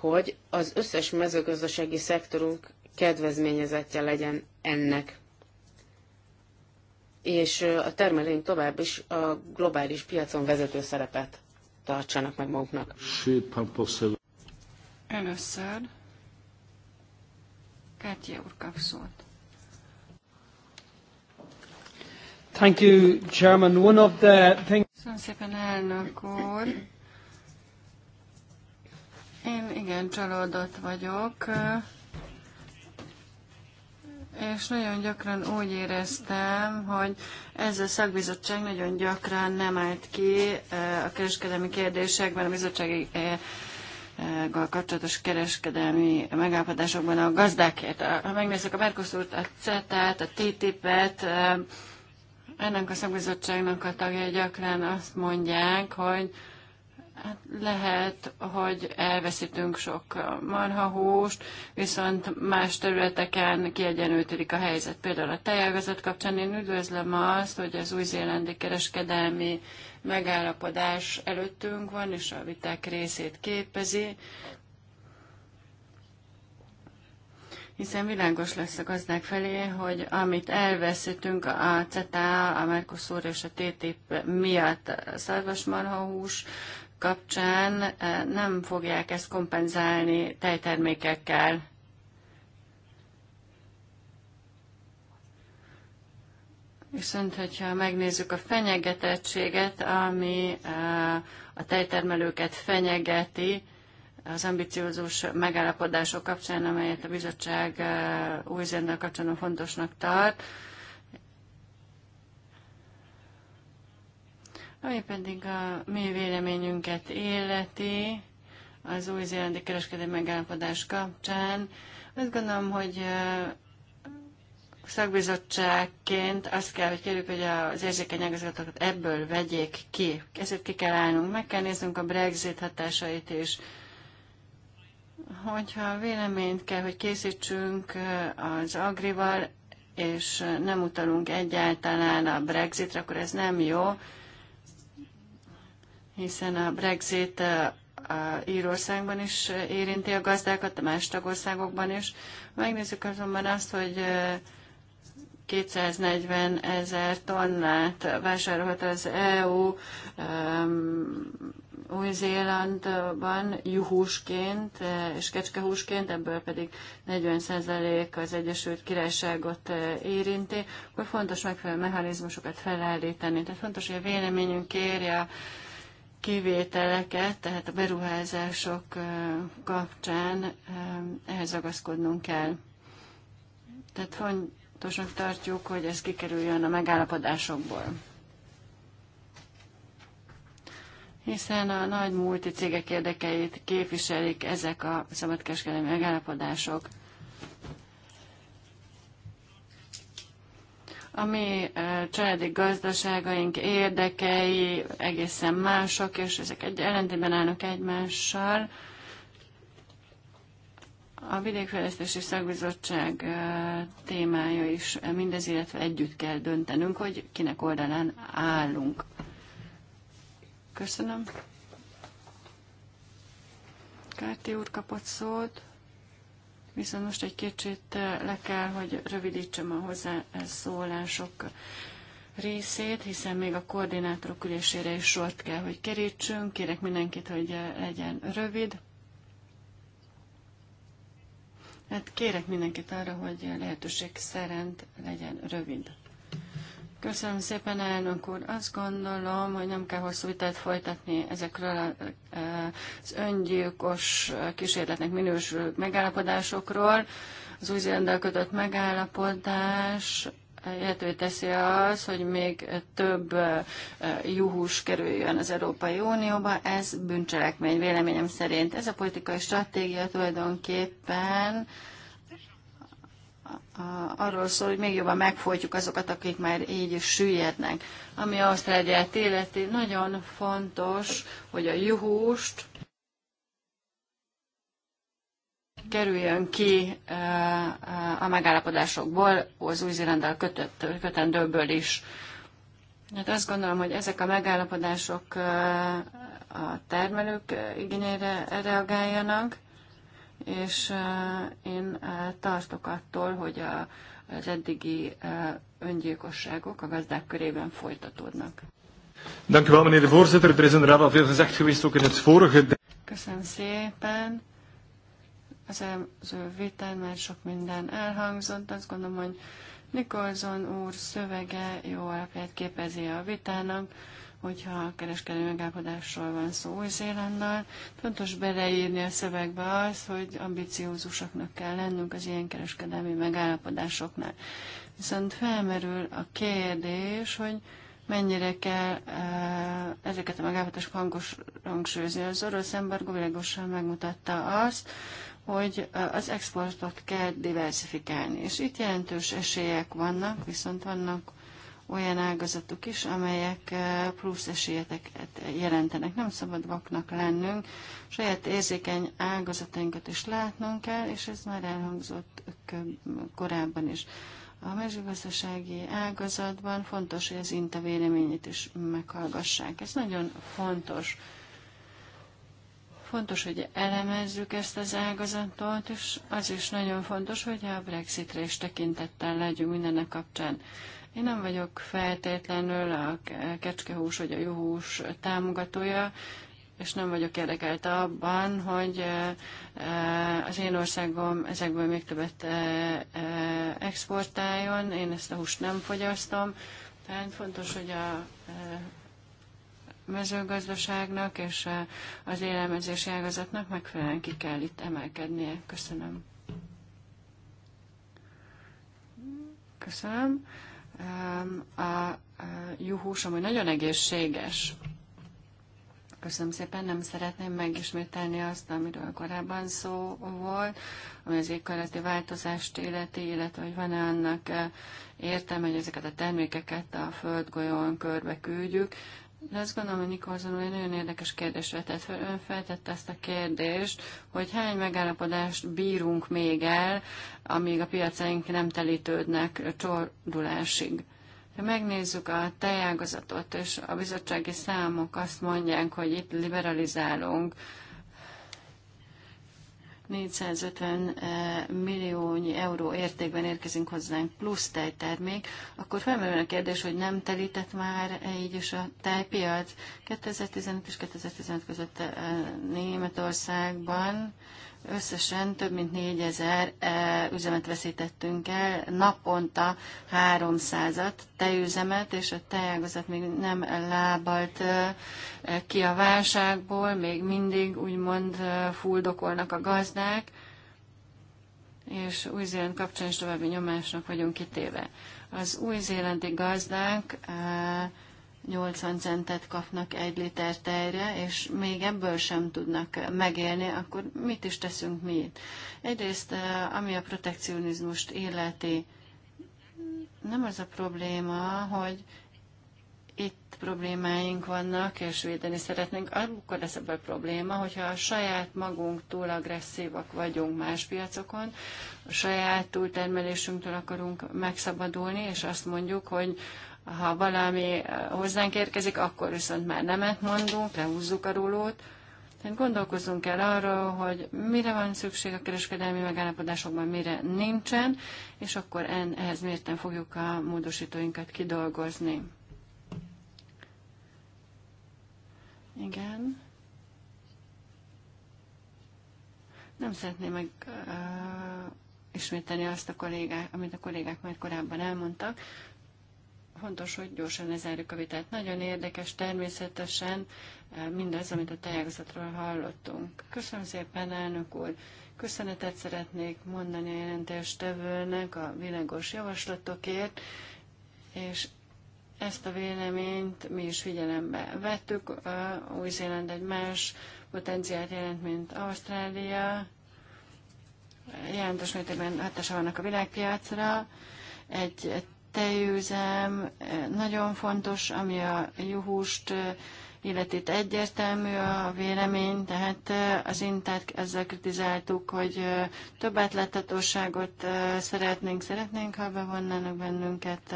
hogy az összes mezőgazdasági szektorunk kedvezményezettje legyen ennek. És a termelőink tovább is a globális piacon vezető szerepet tartsanak meg maguknak. Először Kátya úr kap szót. Thank you, Chairman. One of the things... Köszönöm szépen, elnök úr. Én igen csalódott vagyok, és nagyon gyakran úgy éreztem, hogy ez a szakbizottság nagyon gyakran nem állt ki eh, a kereskedelmi kérdésekben, a bizottsági eh, eh, kapcsolatos kereskedelmi megállapodásokban a gazdákért. Ha megnézzük a mercosur a CETA-t, a TTIP-et, ennek a szakbizottságnak a tagjai gyakran azt mondják, hogy Hát lehet, hogy elveszítünk sok marhahúst, viszont más területeken kiegyenlőtődik a helyzet. Például a tejágazat kapcsán én üdvözlöm azt, hogy az új-zélandi kereskedelmi megállapodás előttünk van, és a viták részét képezi, hiszen világos lesz a gazdák felé, hogy amit elveszítünk a CETA, a Mercosur és a TTIP miatt hús, kapcsán eh, nem fogják ezt kompenzálni tejtermékekkel. Viszont, hogyha megnézzük a fenyegetettséget, ami eh, a tejtermelőket fenyegeti, az ambiciózus megállapodások kapcsán, amelyet a bizottság eh, új kapcsolatban fontosnak tart, Ami pedig a mi véleményünket életi, az új zélandi kereskedelmi megállapodás kapcsán. Azt gondolom, hogy szakbizottságként azt kell, hogy kérjük, hogy az érzékeny ágazatokat ebből vegyék ki. Ezért ki kell állnunk, meg kell néznünk a Brexit hatásait is. Hogyha véleményt kell, hogy készítsünk az agrival, és nem utalunk egyáltalán a Brexitre, akkor ez nem jó hiszen a Brexit eh, a Írországban is eh, érinti a gazdákat, a más tagországokban is. Megnézzük azonban azt, hogy 240 eh, ezer tonnát vásárolhat az EU um, Új-Zélandban juhúsként és kecskehúsként, ebből pedig 40% az Egyesült Királyságot érinti, akkor fontos megfelelő mechanizmusokat felállítani. Tehát fontos, hogy a véleményünk kérje kivételeket, tehát a beruházások kapcsán ehhez ragaszkodnunk kell. Tehát fontosnak tartjuk, hogy ez kikerüljön a megállapodásokból. Hiszen a nagy multi cégek érdekeit képviselik ezek a szabadkereskedelmi megállapodások. A mi családi gazdaságaink érdekei egészen mások, és ezek egy ellentében állnak egymással. A Vidékfejlesztési Szakbizottság témája is mindez, illetve együtt kell döntenünk, hogy kinek oldalán állunk. Köszönöm. Kárti úr kapott szót viszont most egy kicsit eh, le kell, hogy rövidítsem a hozzászólások részét, hiszen még a koordinátorok ülésére is sort kell, hogy kerítsünk. Kérek mindenkit, hogy eh, legyen rövid. Hát kérek mindenkit arra, hogy eh, lehetőség szerint legyen rövid. Köszönöm szépen, elnök úr. Azt gondolom, hogy nem kell hosszú vitát folytatni ezekről e, az öngyilkos kísérletnek minősülő megállapodásokról. Az új zélandel kötött megállapodás lehetővé teszi az, hogy még több e, juhús kerüljön az Európai Unióba. Ez bűncselekmény véleményem szerint. Ez a politikai stratégia tulajdonképpen arról szól, hogy még jobban megfojtjuk azokat, akik már így is süllyednek. Ami legyet életi, nagyon fontos, hogy a juhúst kerüljön ki e, e, a megállapodásokból, az új zélandal kötött, kötendőből is. Hát azt gondolom, hogy ezek a megállapodások e, a termelők igényére reagáljanak, és én tartok attól, hogy az eddigi öngyilkosságok a gazdák körében folytatódnak. Er Köszönöm szépen. Az előző vétel már sok minden elhangzott. Azt gondolom, hogy Nikolson úr szövege jó alapját képezi a vitának hogyha kereskedelmi megállapodásról van szó Új-Zélandal. Fontos beleírni a szövegbe az, hogy ambiciózusoknak kell lennünk az ilyen kereskedelmi megállapodásoknál. Viszont felmerül a kérdés, hogy mennyire kell eh, ezeket a megállapodásokat hangos hangsúlyozni. Az orosz ember világosan megmutatta azt, hogy az exportot kell diversifikálni, és itt jelentős esélyek vannak, viszont vannak olyan ágazatok is, amelyek eh, plusz esélyeket jelentenek. Nem szabad vaknak lennünk, saját érzékeny ágazatainkat is látnunk kell, és ez már elhangzott korábban is. A mezőgazdasági ágazatban fontos, hogy az INTA véleményét is meghallgassák. Ez nagyon fontos. Fontos, hogy elemezzük ezt az ágazatot, és az is nagyon fontos, hogy a Brexitre is tekintettel legyünk mindennek kapcsán. Én nem vagyok feltétlenül a kecskehús vagy a juhús támogatója, és nem vagyok érdekelt abban, hogy az én országom ezekből még többet exportáljon, én ezt a húst nem fogyasztom, tehát fontos, hogy a mezőgazdaságnak és az élelmezési ágazatnak megfelelően ki kell itt emelkednie. Köszönöm. Köszönöm a juhús amúgy nagyon egészséges. Köszönöm szépen, nem szeretném megismételni azt, amiről korábban szó volt, ami az éghajlati változást életi, illetve hogy van-e annak eh, értelme, hogy ezeket a termékeket a földgolyón körbe küldjük. De azt gondolom, hogy Nikolson úr egy nagyon érdekes kérdés vetett fel. Ön feltette ezt a kérdést, hogy hány megállapodást bírunk még el, amíg a piacaink nem telítődnek csordulásig. Ha megnézzük a tejágazatot, és a bizottsági számok azt mondják, hogy itt liberalizálunk, 450 eh, milliónyi euró értékben érkezünk hozzánk plusz tejtermék, akkor felmerül a kérdés, hogy nem telített már így is a tejpiac. 2015 és 2015 között eh, Németországban Összesen több mint 4000 eh, üzemet veszítettünk el, naponta 300-at tejüzemet, és a tejágazat még nem lábalt eh, ki a válságból, még mindig úgymond eh, fuldokolnak a gazdák, és Új-Zéland kapcsán is további nyomásnak vagyunk kitéve. Az új-zélandi gazdák 80 centet kapnak egy liter tejre, és még ebből sem tudnak megélni, akkor mit is teszünk mi itt? Egyrészt, eh, ami a protekcionizmust illeti, nem az a probléma, hogy itt problémáink vannak, és védeni szeretnénk, akkor lesz ebből probléma, hogyha a saját magunk túl agresszívak vagyunk más piacokon, a saját túltermelésünktől akarunk megszabadulni, és azt mondjuk, hogy ha valami eh, hozzánk érkezik, akkor viszont már nemet mondunk, lehúzzuk a rólót. Tehát gondolkozzunk el arról, hogy mire van szükség a kereskedelmi megállapodásokban, mire nincsen, és akkor en, ehhez mérten fogjuk a módosítóinkat kidolgozni. Igen. Nem szeretném meg uh, ismételni azt a kollégák, amit a kollégák már korábban elmondtak fontos, hogy gyorsan lezárjuk a vitát. Nagyon érdekes természetesen eh, mindaz, amit a tájékozatról hallottunk. Köszönöm szépen, elnök úr! Köszönetet szeretnék mondani a tevőnek a világos javaslatokért, és ezt a véleményt mi is figyelembe vettük. Új-Zéland egy más potenciált jelent, mint Ausztrália. Jelentős mértékben hatása vannak a világpiacra. Egy, egy tejüzem nagyon fontos, ami a juhust illeti egyértelmű a vélemény, tehát az intát ezzel kritizáltuk, hogy több átláthatóságot szeretnénk, szeretnénk, ha bevonnának bennünket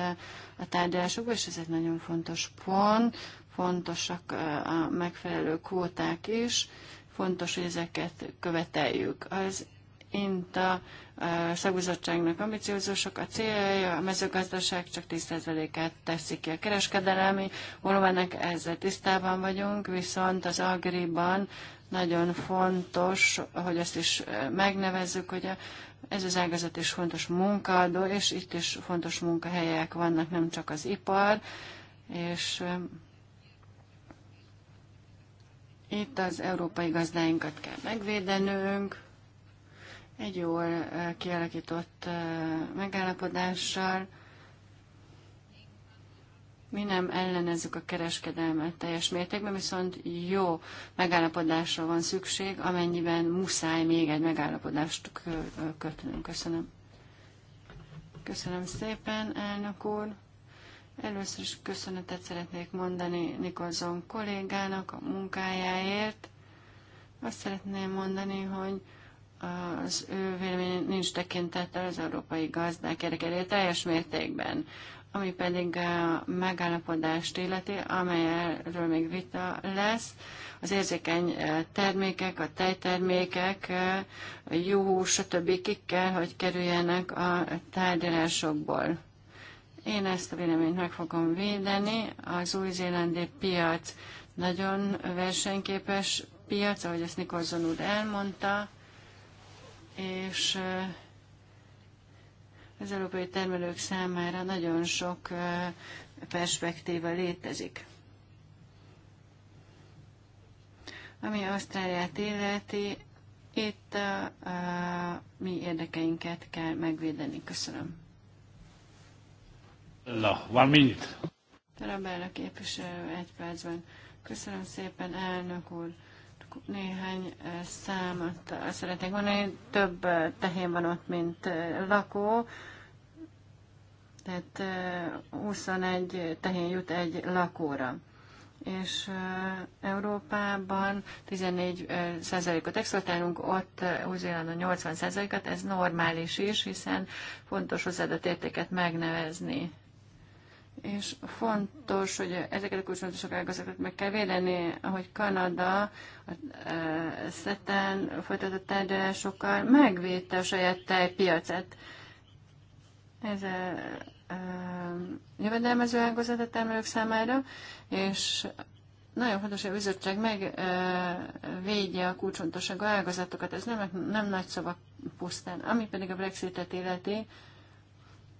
a tárgyalásokba, és ez egy nagyon fontos pont, fontosak a megfelelő kvóták is, fontos, hogy ezeket követeljük. Az INTA szakbizottságnak ambiciózusok. A célja a mezőgazdaság csak 10%-át teszik ki a kereskedelemi volumenek, ezzel tisztában vagyunk, viszont az agriban nagyon fontos, hogy ezt is megnevezzük, hogy a, ez az ágazat is fontos munkaadó, és itt is fontos munkahelyek vannak, nem csak az ipar, és itt az európai gazdáinkat kell megvédenünk, egy jól kialakított megállapodással. Mi nem ellenezzük a kereskedelmet teljes mértékben, viszont jó megállapodásra van szükség, amennyiben muszáj még egy megállapodást kötnünk. Köszönöm. Köszönöm szépen, elnök úr. Először is köszönetet szeretnék mondani Nikolzon kollégának a munkájáért. Azt szeretném mondani, hogy az ő vélemény nincs tekintettel az európai gazdák érdekére teljes mértékben, ami pedig a megállapodást illeti, amelyről még vita lesz. Az érzékeny eh, termékek, a tejtermékek, eh, a hús, a többi kell, hogy kerüljenek a tárgyalásokból. Én ezt a véleményt meg fogom védeni. Az új-zélandi piac nagyon versenyképes piac, ahogy ezt Nikolson úr elmondta és az európai termelők számára nagyon sok perspektíva létezik. Ami Ausztráliát illeti, itt a, a, mi érdekeinket kell megvédeni. Köszönöm. La, van minit. Tarabella képviselő egy percben. Köszönöm szépen, elnök úr néhány számot szeretnék mondani. Több tehén van ott, mint lakó. Tehát 21 tehén jut egy lakóra. És Európában 14%-ot exportálunk, ott Új-Zélandon 80%-at, ez normális is, hiszen fontos hozzáadott értéket megnevezni és fontos, hogy ezeket a kulcsfontosok ágazatokat meg kell védeni, ahogy Kanada a e, szeten folytatott tárgyalásokkal megvédte a saját tejpiacát. Ez a, e, jövedelmező ágazat a termelők számára, és nagyon fontos, hogy a bizottság megvédje e, a kulcsfontosságú ágazatokat. Ez nem, nem nagy szava pusztán. Ami pedig a Brexit-et illeti,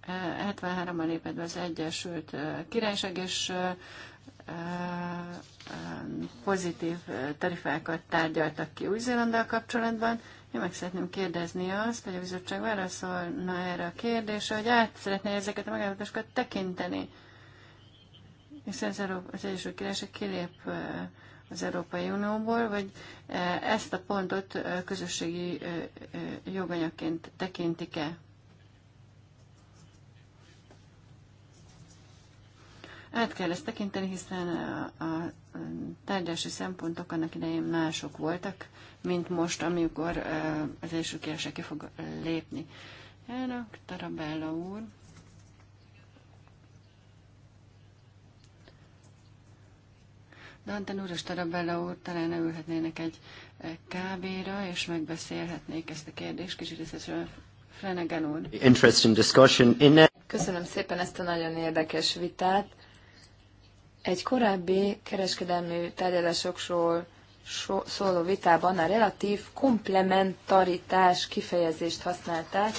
73-ban lépett be az Egyesült Királyság, és pozitív tarifákat tárgyaltak ki Új-Zélanddal kapcsolatban. Én meg szeretném kérdezni azt, hogy a bizottság válaszolna erre a kérdésre, hogy át szeretné ezeket a megállapodásokat tekinteni. Hiszen az, Európa, az Egyesült Királyság kilép az Európai Unióból, vagy ezt a pontot közösségi joganyagként tekintik-e? Át kell ezt tekinteni, hiszen a, a tárgyási szempontok annak idején mások voltak, mint most, amikor az első kérdése ki fog lépni. Elnök Tarabella úr. Dante úr és Tarabella úr talán ülhetnének egy kávéra, és megbeszélhetnék ezt a kérdést kicsit részletesen Flanagan úr. Interesting discussion. In Köszönöm szépen ezt a nagyon érdekes vitát. Egy korábbi kereskedelmi tárgyalásokról so- szóló vitában a relatív komplementaritás kifejezést használták,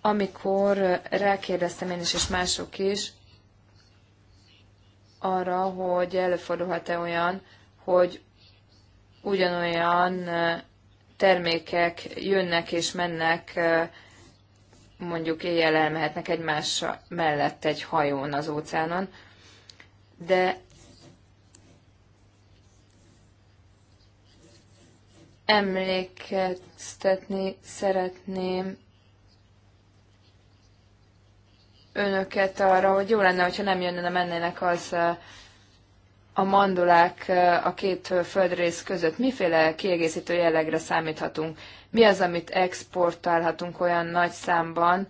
amikor rákérdeztem én is, és mások is arra, hogy előfordulhat-e olyan, hogy ugyanolyan termékek jönnek és mennek mondjuk éjjel elmehetnek egymás mellett egy hajón az óceánon, de emlékeztetni szeretném önöket arra, hogy jó lenne, hogyha nem jönne, mennének az a mandulák a két földrész között? Miféle kiegészítő jellegre számíthatunk? Mi az, amit exportálhatunk olyan nagy számban,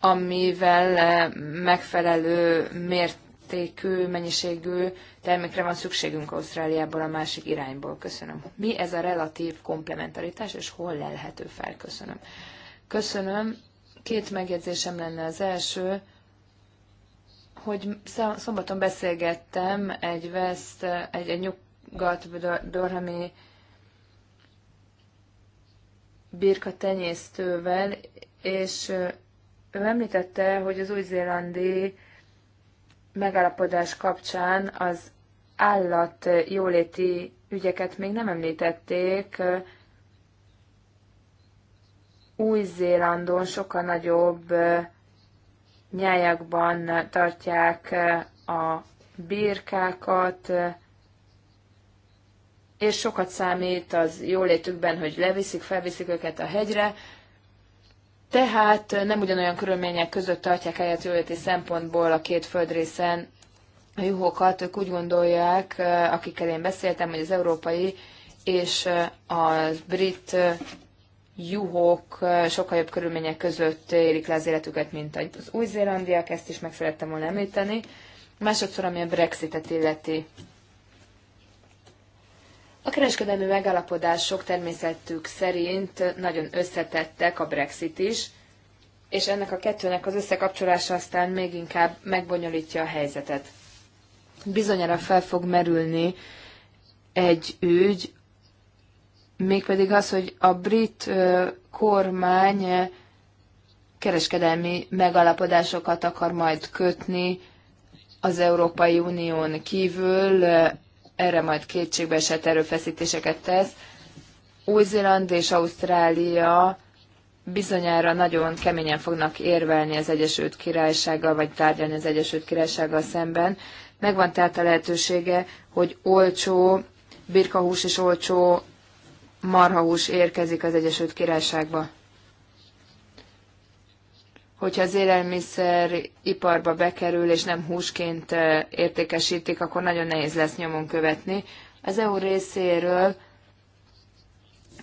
amivel megfelelő mértékű, mennyiségű termékre van szükségünk Ausztráliából a másik irányból. Köszönöm. Mi ez a relatív komplementaritás, és hol lelhető fel? Köszönöm. Köszönöm. Két megjegyzésem lenne az első hogy szombaton beszélgettem egy West, egy, egy nyugat dorhami birka tenyésztővel, és ő említette, hogy az új-zélandi megállapodás kapcsán az állat jóléti ügyeket még nem említették. Új-Zélandon sokkal nagyobb nyájakban tartják eh, a birkákat, eh, és sokat számít az jólétükben, hogy leviszik, felviszik őket a hegyre, tehát eh, nem ugyanolyan körülmények között tartják helyet jóléti szempontból a két földrészen a juhokat. Ők úgy gondolják, akikkel én beszéltem, hogy az európai és a brit juhok sokkal jobb körülmények között élik le az életüket, mint az új-zélandiak, ezt is meg szerettem volna említeni. Másodszor, ami a Brexitet illeti. A kereskedelmi megállapodások természetük szerint nagyon összetettek a Brexit is, és ennek a kettőnek az összekapcsolása aztán még inkább megbonyolítja a helyzetet. Bizonyára fel fog merülni egy ügy, mégpedig az, hogy a brit kormány kereskedelmi megalapodásokat akar majd kötni az Európai Unión kívül, erre majd kétségbe esett erőfeszítéseket tesz. Új-Zéland és Ausztrália bizonyára nagyon keményen fognak érvelni az Egyesült Királysággal, vagy tárgyalni az Egyesült Királysággal szemben. Megvan tehát a lehetősége, hogy olcsó birkahús és olcsó marhahús érkezik az Egyesült Királyságba. Hogyha az élelmiszer iparba bekerül, és nem húsként értékesítik, akkor nagyon nehéz lesz nyomon követni. Az EU részéről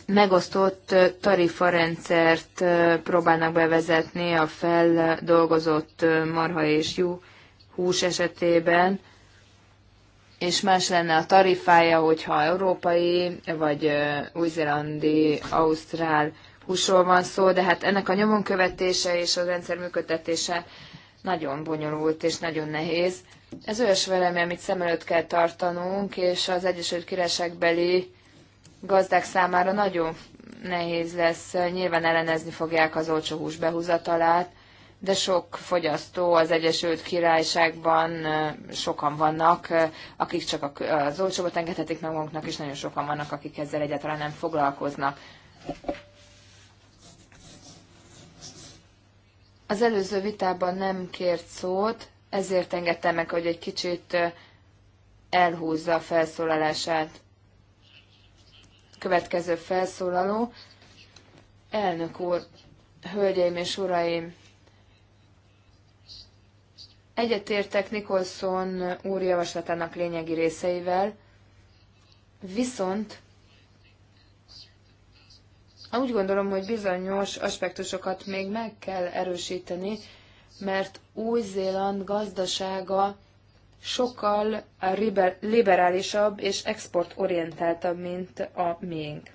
megosztott tarifarendszert próbálnak bevezetni a feldolgozott marha és jó hús esetében, és más lenne a tarifája, hogyha európai, vagy új-zélandi, ausztrál húsról van szó, de hát ennek a nyomon követése és a rendszer működtetése nagyon bonyolult és nagyon nehéz. Ez olyas velem, amit szem előtt kell tartanunk, és az Egyesült Királyságbeli gazdák számára nagyon nehéz lesz. Nyilván ellenezni fogják az olcsó hús behúzatalát, de sok fogyasztó az Egyesült Királyságban sokan vannak, akik csak az olcsóbbat engedhetik meg magunknak, és nagyon sokan vannak, akik ezzel egyáltalán nem foglalkoznak. Az előző vitában nem kért szót, ezért engedtem meg, hogy egy kicsit elhúzza a felszólalását. Következő felszólaló. Elnök úr, hölgyeim és uraim, Egyetértek Nicholson úr javaslatának lényegi részeivel, viszont úgy gondolom, hogy bizonyos aspektusokat még meg kell erősíteni, mert Új-Zéland gazdasága sokkal liberálisabb és exportorientáltabb, mint a miénk.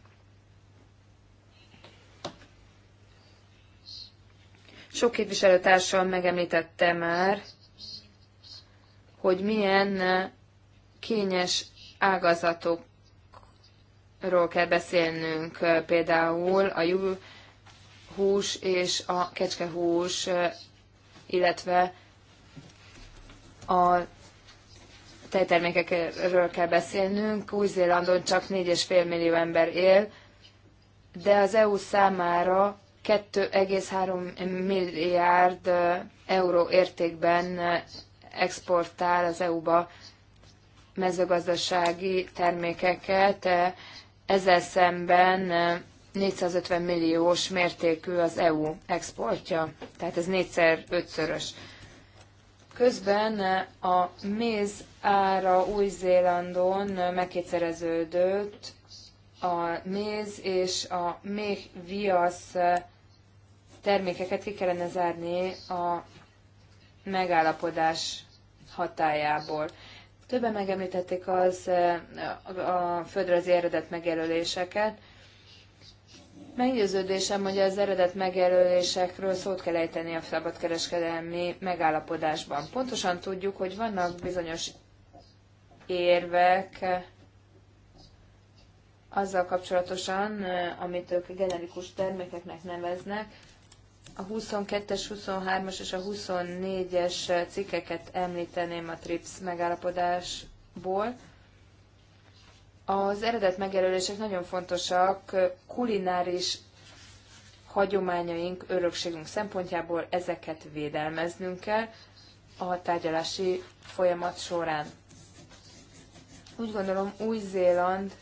Sok képviselőtársam megemlítette már, hogy milyen kényes ágazatokról kell beszélnünk, például a hús és a kecskehús, illetve a tejtermékekről kell beszélnünk. Új-Zélandon csak 4,5 millió ember él, de az EU számára 2,3 milliárd euró értékben exportál az EU-ba mezőgazdasági termékeket, eh, ezzel szemben 450 eh, milliós mértékű az EU exportja, tehát ez négyszer ötszörös. Közben eh, a méz ára Új-Zélandon megkétszereződött, a méz és a méh viasz termékeket ki kellene zárni a megállapodás hatájából. Többen megemlítették az eh, a földrajzi eredet megjelöléseket. Meggyőződésem, hogy az eredet megjelölésekről szót kell ejteni a szabadkereskedelmi megállapodásban. Pontosan tudjuk, hogy vannak bizonyos érvek azzal kapcsolatosan, eh, amit ők generikus termékeknek neveznek, a 22-es, 23-as és a 24-es cikkeket említeném a TRIPS megállapodásból. Az eredet megjelölések nagyon fontosak kulináris hagyományaink, örökségünk szempontjából ezeket védelmeznünk kell a tárgyalási folyamat során. Úgy gondolom, Új-Zéland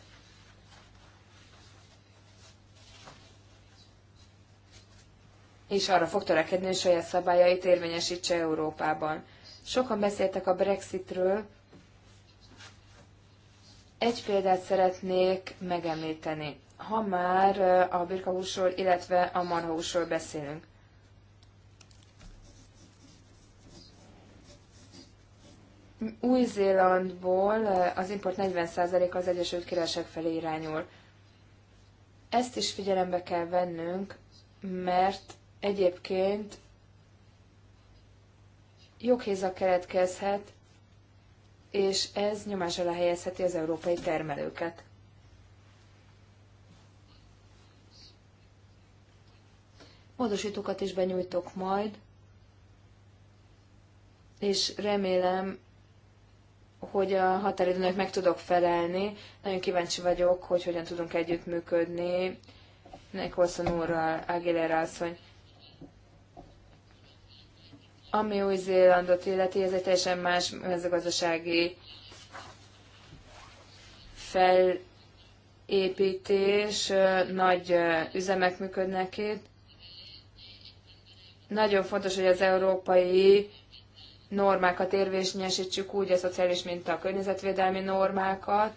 és arra fog törekedni, hogy saját szabályait érvényesítse Európában. Sokan beszéltek a Brexitről. Egy példát szeretnék megemlíteni. Ha már a birkahúsról, illetve a marhahúsról beszélünk. Új-Zélandból az import 40% az Egyesült Királyság felé irányul. Ezt is figyelembe kell vennünk, mert Egyébként joghéza keletkezhet, és ez nyomás alá helyezheti az európai termelőket. Módosítókat is benyújtok majd, és remélem, hogy a határidőnek meg tudok felelni. Nagyon kíváncsi vagyok, hogy hogyan tudunk együttműködni Nekolszon úrral, Aguilera asszony. Ami Új-Zélandot illeti, ez egy teljesen más mezőgazdasági felépítés, nagy üzemek működnek itt. Nagyon fontos, hogy az európai normákat érvényesítsük úgy a szociális, mint a környezetvédelmi normákat.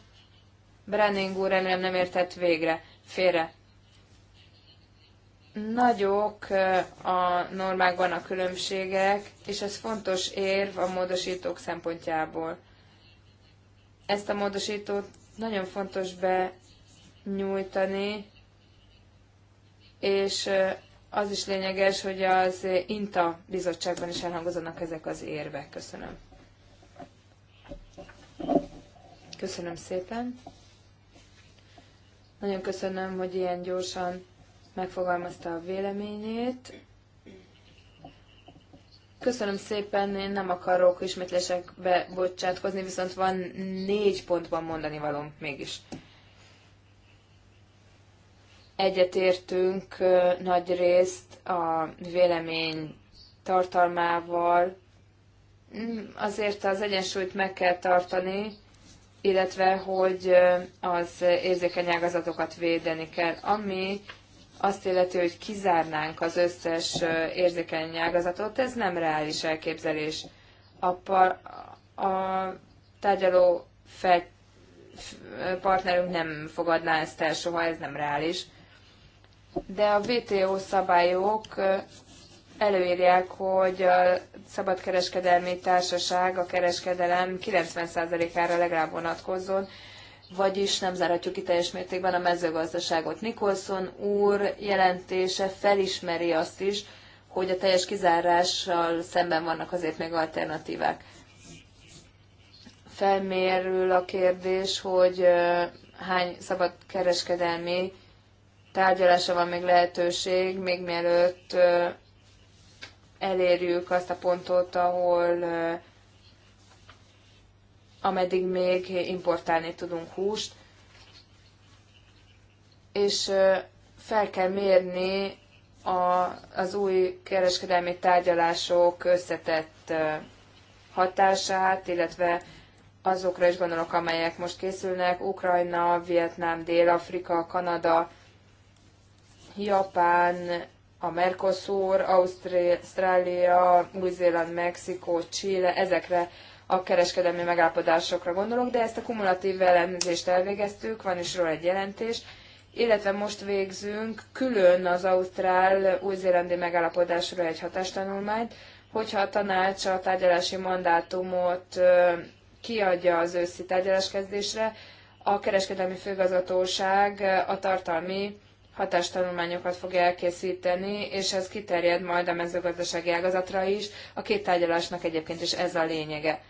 Brenning úr remélem nem értett végre, félre nagyok a normákban a különbségek, és ez fontos érv a módosítók szempontjából. Ezt a módosítót nagyon fontos benyújtani, és az is lényeges, hogy az INTA bizottságban is elhangozanak ezek az érvek. Köszönöm. Köszönöm szépen. Nagyon köszönöm, hogy ilyen gyorsan megfogalmazta a véleményét. Köszönöm szépen, én nem akarok ismétlésekbe bocsátkozni, viszont van négy pontban mondani valom mégis. Egyetértünk nagy részt a vélemény tartalmával. Azért az egyensúlyt meg kell tartani, illetve hogy az érzékeny ágazatokat védeni kell. Ami azt illeti, hogy kizárnánk az összes érzékeny ágazatot, ez nem reális elképzelés. A, par, a tárgyaló fel, partnerünk nem fogadná ezt el soha, ez nem reális. De a WTO szabályok előírják, hogy a szabadkereskedelmi társaság a kereskedelem 90%-ára legalább vonatkozzon, vagyis nem zárhatjuk ki teljes mértékben a mezőgazdaságot. Nikolson úr jelentése felismeri azt is, hogy a teljes kizárással szemben vannak azért még alternatívák. Felmérül a kérdés, hogy hány szabad kereskedelmi tárgyalása van még lehetőség, még mielőtt elérjük azt a pontot, ahol ameddig még importálni tudunk húst, és fel kell mérni a, az új kereskedelmi tárgyalások összetett hatását, illetve azokra is gondolok, amelyek most készülnek, Ukrajna, Vietnám, Dél-Afrika, Kanada, Japán, a Mercosur, Ausztrália, Új-Zéland, Mexikó, Chile, ezekre a kereskedelmi megállapodásokra gondolok, de ezt a kumulatív elemzést elvégeztük, van is róla egy jelentés, illetve most végzünk külön az Ausztrál-Új-Zélandi megállapodásról egy hatástanulmányt, hogyha a tanács a tárgyalási mandátumot kiadja az őszi tárgyaláskezdésre, a kereskedelmi főgazgatóság a tartalmi hatástanulmányokat fog elkészíteni, és ez kiterjed majd a mezőgazdasági ágazatra is. A két tárgyalásnak egyébként is ez a lényege.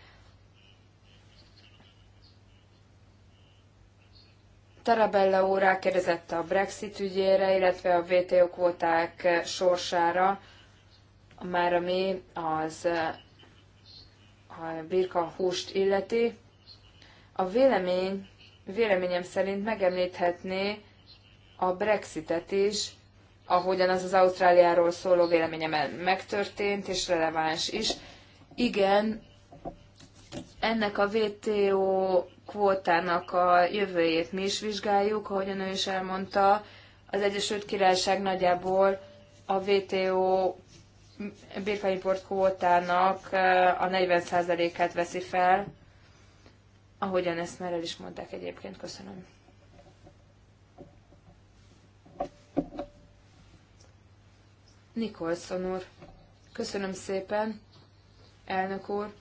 Tarabella úr rákérdezett a Brexit ügyére, illetve a WTO kvóták sorsára, már ami az a birka húst illeti. A vélemény, véleményem szerint megemlíthetné a Brexitet is, ahogyan az az Ausztráliáról szóló véleményem megtörtént, és releváns is. Igen, ennek a WTO kvótának a jövőjét mi is vizsgáljuk, ahogyan ő is elmondta, az Egyesült Királyság nagyjából a WTO birkaimport kvótának eh, a 40%-át veszi fel, ahogyan ezt már el is mondták egyébként. Köszönöm. Nikolson úr. Köszönöm szépen, elnök úr.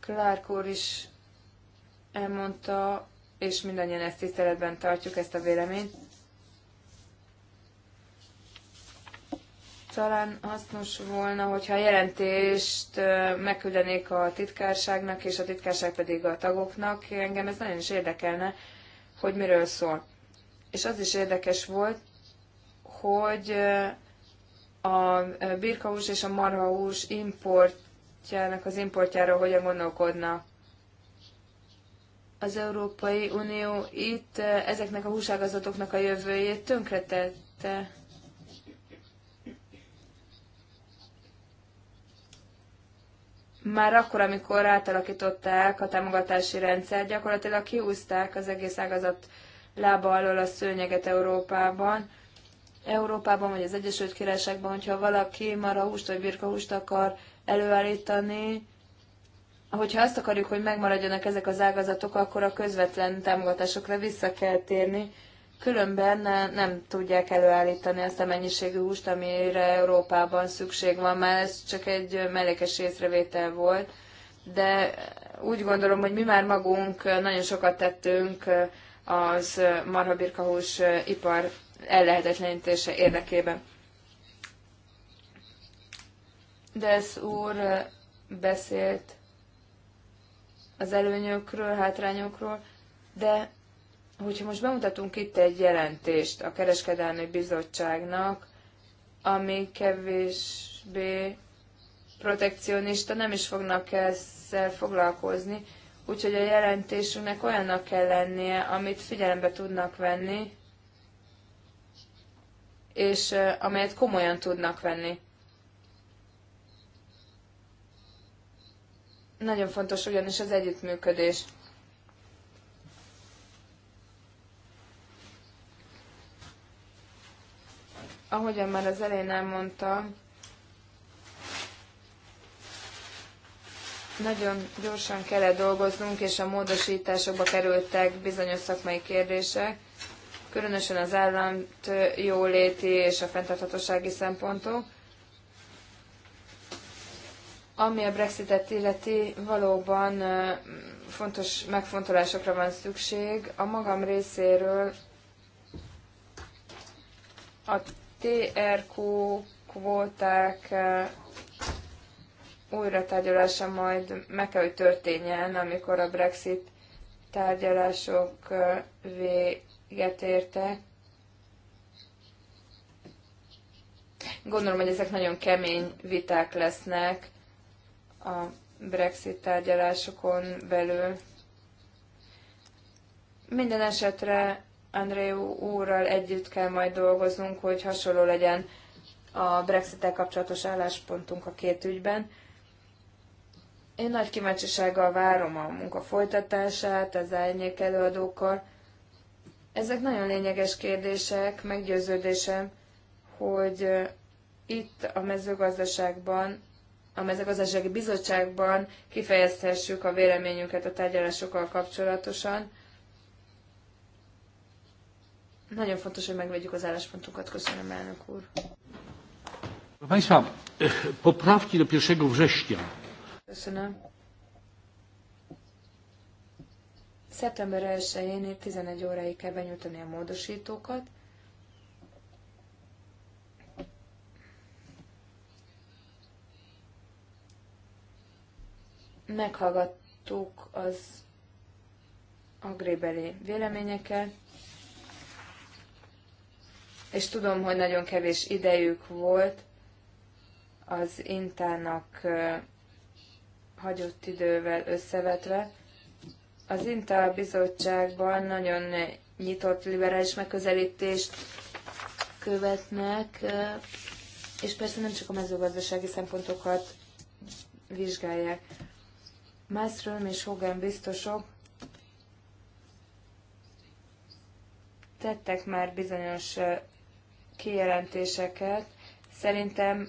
Clark úr is elmondta, és mindannyian ezt tiszteletben tartjuk, ezt a véleményt. Talán hasznos volna, hogyha a jelentést megküldenék a titkárságnak, és a titkárság pedig a tagoknak. Engem ez nagyon is érdekelne, hogy miről szól. És az is érdekes volt, hogy a birkahús és a marhahús importjának az importjáról hogyan gondolkodnak az Európai Unió itt ezeknek a húságazatoknak a jövőjét tönkretette. Már akkor, amikor átalakították a támogatási rendszer, gyakorlatilag kiúzták az egész ágazat lába alól a szőnyeget Európában. Európában vagy az Egyesült Királyságban, hogyha valaki már a húst vagy birkahúst akar előállítani, hogyha azt akarjuk, hogy megmaradjanak ezek az ágazatok, akkor a közvetlen támogatásokra vissza kell térni, különben nem tudják előállítani azt a mennyiségű húst, amire Európában szükség van, már ez csak egy mellékes észrevétel volt, de úgy gondolom, hogy mi már magunk nagyon sokat tettünk az marhabirkahús ipar ellehetetlenítése érdekében. De ez úr beszélt az előnyökről, hátrányokról, de hogyha most bemutatunk itt egy jelentést a Kereskedelmi Bizottságnak, ami kevésbé protekcionista, nem is fognak ezzel foglalkozni, úgyhogy a jelentésünknek olyannak kell lennie, amit figyelembe tudnak venni, és amelyet komolyan tudnak venni. Nagyon fontos ugyanis az együttműködés. Ahogyan már az elején elmondta, nagyon gyorsan kellett dolgoznunk, és a módosításokba kerültek bizonyos szakmai kérdések, különösen az államt jóléti és a fenntarthatósági szempontok. Ami a Brexitet illeti, valóban fontos megfontolásokra van szükség. A magam részéről a TRQ kvóták tárgyalása majd meg kell, hogy történjen, amikor a Brexit tárgyalások véget értek. Gondolom, hogy ezek nagyon kemény viták lesznek, a Brexit tárgyalásokon belül. Minden esetre André úrral együtt kell majd dolgoznunk, hogy hasonló legyen a brexit kapcsolatos álláspontunk a két ügyben. Én nagy kíváncsisággal várom a munka folytatását az elnyék előadókkal. Ezek nagyon lényeges kérdések, meggyőződésem, hogy itt a mezőgazdaságban a mezőgazdasági bizottságban kifejezhessük a véleményünket a tárgyalásokkal kapcsolatosan. Nagyon fontos, hogy megvédjük az álláspontunkat. Köszönöm, elnök úr. E, poprawki do 1 września. Köszönöm. Szeptember 1-én 11 óráig kell benyújtani a módosítókat. meghallgattuk az agrébeli véleményeket, és tudom, hogy nagyon kevés idejük volt az Intának hagyott idővel összevetve. Az Inta bizottságban nagyon nyitott liberális megközelítést követnek, és persze nem csak a mezőgazdasági szempontokat vizsgálják. Mászröm és Hogan biztosok tettek már bizonyos kijelentéseket. Szerintem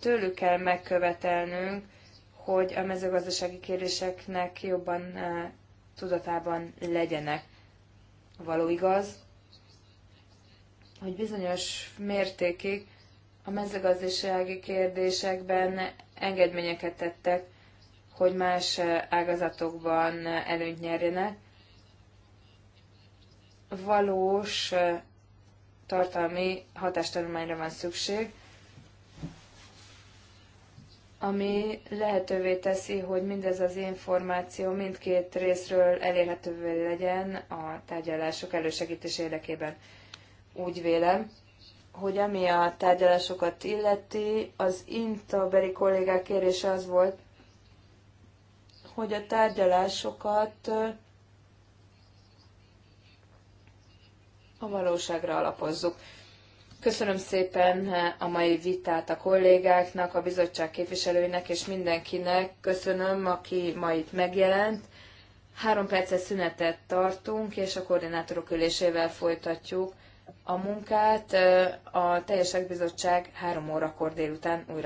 tőlük kell megkövetelnünk, hogy a mezőgazdasági kérdéseknek jobban tudatában legyenek. Való igaz, hogy bizonyos mértékig a mezőgazdasági kérdésekben engedményeket tettek hogy más ágazatokban előnyt nyerjenek. Valós tartalmi hatástanulmányra van szükség, ami lehetővé teszi, hogy mindez az információ mindkét részről elérhetővé legyen a tárgyalások elősegítés érdekében. Úgy vélem, hogy ami a tárgyalásokat illeti, az intaberi kollégák kérése az volt, hogy a tárgyalásokat a valóságra alapozzuk. Köszönöm szépen a mai vitát a kollégáknak, a bizottság képviselőinek és mindenkinek. Köszönöm, aki ma itt megjelent. Három perces szünetet tartunk, és a koordinátorok ülésével folytatjuk a munkát. A teljes bizottság három órakor délután újra.